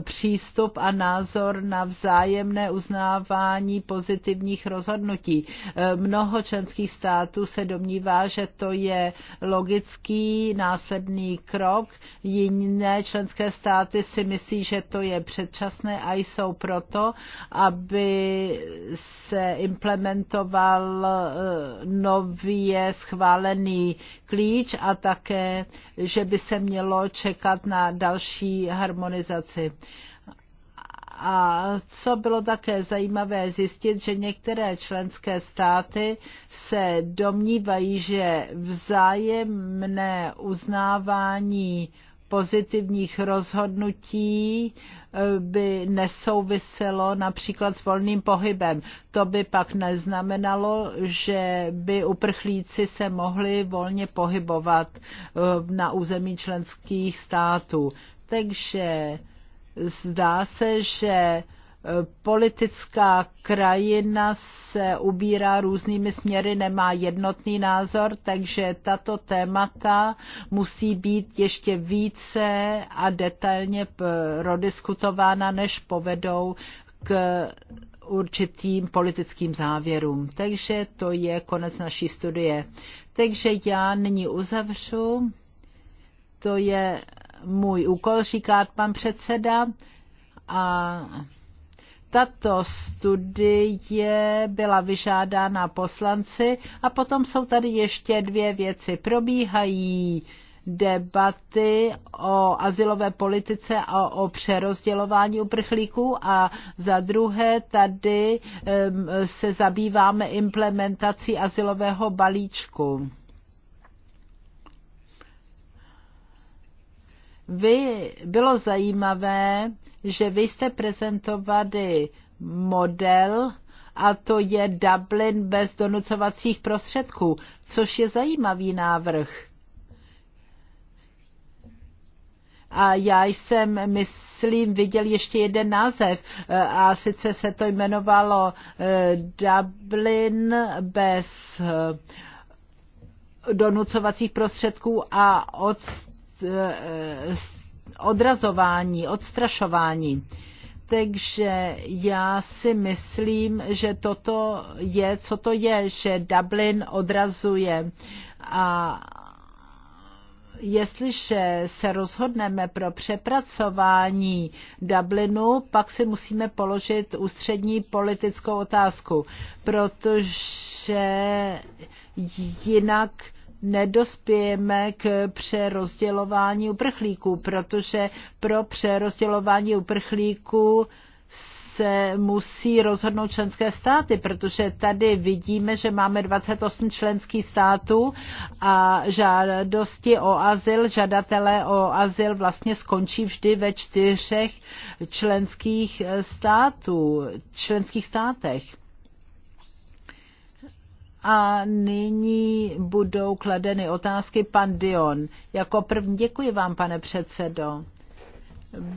přístup a názor na vzájemné uznávání pozitivních rozhodnutí. E, mnoho členských států se domnívá, že to je logický následný krok, jiné členské státy si myslí, že to je předčasné a jsou proto, aby se implementoval e, nově schválený klíč a také, že by se mělo čekat na další harmonizaci. A co bylo také zajímavé zjistit, že některé členské státy se domnívají, že vzájemné uznávání pozitivních rozhodnutí eh, by nesouviselo například s volným pohybem. To by pak neznamenalo, že by uprchlíci se mohli volně pohybovat eh, na území členských států. Takže zdá se, že politická krajina se ubírá různými směry, nemá jednotný názor, takže tato témata musí být ještě více a detailně prodiskutována, než povedou k určitým politickým závěrům. Takže to je konec naší studie. Takže já nyní uzavřu. To je můj úkol, říká pan předseda. A tato studie byla vyžádána poslanci a potom jsou tady ještě dvě věci. Probíhají debaty o asilové politice a o přerozdělování uprchlíků a za druhé tady se zabýváme implementací asilového balíčku. Vy, bylo zajímavé, že vy jste prezentovali model, a to je Dublin bez donucovacích prostředků, což je zajímavý návrh. A já jsem, myslím, viděl ještě jeden název eh, a sice se to jmenovalo eh, Dublin bez eh, donucovacích prostředků a odst Eh, odrazování, odstrašování. Takže já si myslím, že toto je, co to je, že Dublin odrazuje. A jestliže se rozhodneme pro přepracování Dublinu, pak si musíme položit ústřední politickou otázku, protože jinak nedospějeme k přerozdělování uprchlíků, protože pro přerozdělování uprchlíků se musí rozhodnout členské státy, protože tady vidíme, že máme 28 členských států a žádosti o azyl, žadatelé o azyl vlastně skončí vždy ve čtyřech členských států, členských státech. A nyní budou kladeny otázky pan Dion. Jako první děkuji vám, pane předsedo.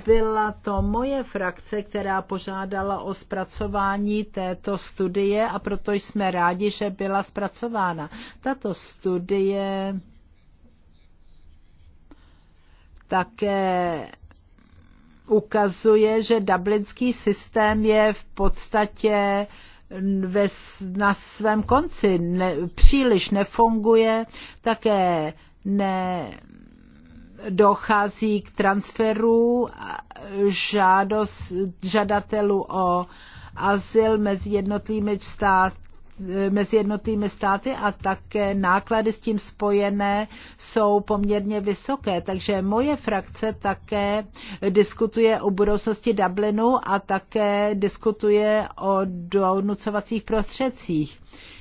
Byla to moje frakce, která požádala o zpracování této studie a proto jsme rádi, že byla zpracována. Tato studie také ukazuje, že dublinský systém je v podstatě uh, ve, na svém konci ne, příliš nefunguje, také ne, dochází k transferu žádost, žadatelů o azyl mezi jednotlivými stát, mezi jednotými státy a také náklady s tím spojené jsou poměrně vysoké. Takže moje frakce také diskutuje o budoucnosti Dublinu a také diskutuje o donucovacích prostředcích.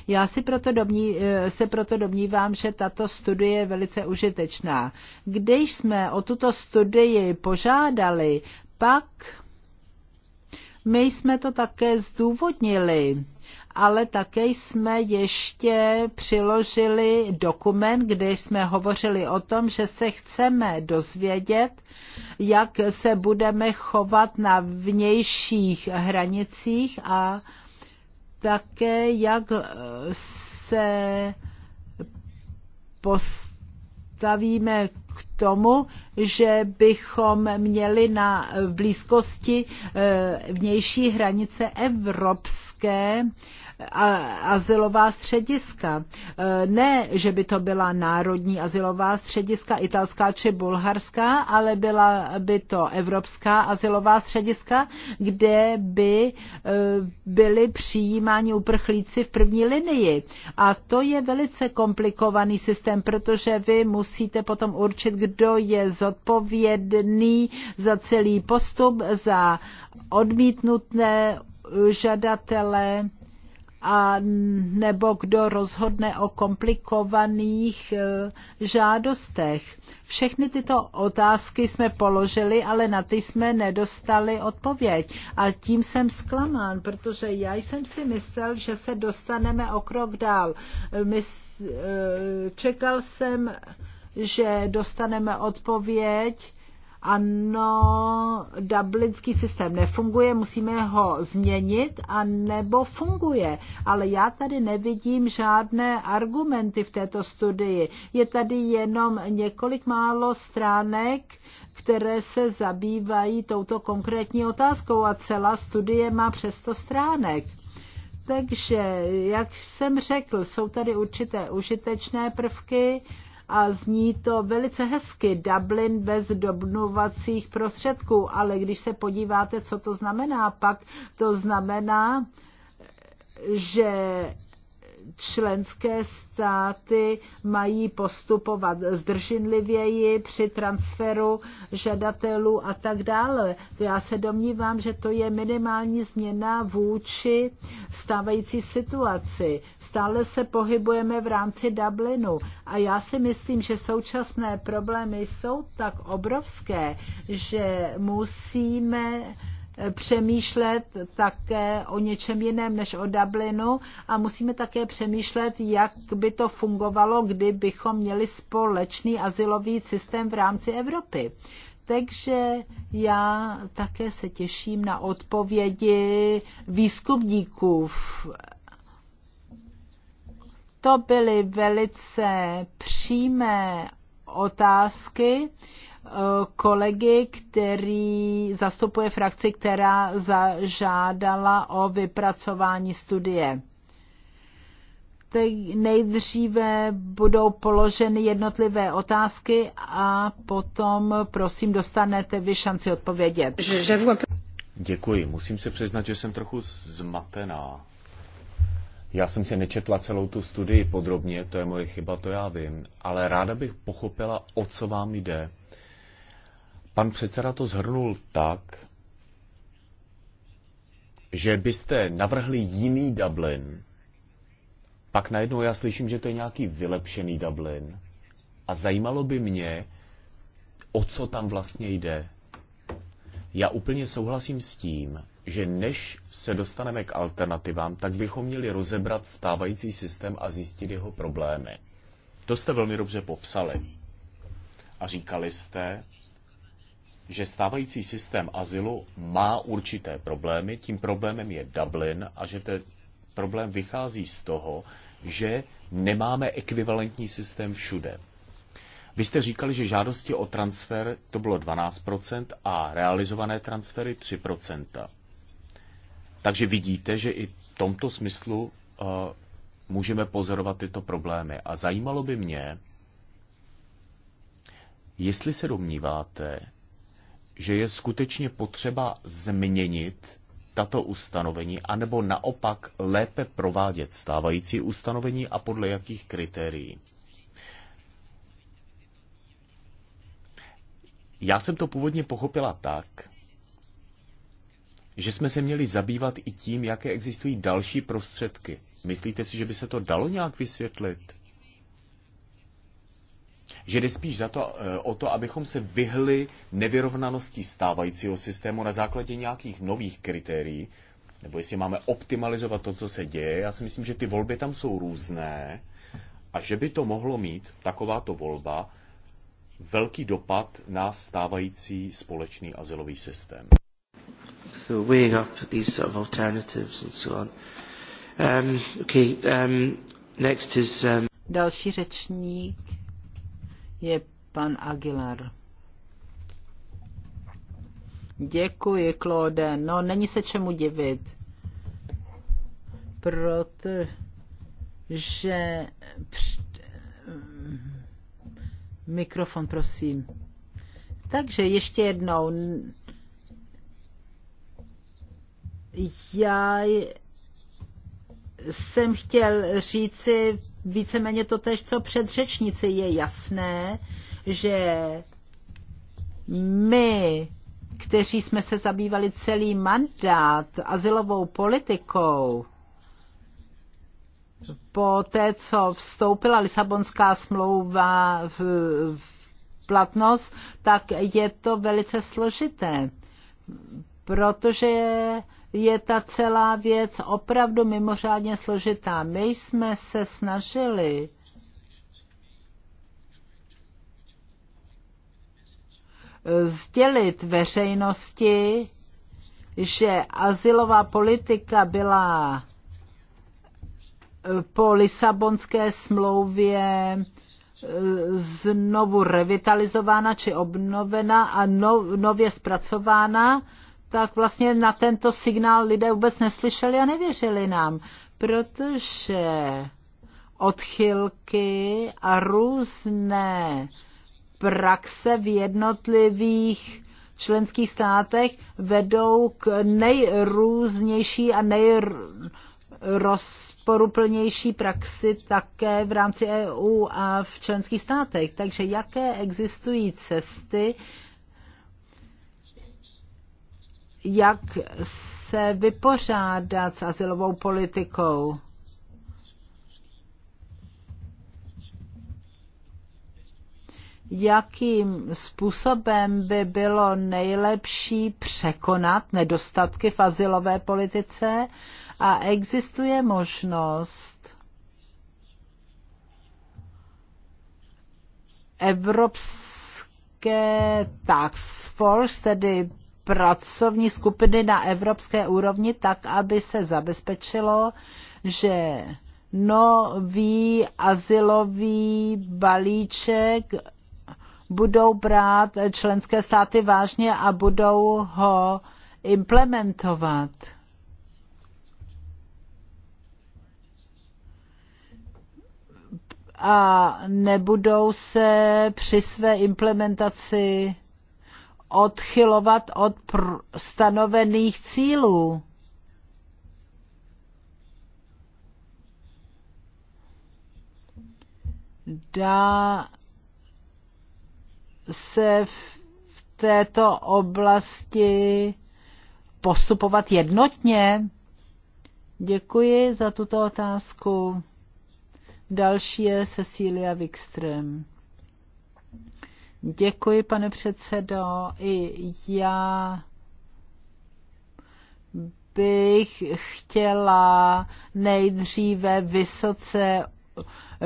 Já si proto domní, eh, se proto domnívám, že tato studie je velice užitečná. Když jsme o tuto studii požádali, pak my jsme to také zdůvodnili ale také jsme ještě přiložili dokument, kde jsme hovořili o tom, že se chceme dozvědět, jak se budeme chovat na vnějších hranicích a také jak se postavíme k tomu, že bychom měli na blízkosti eh, vnější hranice evropské azylová střediska. E, ne, že by to byla národní azylová střediska italská či bulharská, ale byla by to evropská azylová střediska, kde by e, byly přijímáni uprchlíci v první linii. A to je velice komplikovaný systém, protože vy musíte potom určit, kdo je zodpovědný za celý postup, za odmítnuté žadatele a nebo kdo rozhodne o komplikovaných e, žádostech. Všechny tyto otázky jsme položili, ale na ty jsme nedostali odpověď. A tím jsem zklamán, protože já jsem si myslel, že se dostaneme o krok dál. E, čekal jsem, že dostaneme odpověď ano, dublinský systém nefunguje, musíme ho změnit, a nebo funguje. Ale já tady nevidím žádné argumenty v této studii. Je tady jenom několik málo stránek, které se zabývají touto konkrétní otázkou a celá studie má přes stránek. Takže, jak jsem řekl, jsou tady určité užitečné prvky, a zní to velice hezky, Dublin bez dobnovacích prostředků, ale když se podíváte, co to znamená, pak to znamená, že členské státy mají postupovat zdrženlivěji při transferu žadatelů a tak dále. To já se domnívám, že to je minimální změna vůči stávající situaci stále se pohybujeme v rámci Dublinu. A já si myslím, že současné problémy jsou tak obrovské, že musíme eh, přemýšlet také o něčem jiném než o Dublinu a musíme také přemýšlet, jak by to fungovalo, kdybychom měli společný asilový systém v rámci Evropy. Takže já také se těším na odpovědi výzkumníků v to byly velice přímé otázky eh, kolegy, který zastupuje frakci, která zažádala o vypracování studie nejdříve budou položeny jednotlivé otázky a potom, prosím, dostanete vy šanci odpovědět. Děkuji. Musím se přiznat, že jsem trochu zmatená já jsem si nečetla celou tu studii podrobně, to je moje chyba, to já vím, ale ráda bych pochopila, o co vám jde. Pan předseda to zhrnul tak, že byste navrhli jiný Dublin, pak najednou já slyším, že to je nějaký vylepšený Dublin. A zajímalo by mě, o co tam vlastně jde. Já úplně souhlasím s tím, že než se dostaneme k alternativám, tak bychom měli rozebrat stávající systém a zjistit jeho problémy. To jste velmi dobře popsali. A říkali jste, že stávající systém azylu má určité problémy, tím problémem je Dublin a že ten problém vychází z toho, že nemáme ekvivalentní systém všude. Vy jste říkali, že žádosti o transfer to bylo 12% a realizované transfery 3%. Takže vidíte, že i v tomto smyslu uh, můžeme pozorovat tyto problémy. A zajímalo by mě, jestli se domníváte, že je skutečně potřeba změnit tato ustanovení, anebo naopak lépe provádět stávající ustanovení a podle jakých kritérií. Já jsem to původně pochopila tak, že jsme se měli zabývat i tím, jaké existují další prostředky. Myslíte si, že by se to dalo nějak vysvětlit? Že jde spíš za to, eh, o to, abychom se vyhli nevyrovnaností stávajícího systému na základě nějakých nových kritérií, nebo jestli máme optimalizovat to, co se děje. Já si myslím, že ty volby tam jsou různé a že by to mohlo mít, takováto volba, velký dopad na stávající společný azylový systém. So weighing up these sort of alternatives and so on. Um, okay, um, next is, um... Další řečník je pan Aguilar. Děkuji, Claude. No, není se čemu divit. Protože... Mikrofon, prosím. Takže ještě jednou já jsem chtěl říci víceméně to tež, co předřečnici. Je jasné, že my, kteří jsme se zabývali celý mandát asilovou politikou, po té, co vstoupila Lisabonská smlouva v, v platnost, tak je to velice složité, protože je ta celá věc opravdu mimořádně složitá. My jsme se snažili sdělit veřejnosti, že asilová politika byla po Lisabonské smlouvě eh, znovu revitalizována či obnovena a no, nově zpracována tak vlastně na tento signál lidé vůbec neslyšeli a nevěřili nám, protože odchylky a různé praxe v jednotlivých členských státech vedou k nejrůznější a nejrozporuplnější praxi také v rámci EU a v členských státech. Takže jaké existují cesty, jak se vypořádat s asilovou politikou. Jakým způsobem by bylo nejlepší překonat nedostatky v asilové politice a existuje možnost Evropské tax force, tedy pracovní skupiny na evropské úrovni tak, aby se zabezpečilo, že nový asilový balíček budou brát členské státy vážně a budou ho implementovat. A nebudou se při své implementaci odchylovat od stanovených cílů. Dá se v této oblasti postupovat jednotně? Děkuji za tuto otázku. Další je Cecilia Wikström. Děkuji, pane předsedo. I já bych chtěla nejdříve vysoce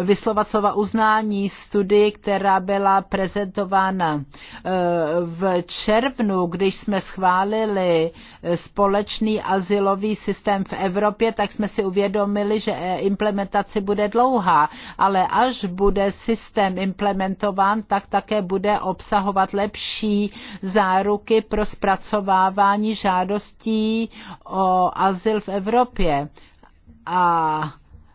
vyslovat slova uznání studii, která byla prezentována eh, v červnu, když jsme schválili eh, společný asilový systém v Evropě, tak jsme si uvědomili, že eh, implementace bude dlouhá, ale až bude systém implementován, tak také bude obsahovat lepší záruky pro zpracovávání žádostí o azyl v Evropě. A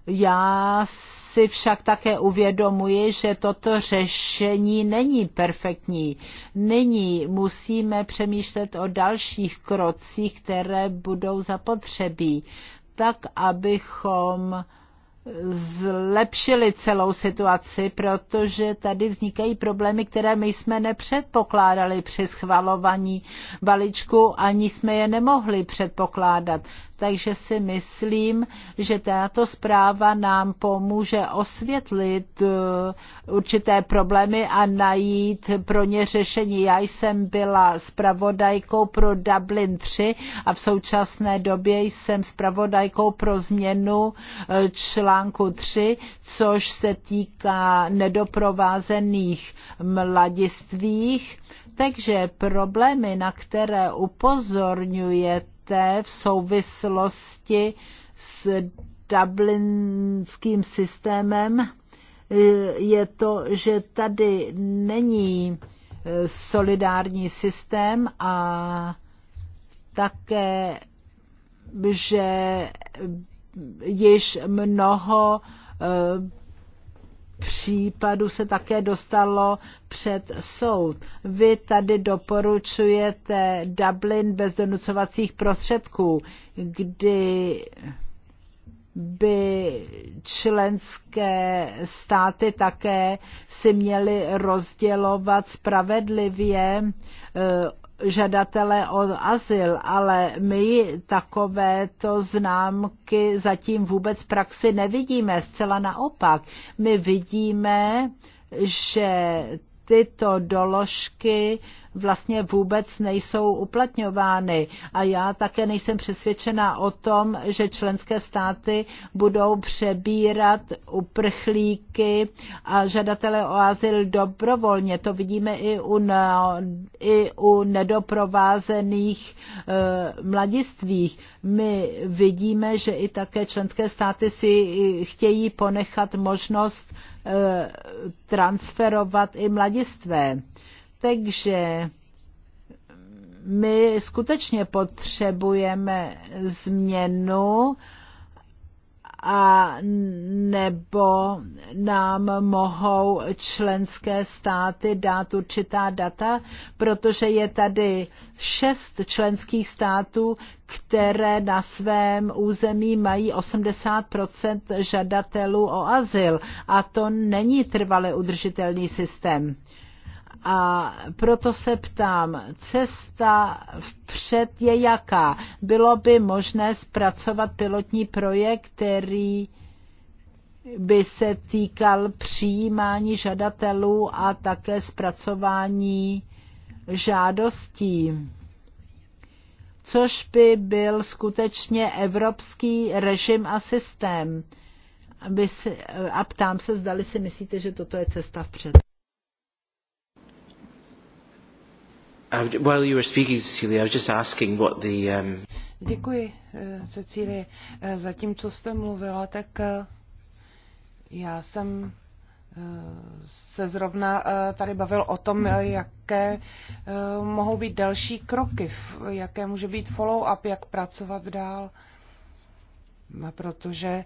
já si však také uvědomuji, že toto řešení není perfektní. Nyní musíme přemýšlet o dalších krocích, které budou zapotřebí, tak abychom zlepšili celou situaci, protože tady vznikají problémy, které my jsme nepředpokládali při schvalování balíčku, ani jsme je nemohli předpokládat. Takže si myslím, že tato zpráva nám pomůže osvětlit eh, určité problémy a najít pro ně řešení. Já jsem byla zpravodajkou pro Dublin 3 a v současné době jsem zpravodajkou pro změnu eh, článku článku 3, což se týká nedoprovázených mladistvích. Takže problémy, na které upozorňujete v souvislosti s dublinským systémem, je to, že tady není eh, solidární systém a také, že již mnoho eh, případů se také dostalo před soud. Vy tady doporučujete Dublin bez donucovacích prostředků, kdy by členské státy také si měly rozdělovat spravedlivě eh, žadatele o azyl, ale my takovéto známky zatím vůbec v praxi nevidíme. Zcela naopak, my vidíme, že tyto doložky vlastně vůbec nejsou uplatňovány. A já také nejsem přesvědčená o tom, že členské státy budou přebírat uprchlíky a žadatele o azyl dobrovolně. To vidíme i u, na, i u nedoprovázených e, mladistvích. My vidíme, že i také členské státy si chtějí ponechat možnost e, transferovat i mladistvé. Takže my skutečně potřebujeme změnu a nebo nám mohou členské státy dát určitá data, protože je tady šest členských států, které na svém území mají 80 žadatelů o azyl a to není trvale udržitelný systém. A proto se ptám, cesta vpřed je jaká? Bylo by možné zpracovat pilotní projekt, který by se týkal přijímání žadatelů a také zpracování žádostí, což by byl skutečně evropský režim a systém. A ptám se, zdali si myslíte, že toto je cesta vpřed. While you were speaking, Cecilia, I was just asking what the... Um... Děkuji, eh, Cecílie. Eh, Zatímco jste mluvila, tak eh, já jsem se zrovna tady bavil o tom, jaké mohou být další kroky, jaké může být follow-up, jak pracovat dál. Protože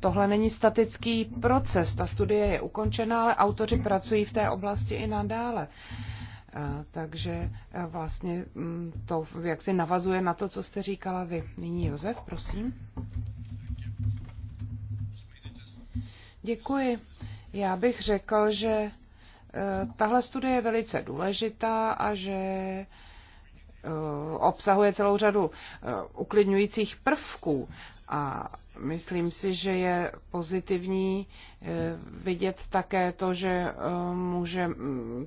tohle není statický proces. Ta studie je ukončená, ale autoři pracují v té oblasti i nadále. Takže e, vlastně mm, to jak si navazuje na to, co jste říkala vy. Nyní Josef, prosím. Děkuji. Já bych řekl, že e, tahle studie je velice důležitá a že e, obsahuje celou řadu uklidňujících prvků. A myslím si, že je pozitivní eh, vidět také to, že eh, může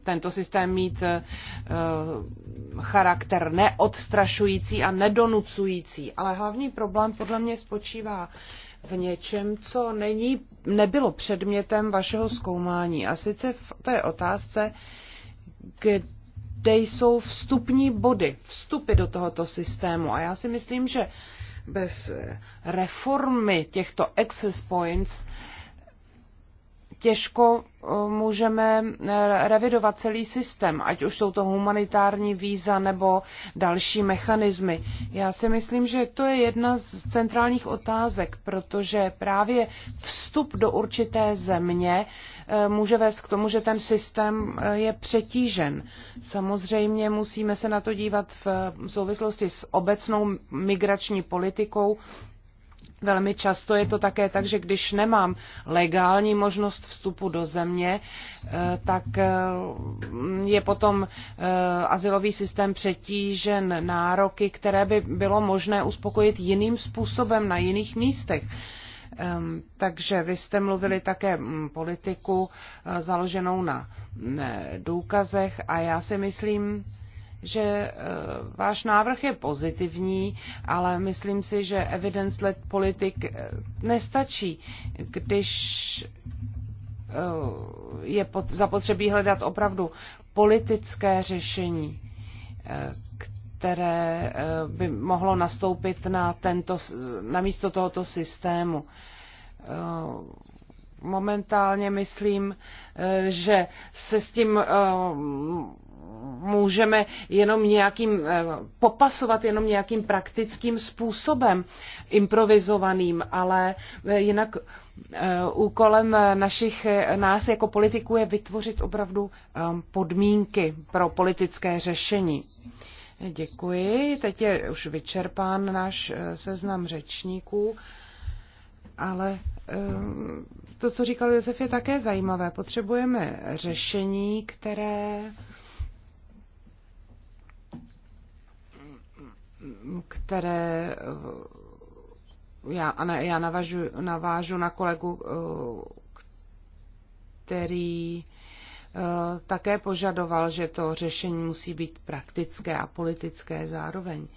tento systém mít eh, charakter neodstrašující a nedonucující. Ale hlavní problém podle mě spočívá v něčem, co není, nebylo předmětem vašeho zkoumání. A sice v té otázce, kde jsou vstupní body, vstupy do tohoto systému. A já si myslím, že bez eh, reformy těchto access points těžko eh, můžeme eh, revidovat celý systém, ať už jsou to humanitární víza nebo další mechanismy. Já si myslím, že to je jedna z centrálních otázek, protože právě vstup do určité země eh, může vést k tomu, že ten systém je přetížen. Samozřejmě musíme se na to dívat v souvislosti s obecnou migrační politikou, Velmi často je to také tak, že když nemám legální možnost vstupu do země, eh, tak eh, je potom eh, asilový systém přetížen nároky, které by bylo možné uspokojit jiným způsobem na jiných místech. Ehm, takže vy jste mluvili také mm, politiku založenou na mm, důkazech a já si myslím, že eh, váš návrh je pozitivní, ale myslím si, že evidence led politik eh, nestačí, když eh, je zapotřebí hledat opravdu politické řešení, které by mohlo nastoupit na, tento, na místo tohoto systému momentálně myslím, že se s tím můžeme jenom nějakým, eh, popasovat jenom nějakým praktickým způsobem, improvizovaným, ale eh, jinak eh, úkolem našich, nás jako politiků je vytvořit opravdu podmínky pro politické řešení. Děkuji. Teď je už vyčerpán náš seznam řečníků, ale to, co říkal Josef, je také zajímavé. Potřebujeme řešení, které které já, ne, já navážu navážu na kolegu, eh, který eh, také požadoval, že to řešení musí být praktické a politické zároveň.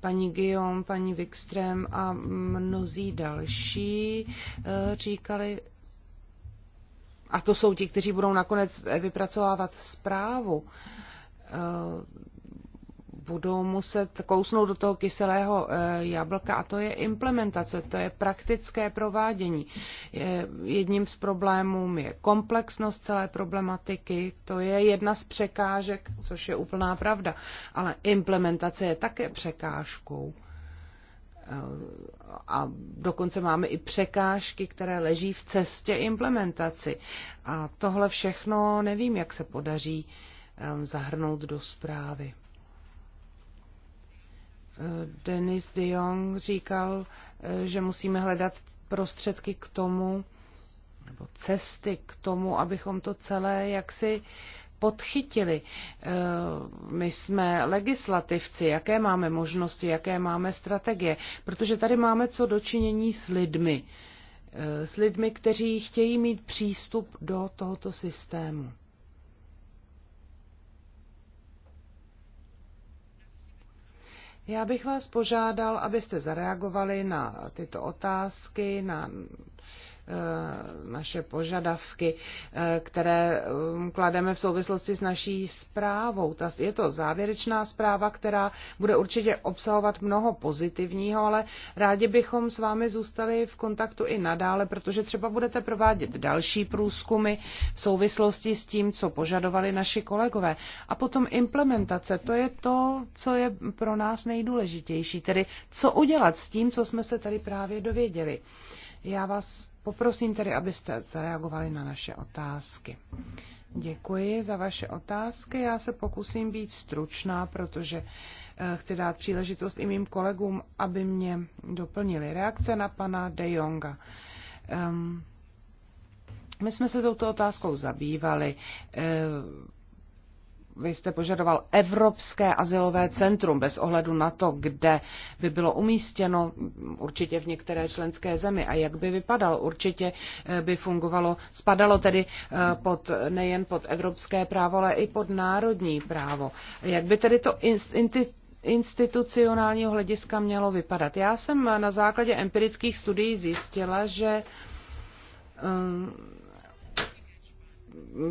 Paní Gion, paní Wikström a mnozí další eh, říkali, a to jsou ti, kteří budou nakonec vypracovávat zprávu, budou muset kousnout do toho kyselého eh, jablka a to je implementace, to je praktické provádění. Jedním z problémů je komplexnost celé problematiky, to je jedna z překážek, což je úplná pravda, ale implementace je také překážkou eh, a dokonce máme i překážky, které leží v cestě implementaci. A tohle všechno nevím, jak se podaří eh, zahrnout do zprávy. Eh, Denis de Jong říkal, eh, že musíme hledat prostředky k tomu, nebo cesty k tomu, abychom to celé jaksi podchytili. Eh, my jsme legislativci, jaké máme možnosti, jaké máme strategie, protože tady máme co dočinění s lidmi. S lidmi, kteří chtějí mít přístup do tohoto systému. Já bych vás požádal, abyste zareagovali na tyto otázky, na Eh, naše požadavky, eh, které um, klademe v souvislosti s naší zprávou. Je to závěrečná zpráva, která bude určitě obsahovat mnoho pozitivního, ale rádi bychom s vámi zůstali v kontaktu i nadále, protože třeba budete provádět další průzkumy v souvislosti s tím, co požadovali naši kolegové. A potom implementace, to je to, co je pro nás nejdůležitější, tedy co udělat s tím, co jsme se tady právě dověděli. Já vás Poprosím tedy, abyste zareagovali na naše otázky. Děkuji za vaše otázky. Já se pokusím být stručná, protože eh, chci dát příležitost i mým kolegům, aby mě doplnili. Reakce na pana De Jonga. Ehm, my jsme se touto otázkou zabývali. Eh, vy jste požadoval Evropské asilové centrum bez ohledu na to, kde by bylo umístěno, určitě v některé členské zemi a jak by vypadalo. Určitě eh, by fungovalo, spadalo tedy eh, pod, nejen pod evropské právo, ale i pod národní právo. Jak by tedy to institucionálního hlediska mělo vypadat? Já jsem na základě empirických studií zjistila, že eh,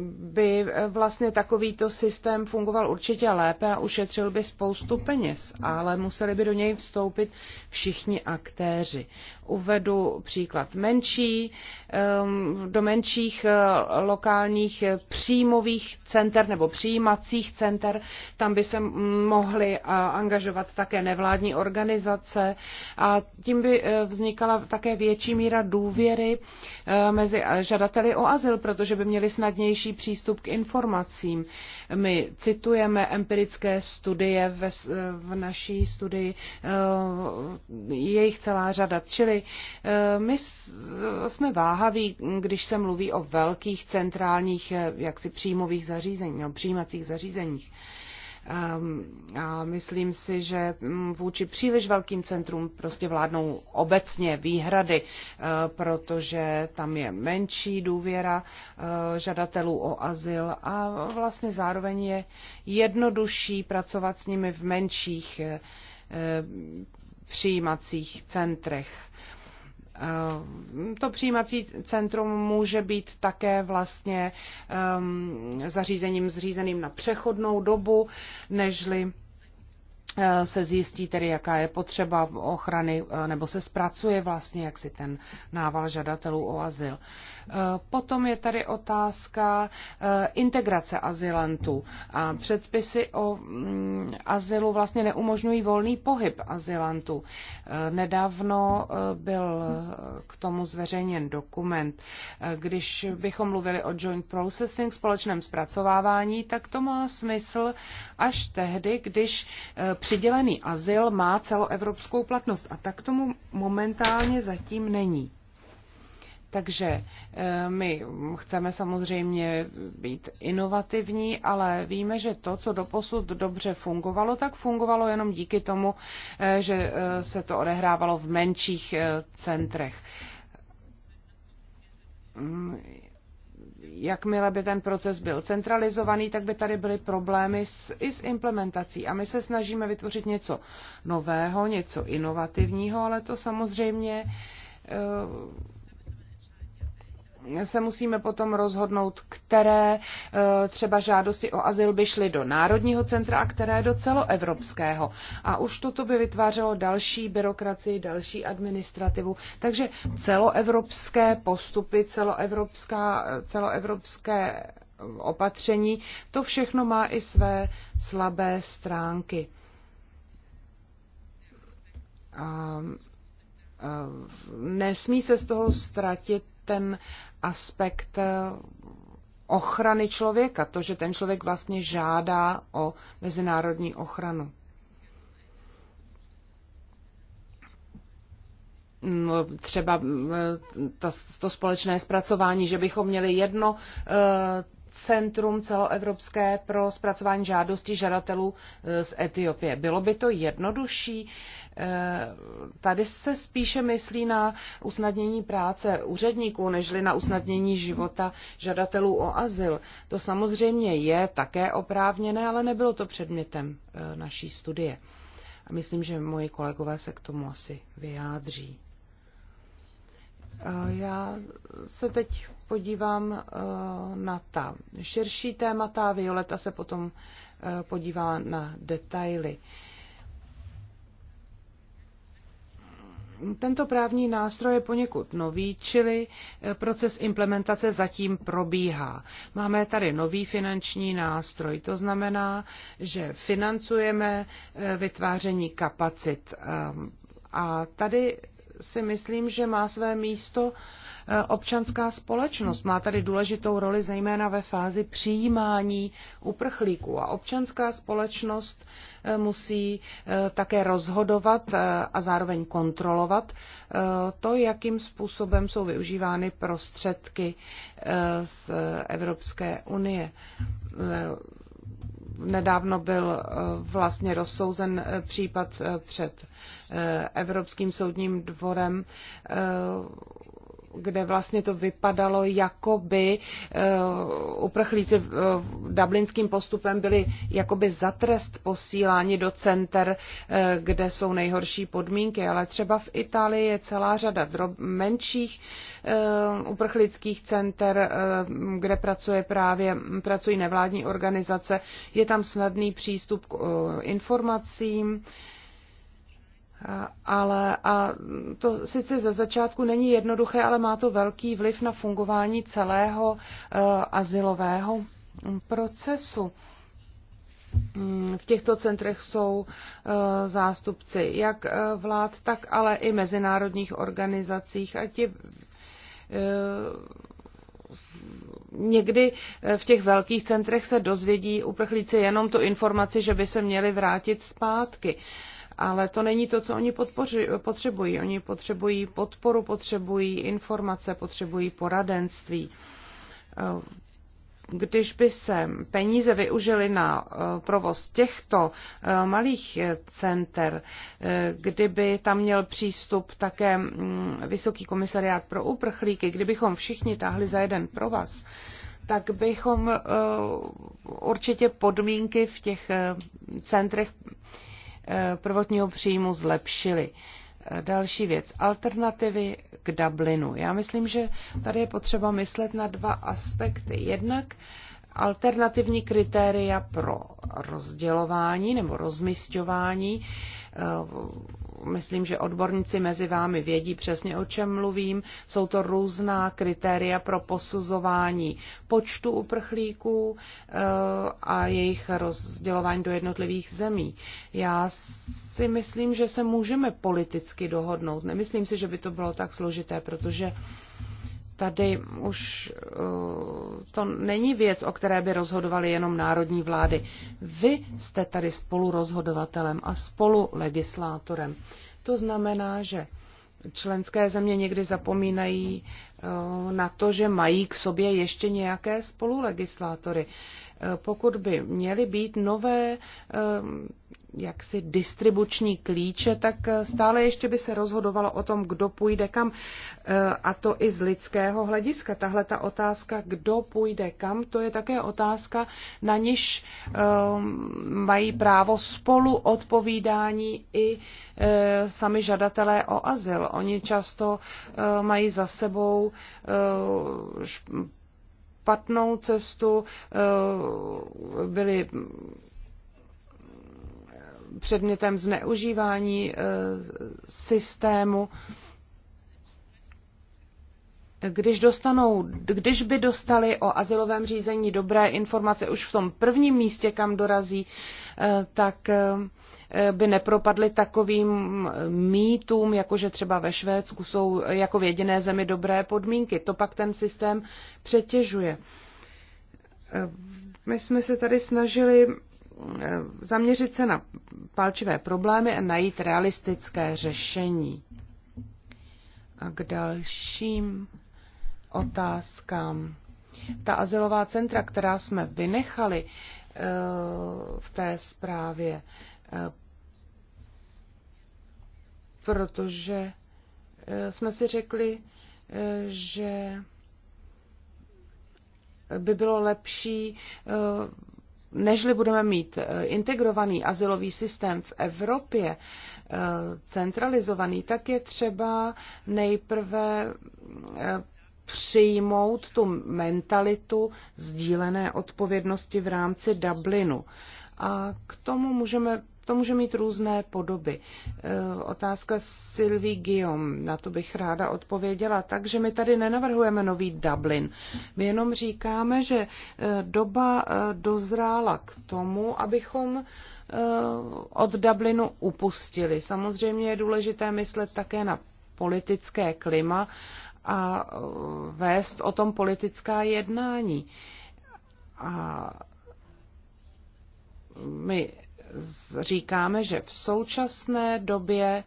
by vlastně takovýto systém fungoval určitě lépe a ušetřil by spoustu peněz, ale museli by do něj vstoupit všichni aktéři. Uvedu příklad menší, ehm, do menších eh, lokálních příjmových center nebo přijímacích center, tam by se mohly angažovat také nevládní organizace a tím by eh, vznikala také větší míra důvěry eh, mezi žadateli o azyl, protože by měli snad snadnější přístup k informacím. My citujeme empirické studie ve, v naší studii, eh, jejich celá řada. Čili eh, my jsme váhaví, když se mluví o velkých centrálních eh, jaksi příjmových zařízeních, no, přijímacích zařízeních. Ehm, a myslím si, že mm, vůči příliš velkým centrům prostě vládnou obecně výhrady, eh, protože tam je menší důvěra eh, žadatelů o azyl a vlastně zároveň je jednodušší pracovat s nimi v menších eh, přijímacích centrech Eh, to přijímací centrum může být také vlastně ehm, zařízením zřízeným na přechodnou dobu, nežli Eh, se zjistí tedy, jaká je potřeba ochrany, eh, nebo se zpracuje vlastně jak si ten nával žadatelů o azyl. Eh, potom je tady otázka integrace azylantů. A předpisy o mm, azylu vlastně neumožňují volný pohyb azylantů. Nedávno byl k tomu zveřejněn dokument. Když bychom mluvili o joint processing, společném zpracovávání, tak to má smysl až tehdy, když přidělený azyl má celoevropskou platnost a tak tomu momentálně zatím není. Takže eh, my chceme samozřejmě být inovativní, ale víme, že to, co doposud dobře fungovalo, tak fungovalo jenom díky tomu, eh, že eh, se to odehrávalo v menších centrech mm, jakmile by ten proces byl centralizovaný, tak by tady byly problémy s, i s implementací. A my se snažíme vytvořit něco nového, něco inovativního, ale to samozřejmě eh, se musíme potom rozhodnout, které e, třeba žádosti o azyl by šly do Národního centra a které do celoevropského. A už toto by vytvářelo další byrokracii, další administrativu. Takže celoevropské postupy, celoevropská, celoevropské opatření, to všechno má i své slabé stránky. A nesmí se z toho ztratit ten aspekt eh, ochrany člověka, to, že ten člověk vlastně žádá o mezinárodní ochranu. No, třeba eh, to společné zpracování, že bychom měli jedno eh, centrum celoevropské pro zpracování žádostí žadatelů z Etiopie. Bylo by to jednodušší, Eh, tady se spíše myslí na usnadnění práce úředníků, nežli na usnadnění života žadatelů o azyl. To samozřejmě je také oprávněné, ale nebylo to předmětem eh, naší studie. A myslím, že moji kolegové se k tomu asi vyjádří. Eh, já se teď podívám na ta širší témata, Violeta se potom podívá na detaily. Tento právní nástroj je poněkud nový, čili eh, proces implementace zatím probíhá. Máme tady nový finanční nástroj, to znamená, že financujeme eh, vytváření kapacit. Ehm, a tady si myslím, že má své místo občanská společnost. Má tady důležitou roli zejména ve fázi přijímání uprchlíků. A občanská společnost eh, musí eh, také rozhodovat eh, a zároveň kontrolovat to, jakým způsobem jsou využívány prostředky z Evropské unie nedávno byl vlastně rozsouzen případ před Evropským soudním dvorem kde vlastně to vypadalo, jako by eh, uprchlíci eh, dublinským postupem byli jakoby za trest posíláni do center, eh, kde jsou nejhorší podmínky. Ale třeba v Itálii je celá řada drob menších uprchlických center, kde pracuje právě, pracují nevládní organizace. Je tam snadný přístup k informacím, ale a to sice ze začátku není jednoduché, ale má to velký vliv na fungování celého uh, asilového mm, procesu. Mm, v těchto centrech jsou eh, zástupci jak eh, vlád, tak ale i mezinárodních organizacích a ti někdy v těch velkých centrech se dozvědí uprchlíci jenom tu informaci, že by se měli vrátit zpátky. Uh, ale to není to, co oni podpoři, potřebují. Oni potřebují podporu, potřebují informace, potřebují poradenství. Eh, když by se peníze využily na eh, provoz těchto eh, malých center, kdyby tam měl přístup také mm, Vysoký komisariát pro uprchlíky, kdybychom všichni táhli za jeden provaz, tak bychom určitě podmínky v těch centrech Eh, prvotního příjmu zlepšili. Eh, další věc, alternativy k Dublinu. Já myslím, že tady je potřeba myslet na dva aspekty. Jednak alternativní kritéria pro rozdělování nebo rozmysťování eh, myslím, že odborníci mezi vámi vědí přesně, o čem mluvím. Jsou to různá kritéria pro posuzování počtu uprchlíků eh, a jejich rozdělování do jednotlivých zemí. Já si myslím, že se můžeme politicky dohodnout. Nemyslím si, že by to bylo tak složité, protože Tady už eh, to není věc, o které by rozhodovaly jenom národní vlády. Vy jste tady spolurozhodovatelem a spolulegislátorem. To znamená, že členské země někdy zapomínají eh, na to, že mají k sobě ještě nějaké spolulegislátory. Eh, pokud by měly být nové jaksi distribuční klíče, tak eh, stále ještě by se rozhodovalo o tom, kdo půjde kam. Eh, a to i z lidského hlediska. Tahle ta otázka, kdo půjde kam, to je také otázka, na niž ehm, mají právo spolu odpovídání i eh, sami žadatelé o azyl. Oni často mají za sebou špatnou cestu, byli předmětem zneužívání eh, systému. Když, dostanou, když by dostali o asilovém řízení dobré informace už v tom prvním místě, kam dorazí, eh, tak eh, by nepropadly takovým mýtům, jako že třeba ve Švédsku jsou jako v jediné zemi dobré podmínky. To pak ten systém přetěžuje. My jsme se tady snažili zaměřit se na palčivé problémy a najít realistické řešení. A k dalším otázkám. Ta azylová centra, která jsme vynechali eh, v té zprávě, eh, protože eh, jsme si řekli, že by bylo lepší nežli budeme mít eh, integrovaný asilový systém v Evropě, eh, centralizovaný, tak je třeba nejprve eh, přijmout tu mentalitu sdílené odpovědnosti v rámci Dublinu. A k tomu můžeme to může mít různé podoby. E, otázka Sylvie Guillaume, na to bych ráda odpověděla. Takže my tady nenavrhujeme nový Dublin. My jenom říkáme, že e, doba e, dozrála k tomu, abychom od Dublinu upustili. Samozřejmě je důležité myslet také na politické klima a vést o tom politická jednání. A my říkáme, že v současné době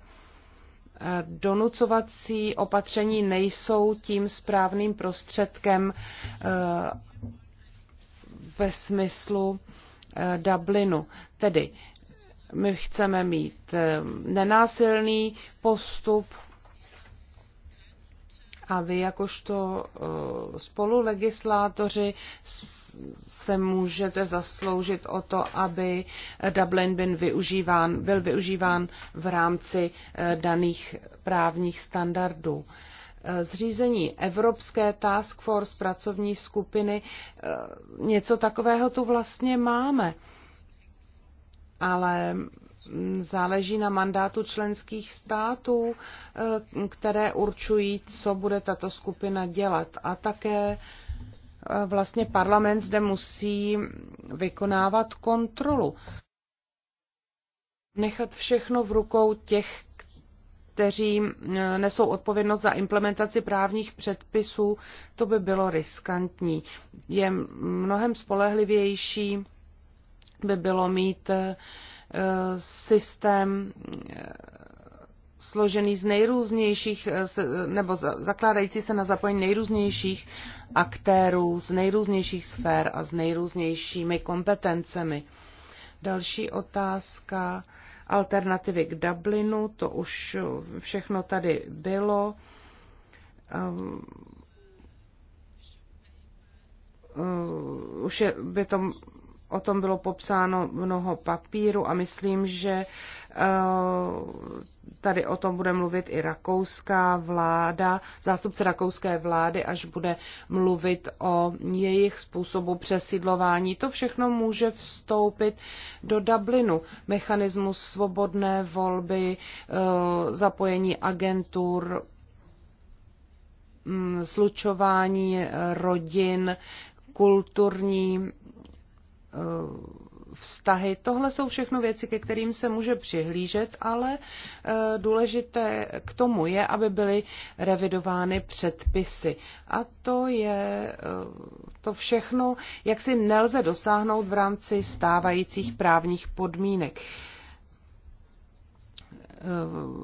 eh, donucovací opatření nejsou tím správným prostředkem eh, ve smyslu eh, Dublinu. Tedy my chceme mít nenásilný postup a vy jakožto spolulegislátoři se můžete zasloužit o to, aby Dublin byl využíván, byl využíván v rámci eh, daných právních standardů. Eh, zřízení Evropské task force pracovní skupiny, eh, něco takového tu vlastně máme. Ale mm, záleží na mandátu členských států, které určují, co bude tato skupina dělat. A také Eh, vlastně parlament zde musí vykonávat kontrolu. Nechat všechno v rukou těch, kteří eh, nesou odpovědnost za implementaci právních předpisů, to by bylo riskantní. Je mnohem spolehlivější by bylo mít eh, systém složený z nejrůznějších, eh, eh, nebo zakládající se na zapojení nejrůznějších aktérů z nejrůznějších sfér a s nejrůznějšími kompetencemi. Další otázka, alternativy k Dublinu, to už všechno tady bylo. Ehm, ehm, už je, by to O tom bylo popsáno mnoho papíru a myslím, že eh, tady o tom bude mluvit i rakouská vláda, zástupce rakouské vlády, až bude mluvit o jejich způsobu přesídlování. To všechno může vstoupit do Dublinu. Mechanismus svobodné volby, eh, zapojení agentur, mm, slučování rodin, kulturní Eh, vztahy. Tohle jsou všechno věci, ke kterým se může přihlížet, ale eh, důležité k tomu je, aby byly revidovány předpisy. A to je eh, to všechno, jak si nelze dosáhnout v rámci stávajících právních podmínek.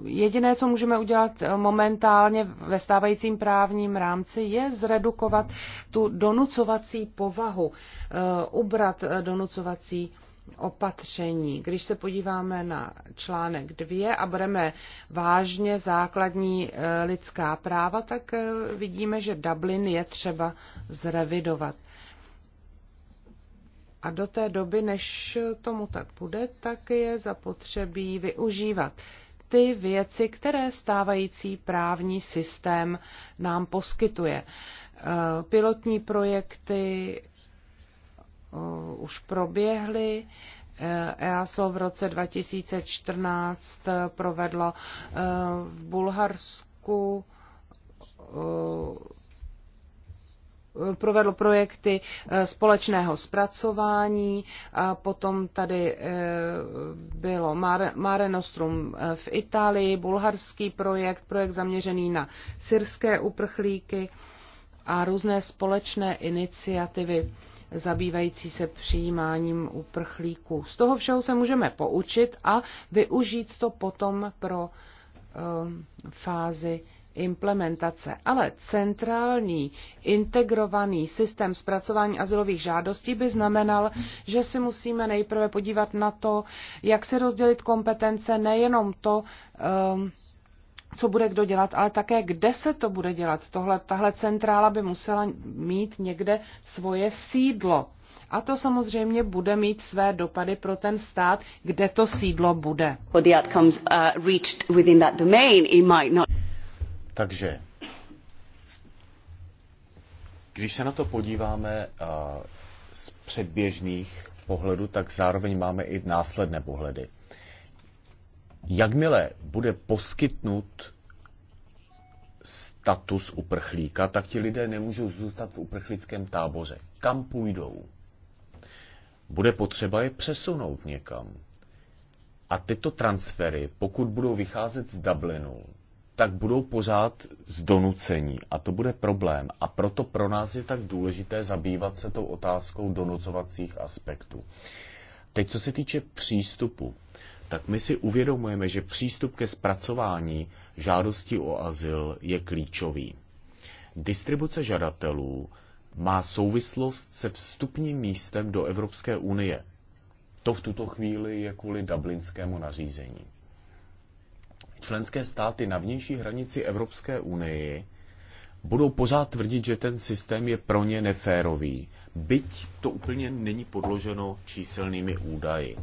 Jediné, co můžeme udělat momentálně ve stávajícím právním rámci, je zredukovat tu donucovací povahu, eh, ubrat eh, donucovací opatření. Když se podíváme na článek 2 a budeme vážně základní eh, lidská práva, tak vidíme, že Dublin je třeba zrevidovat. A do té doby, než tomu tak bude, tak je zapotřebí využívat ty věci, které stávající právní systém nám poskytuje. E, pilotní projekty e, už proběhly, EASO e v roce 2014 provedlo v Bulharsku provedl projekty eh, společného zpracování, a potom tady eh, bylo Mare Nostrum eh, v Itálii, bulharský projekt, projekt zaměřený na syrské uprchlíky a různé společné iniciativy zabývající se přijímáním uprchlíků. Z toho všeho se můžeme poučit a využít to potom pro um, fázi uh, implementace. Ale centrální integrovaný systém zpracování asilových žádostí by znamenal, že si musíme nejprve podívat na to, jak se rozdělit kompetence, nejenom to, um, co bude kdo dělat, ale také kde se to bude dělat. Tohle, tahle centrála by musela mít někde svoje sídlo. A to samozřejmě bude mít své dopady pro ten stát, kde to sídlo bude. Takže, když se na to podíváme z předběžných pohledů, tak zároveň máme i následné pohledy. Jakmile bude poskytnut status uprchlíka, tak ti lidé nemůžou zůstat v uprchlickém táboře. Kam půjdou? Bude potřeba je přesunout někam. A tyto transfery, pokud budou vycházet z Dublinu, tak budou pořád zdonucení a to bude problém. A proto pro nás je tak důležité zabývat se tou otázkou donucovacích aspektů. Teď, co se týče přístupu, tak my si uvědomujeme, že přístup ke zpracování žádosti o azyl je klíčový. Distribuce žadatelů má souvislost se vstupním místem do Evropské unie. To v tuto chvíli je kvůli dublinskému nařízení členské státy na vnější hranici Evropské unii budou pořád tvrdit, že ten systém je pro ně neférový, byť to úplně není podloženo číselnými údaji.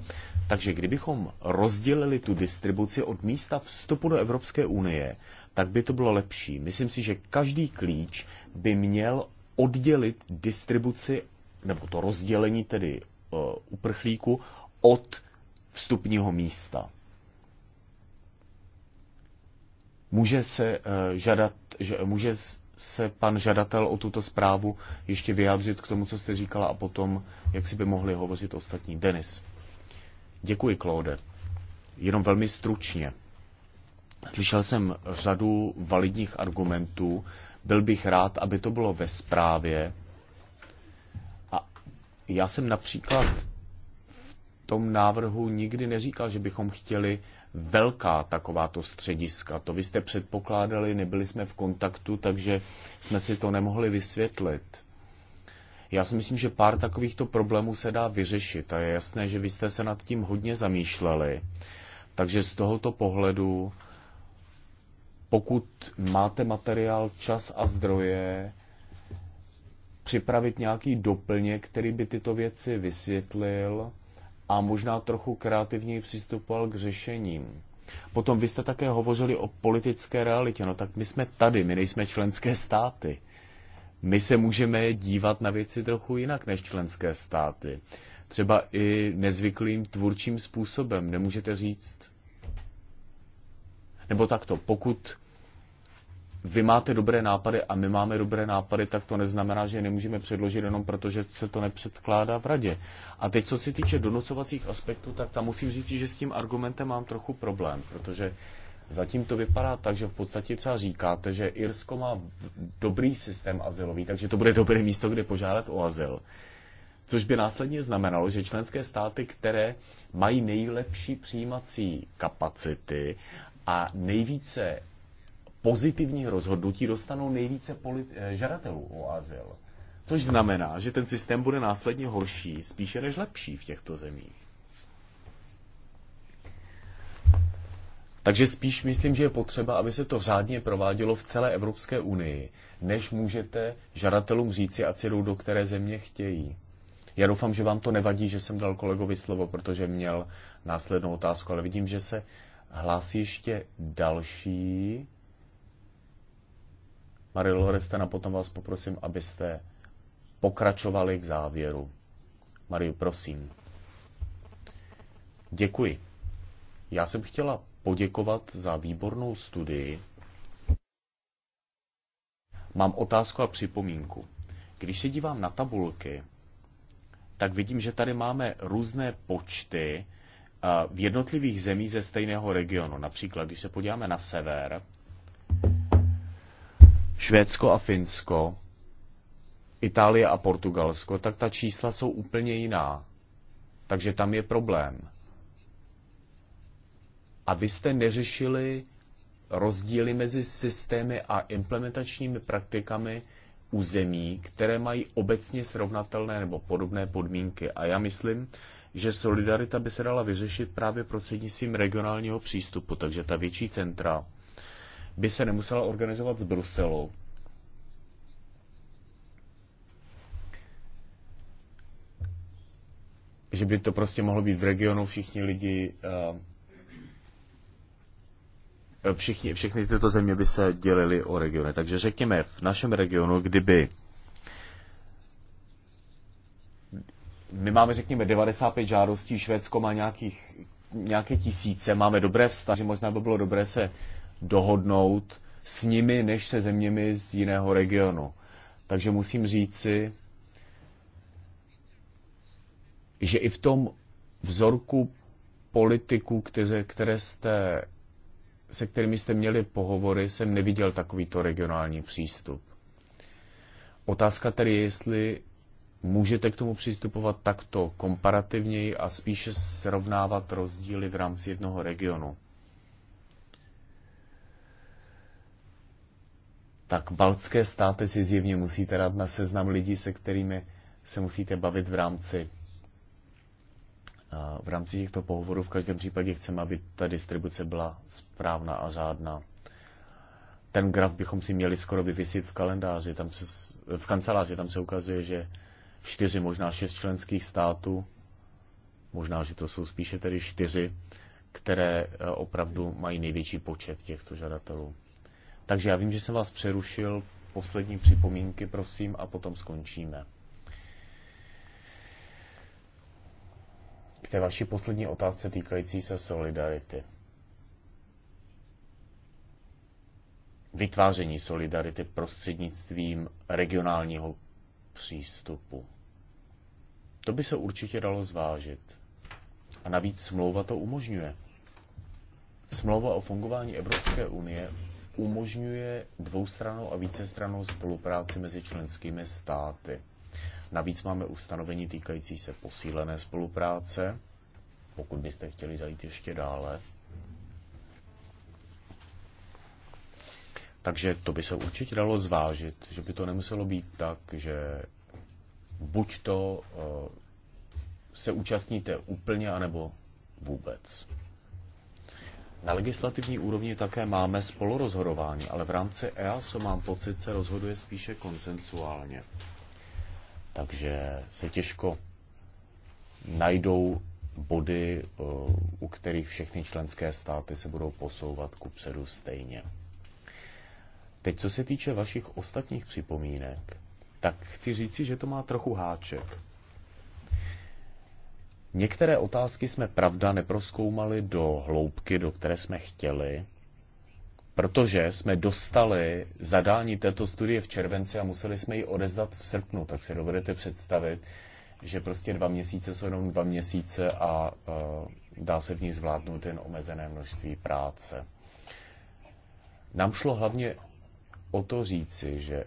Takže kdybychom rozdělili tu distribuci od místa vstupu do Evropské unie, tak by to bylo lepší. Myslím si, že každý klíč by měl oddělit distribuci, nebo to rozdělení tedy uh, eh, uprchlíku od vstupního místa. Může se, eh, žadat, že, může se pan žadatel o tuto zprávu ještě vyjádřit k tomu, co jste říkala a potom, jak si by mohli hovořit ostatní. Denis. Děkuji, Claude. Jenom velmi stručně. Slyšel jsem řadu validních argumentů. Byl bych rád, aby to bylo ve zprávě. A já jsem například v tom návrhu nikdy neříkal, že bychom chtěli velká takováto střediska. To vy jste předpokládali, nebyli jsme v kontaktu, takže jsme si to nemohli vysvětlit. Já si myslím, že pár takovýchto problémů se dá vyřešit a je jasné, že vy jste se nad tím hodně zamýšleli. Takže z tohoto pohledu, pokud máte materiál, čas a zdroje, připravit nějaký doplněk, který by tyto věci vysvětlil, a možná trochu kreativněji přistupoval k řešením. Potom vy jste také hovořili o politické realitě. No tak my jsme tady, my nejsme členské státy. My se můžeme dívat na věci trochu jinak než členské státy. Třeba i nezvyklým tvůrčím způsobem. Nemůžete říct? Nebo takto, pokud vy máte dobré nápady a my máme dobré nápady, tak to neznamená, že je nemůžeme předložit jenom proto, že se to nepředkládá v radě. A teď, co se týče donocovacích aspektů, tak tam musím říct, že s tím argumentem mám trochu problém, protože zatím to vypadá tak, že v podstatě třeba říkáte, že Irsko má dobrý systém azylový, takže to bude dobré místo, kde požádat o azyl. Což by následně znamenalo, že členské státy, které mají nejlepší přijímací kapacity a nejvíce pozitivních rozhodnutí dostanou nejvíce eh, žadatelů o azyl. Což znamená, že ten systém bude následně horší, spíše než lepší v těchto zemích. Takže spíš myslím, že je potřeba, aby se to řádně provádělo v celé Evropské unii, než můžete žadatelům říci, ať si jdou do které země chtějí. Já doufám, že vám to nevadí, že jsem dal kolegovi slovo, protože měl následnou otázku, ale vidím, že se hlásí ještě další. Marie Loresten, a potom vás poprosím, abyste pokračovali k závěru. Mariu, prosím. Děkuji. Já jsem chtěla poděkovat za výbornou studii. Mám otázku a připomínku. Když se dívám na tabulky, tak vidím, že tady máme různé počty eh, v jednotlivých zemí ze stejného regionu. Například, když se podíváme na sever, Švédsko a Finsko, Itálie a Portugalsko, tak ta čísla jsou úplně jiná. Takže tam je problém. A vy jste neřešili rozdíly mezi systémy a implementačními praktikami u zemí, které mají obecně srovnatelné nebo podobné podmínky. A já myslím, že solidarita by se dala vyřešit právě prostřednictvím regionálního přístupu, takže ta větší centra by se nemusela organizovat z Bruselu. Že by to prostě mohlo být v regionu, všichni lidi, eh, eh, všichni, všechny tyto země by se dělily o regiony. Takže řekněme, v našem regionu, kdyby my máme, řekněme, 95 žádostí, Švédsko má nějakých, nějaké tisíce, máme dobré vztahy, možná by bylo dobré se dohodnout s nimi, než se zeměmi z jiného regionu. Takže musím říci, že i v tom vzorku politiků, které, které jste, se kterými jste měli pohovory, jsem neviděl takovýto regionální přístup. Otázka tedy je, jestli můžete k tomu přistupovat takto komparativněji a spíše srovnávat rozdíly v rámci jednoho regionu. tak baltské státy si zjevně musíte dát na seznam lidí, se kterými se musíte bavit v rámci eh, v rámci těchto pohovorů v každém případě chceme, aby ta distribuce byla správná a řádná. Ten graf bychom si měli skoro vyvisit v kalendáři, tam se, v kanceláři, tam se ukazuje, že čtyři, možná šest členských států, možná, že to jsou spíše tedy čtyři, které eh, opravdu mají největší počet těchto žadatelů. Takže já vím, že jsem vás přerušil. Poslední připomínky, prosím, a potom skončíme. K té vaší poslední otázce týkající se solidarity. Vytváření solidarity prostřednictvím regionálního přístupu. To by se určitě dalo zvážit. A navíc smlouva to umožňuje. Smlouva o fungování Evropské unie umožňuje dvoustranou a vícestranou spolupráci mezi členskými státy. Navíc máme ustanovení týkající se posílené spolupráce, pokud byste chtěli zajít ještě dále. Takže to by se určitě dalo zvážit, že by to nemuselo být tak, že buď to eh, se účastníte úplně, anebo vůbec. Na legislativní úrovni také máme spolurozhodování, ale v rámci EASO mám pocit, se rozhoduje spíše konsensuálně. Takže se těžko najdou body, eh, u kterých všechny členské státy se budou posouvat ku předu stejně. Teď, co se týče vašich ostatních připomínek, tak chci říci, že to má trochu háček. Některé otázky jsme, pravda, neproskoumali do hloubky, do které jsme chtěli, protože jsme dostali zadání této studie v červenci a museli jsme ji odezdat v srpnu, tak si dovedete představit, že prostě dva měsíce jsou jenom dva měsíce a uh, dá se v ní zvládnout jen omezené množství práce. Nám šlo hlavně o to říci, že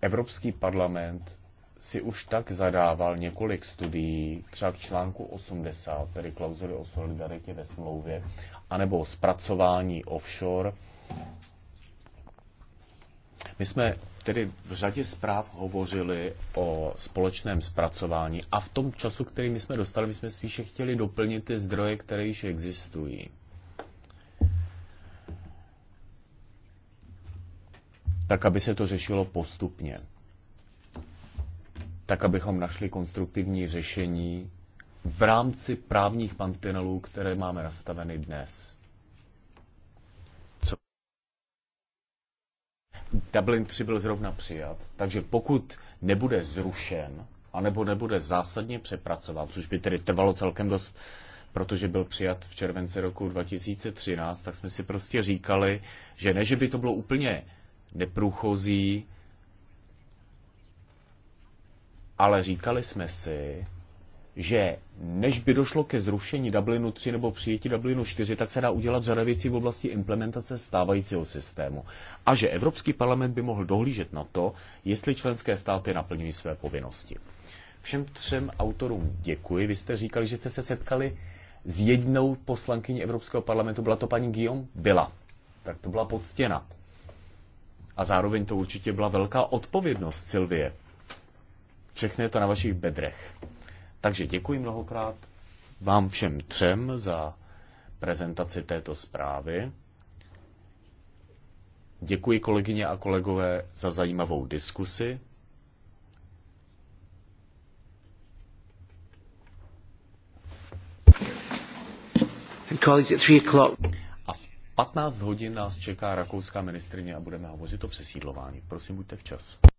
Evropský parlament si už tak zadával několik studií, třeba k článku 80, tedy klauzuly o solidaritě ve smlouvě, anebo zpracování offshore. My jsme tedy v řadě zpráv hovořili o společném zpracování a v tom času, který my jsme dostali, my jsme spíše chtěli doplnit ty zdroje, které již existují. Tak, aby se to řešilo postupně tak abychom našli konstruktivní řešení v rámci právních mantinelů, které máme nastaveny dnes. Co? Dublin 3 byl zrovna přijat, takže pokud nebude zrušen, anebo nebude zásadně přepracován, což by tedy trvalo celkem dost, protože byl přijat v červenci roku 2013, tak jsme si prostě říkali, že ne, že by to bylo úplně neprůchozí, ale říkali jsme si, že než by došlo ke zrušení Dublinu 3 nebo přijetí Dublinu 4, tak se dá udělat řada věcí v oblasti implementace stávajícího systému. A že Evropský parlament by mohl dohlížet na to, jestli členské státy naplňují své povinnosti. Všem třem autorům děkuji. Vy jste říkali, že jste se setkali s jednou poslankyní Evropského parlamentu. Byla to paní Guillaume? Byla. Tak to byla poctěna. A zároveň to určitě byla velká odpovědnost, Silvie. Všechno je to na vašich bedrech. Takže děkuji mnohokrát vám všem třem za prezentaci této zprávy. Děkuji kolegyně a kolegové za zajímavou diskusi. A v 15 hodin nás čeká rakouská ministrině a budeme hovořit o přesídlování. Prosím, buďte včas.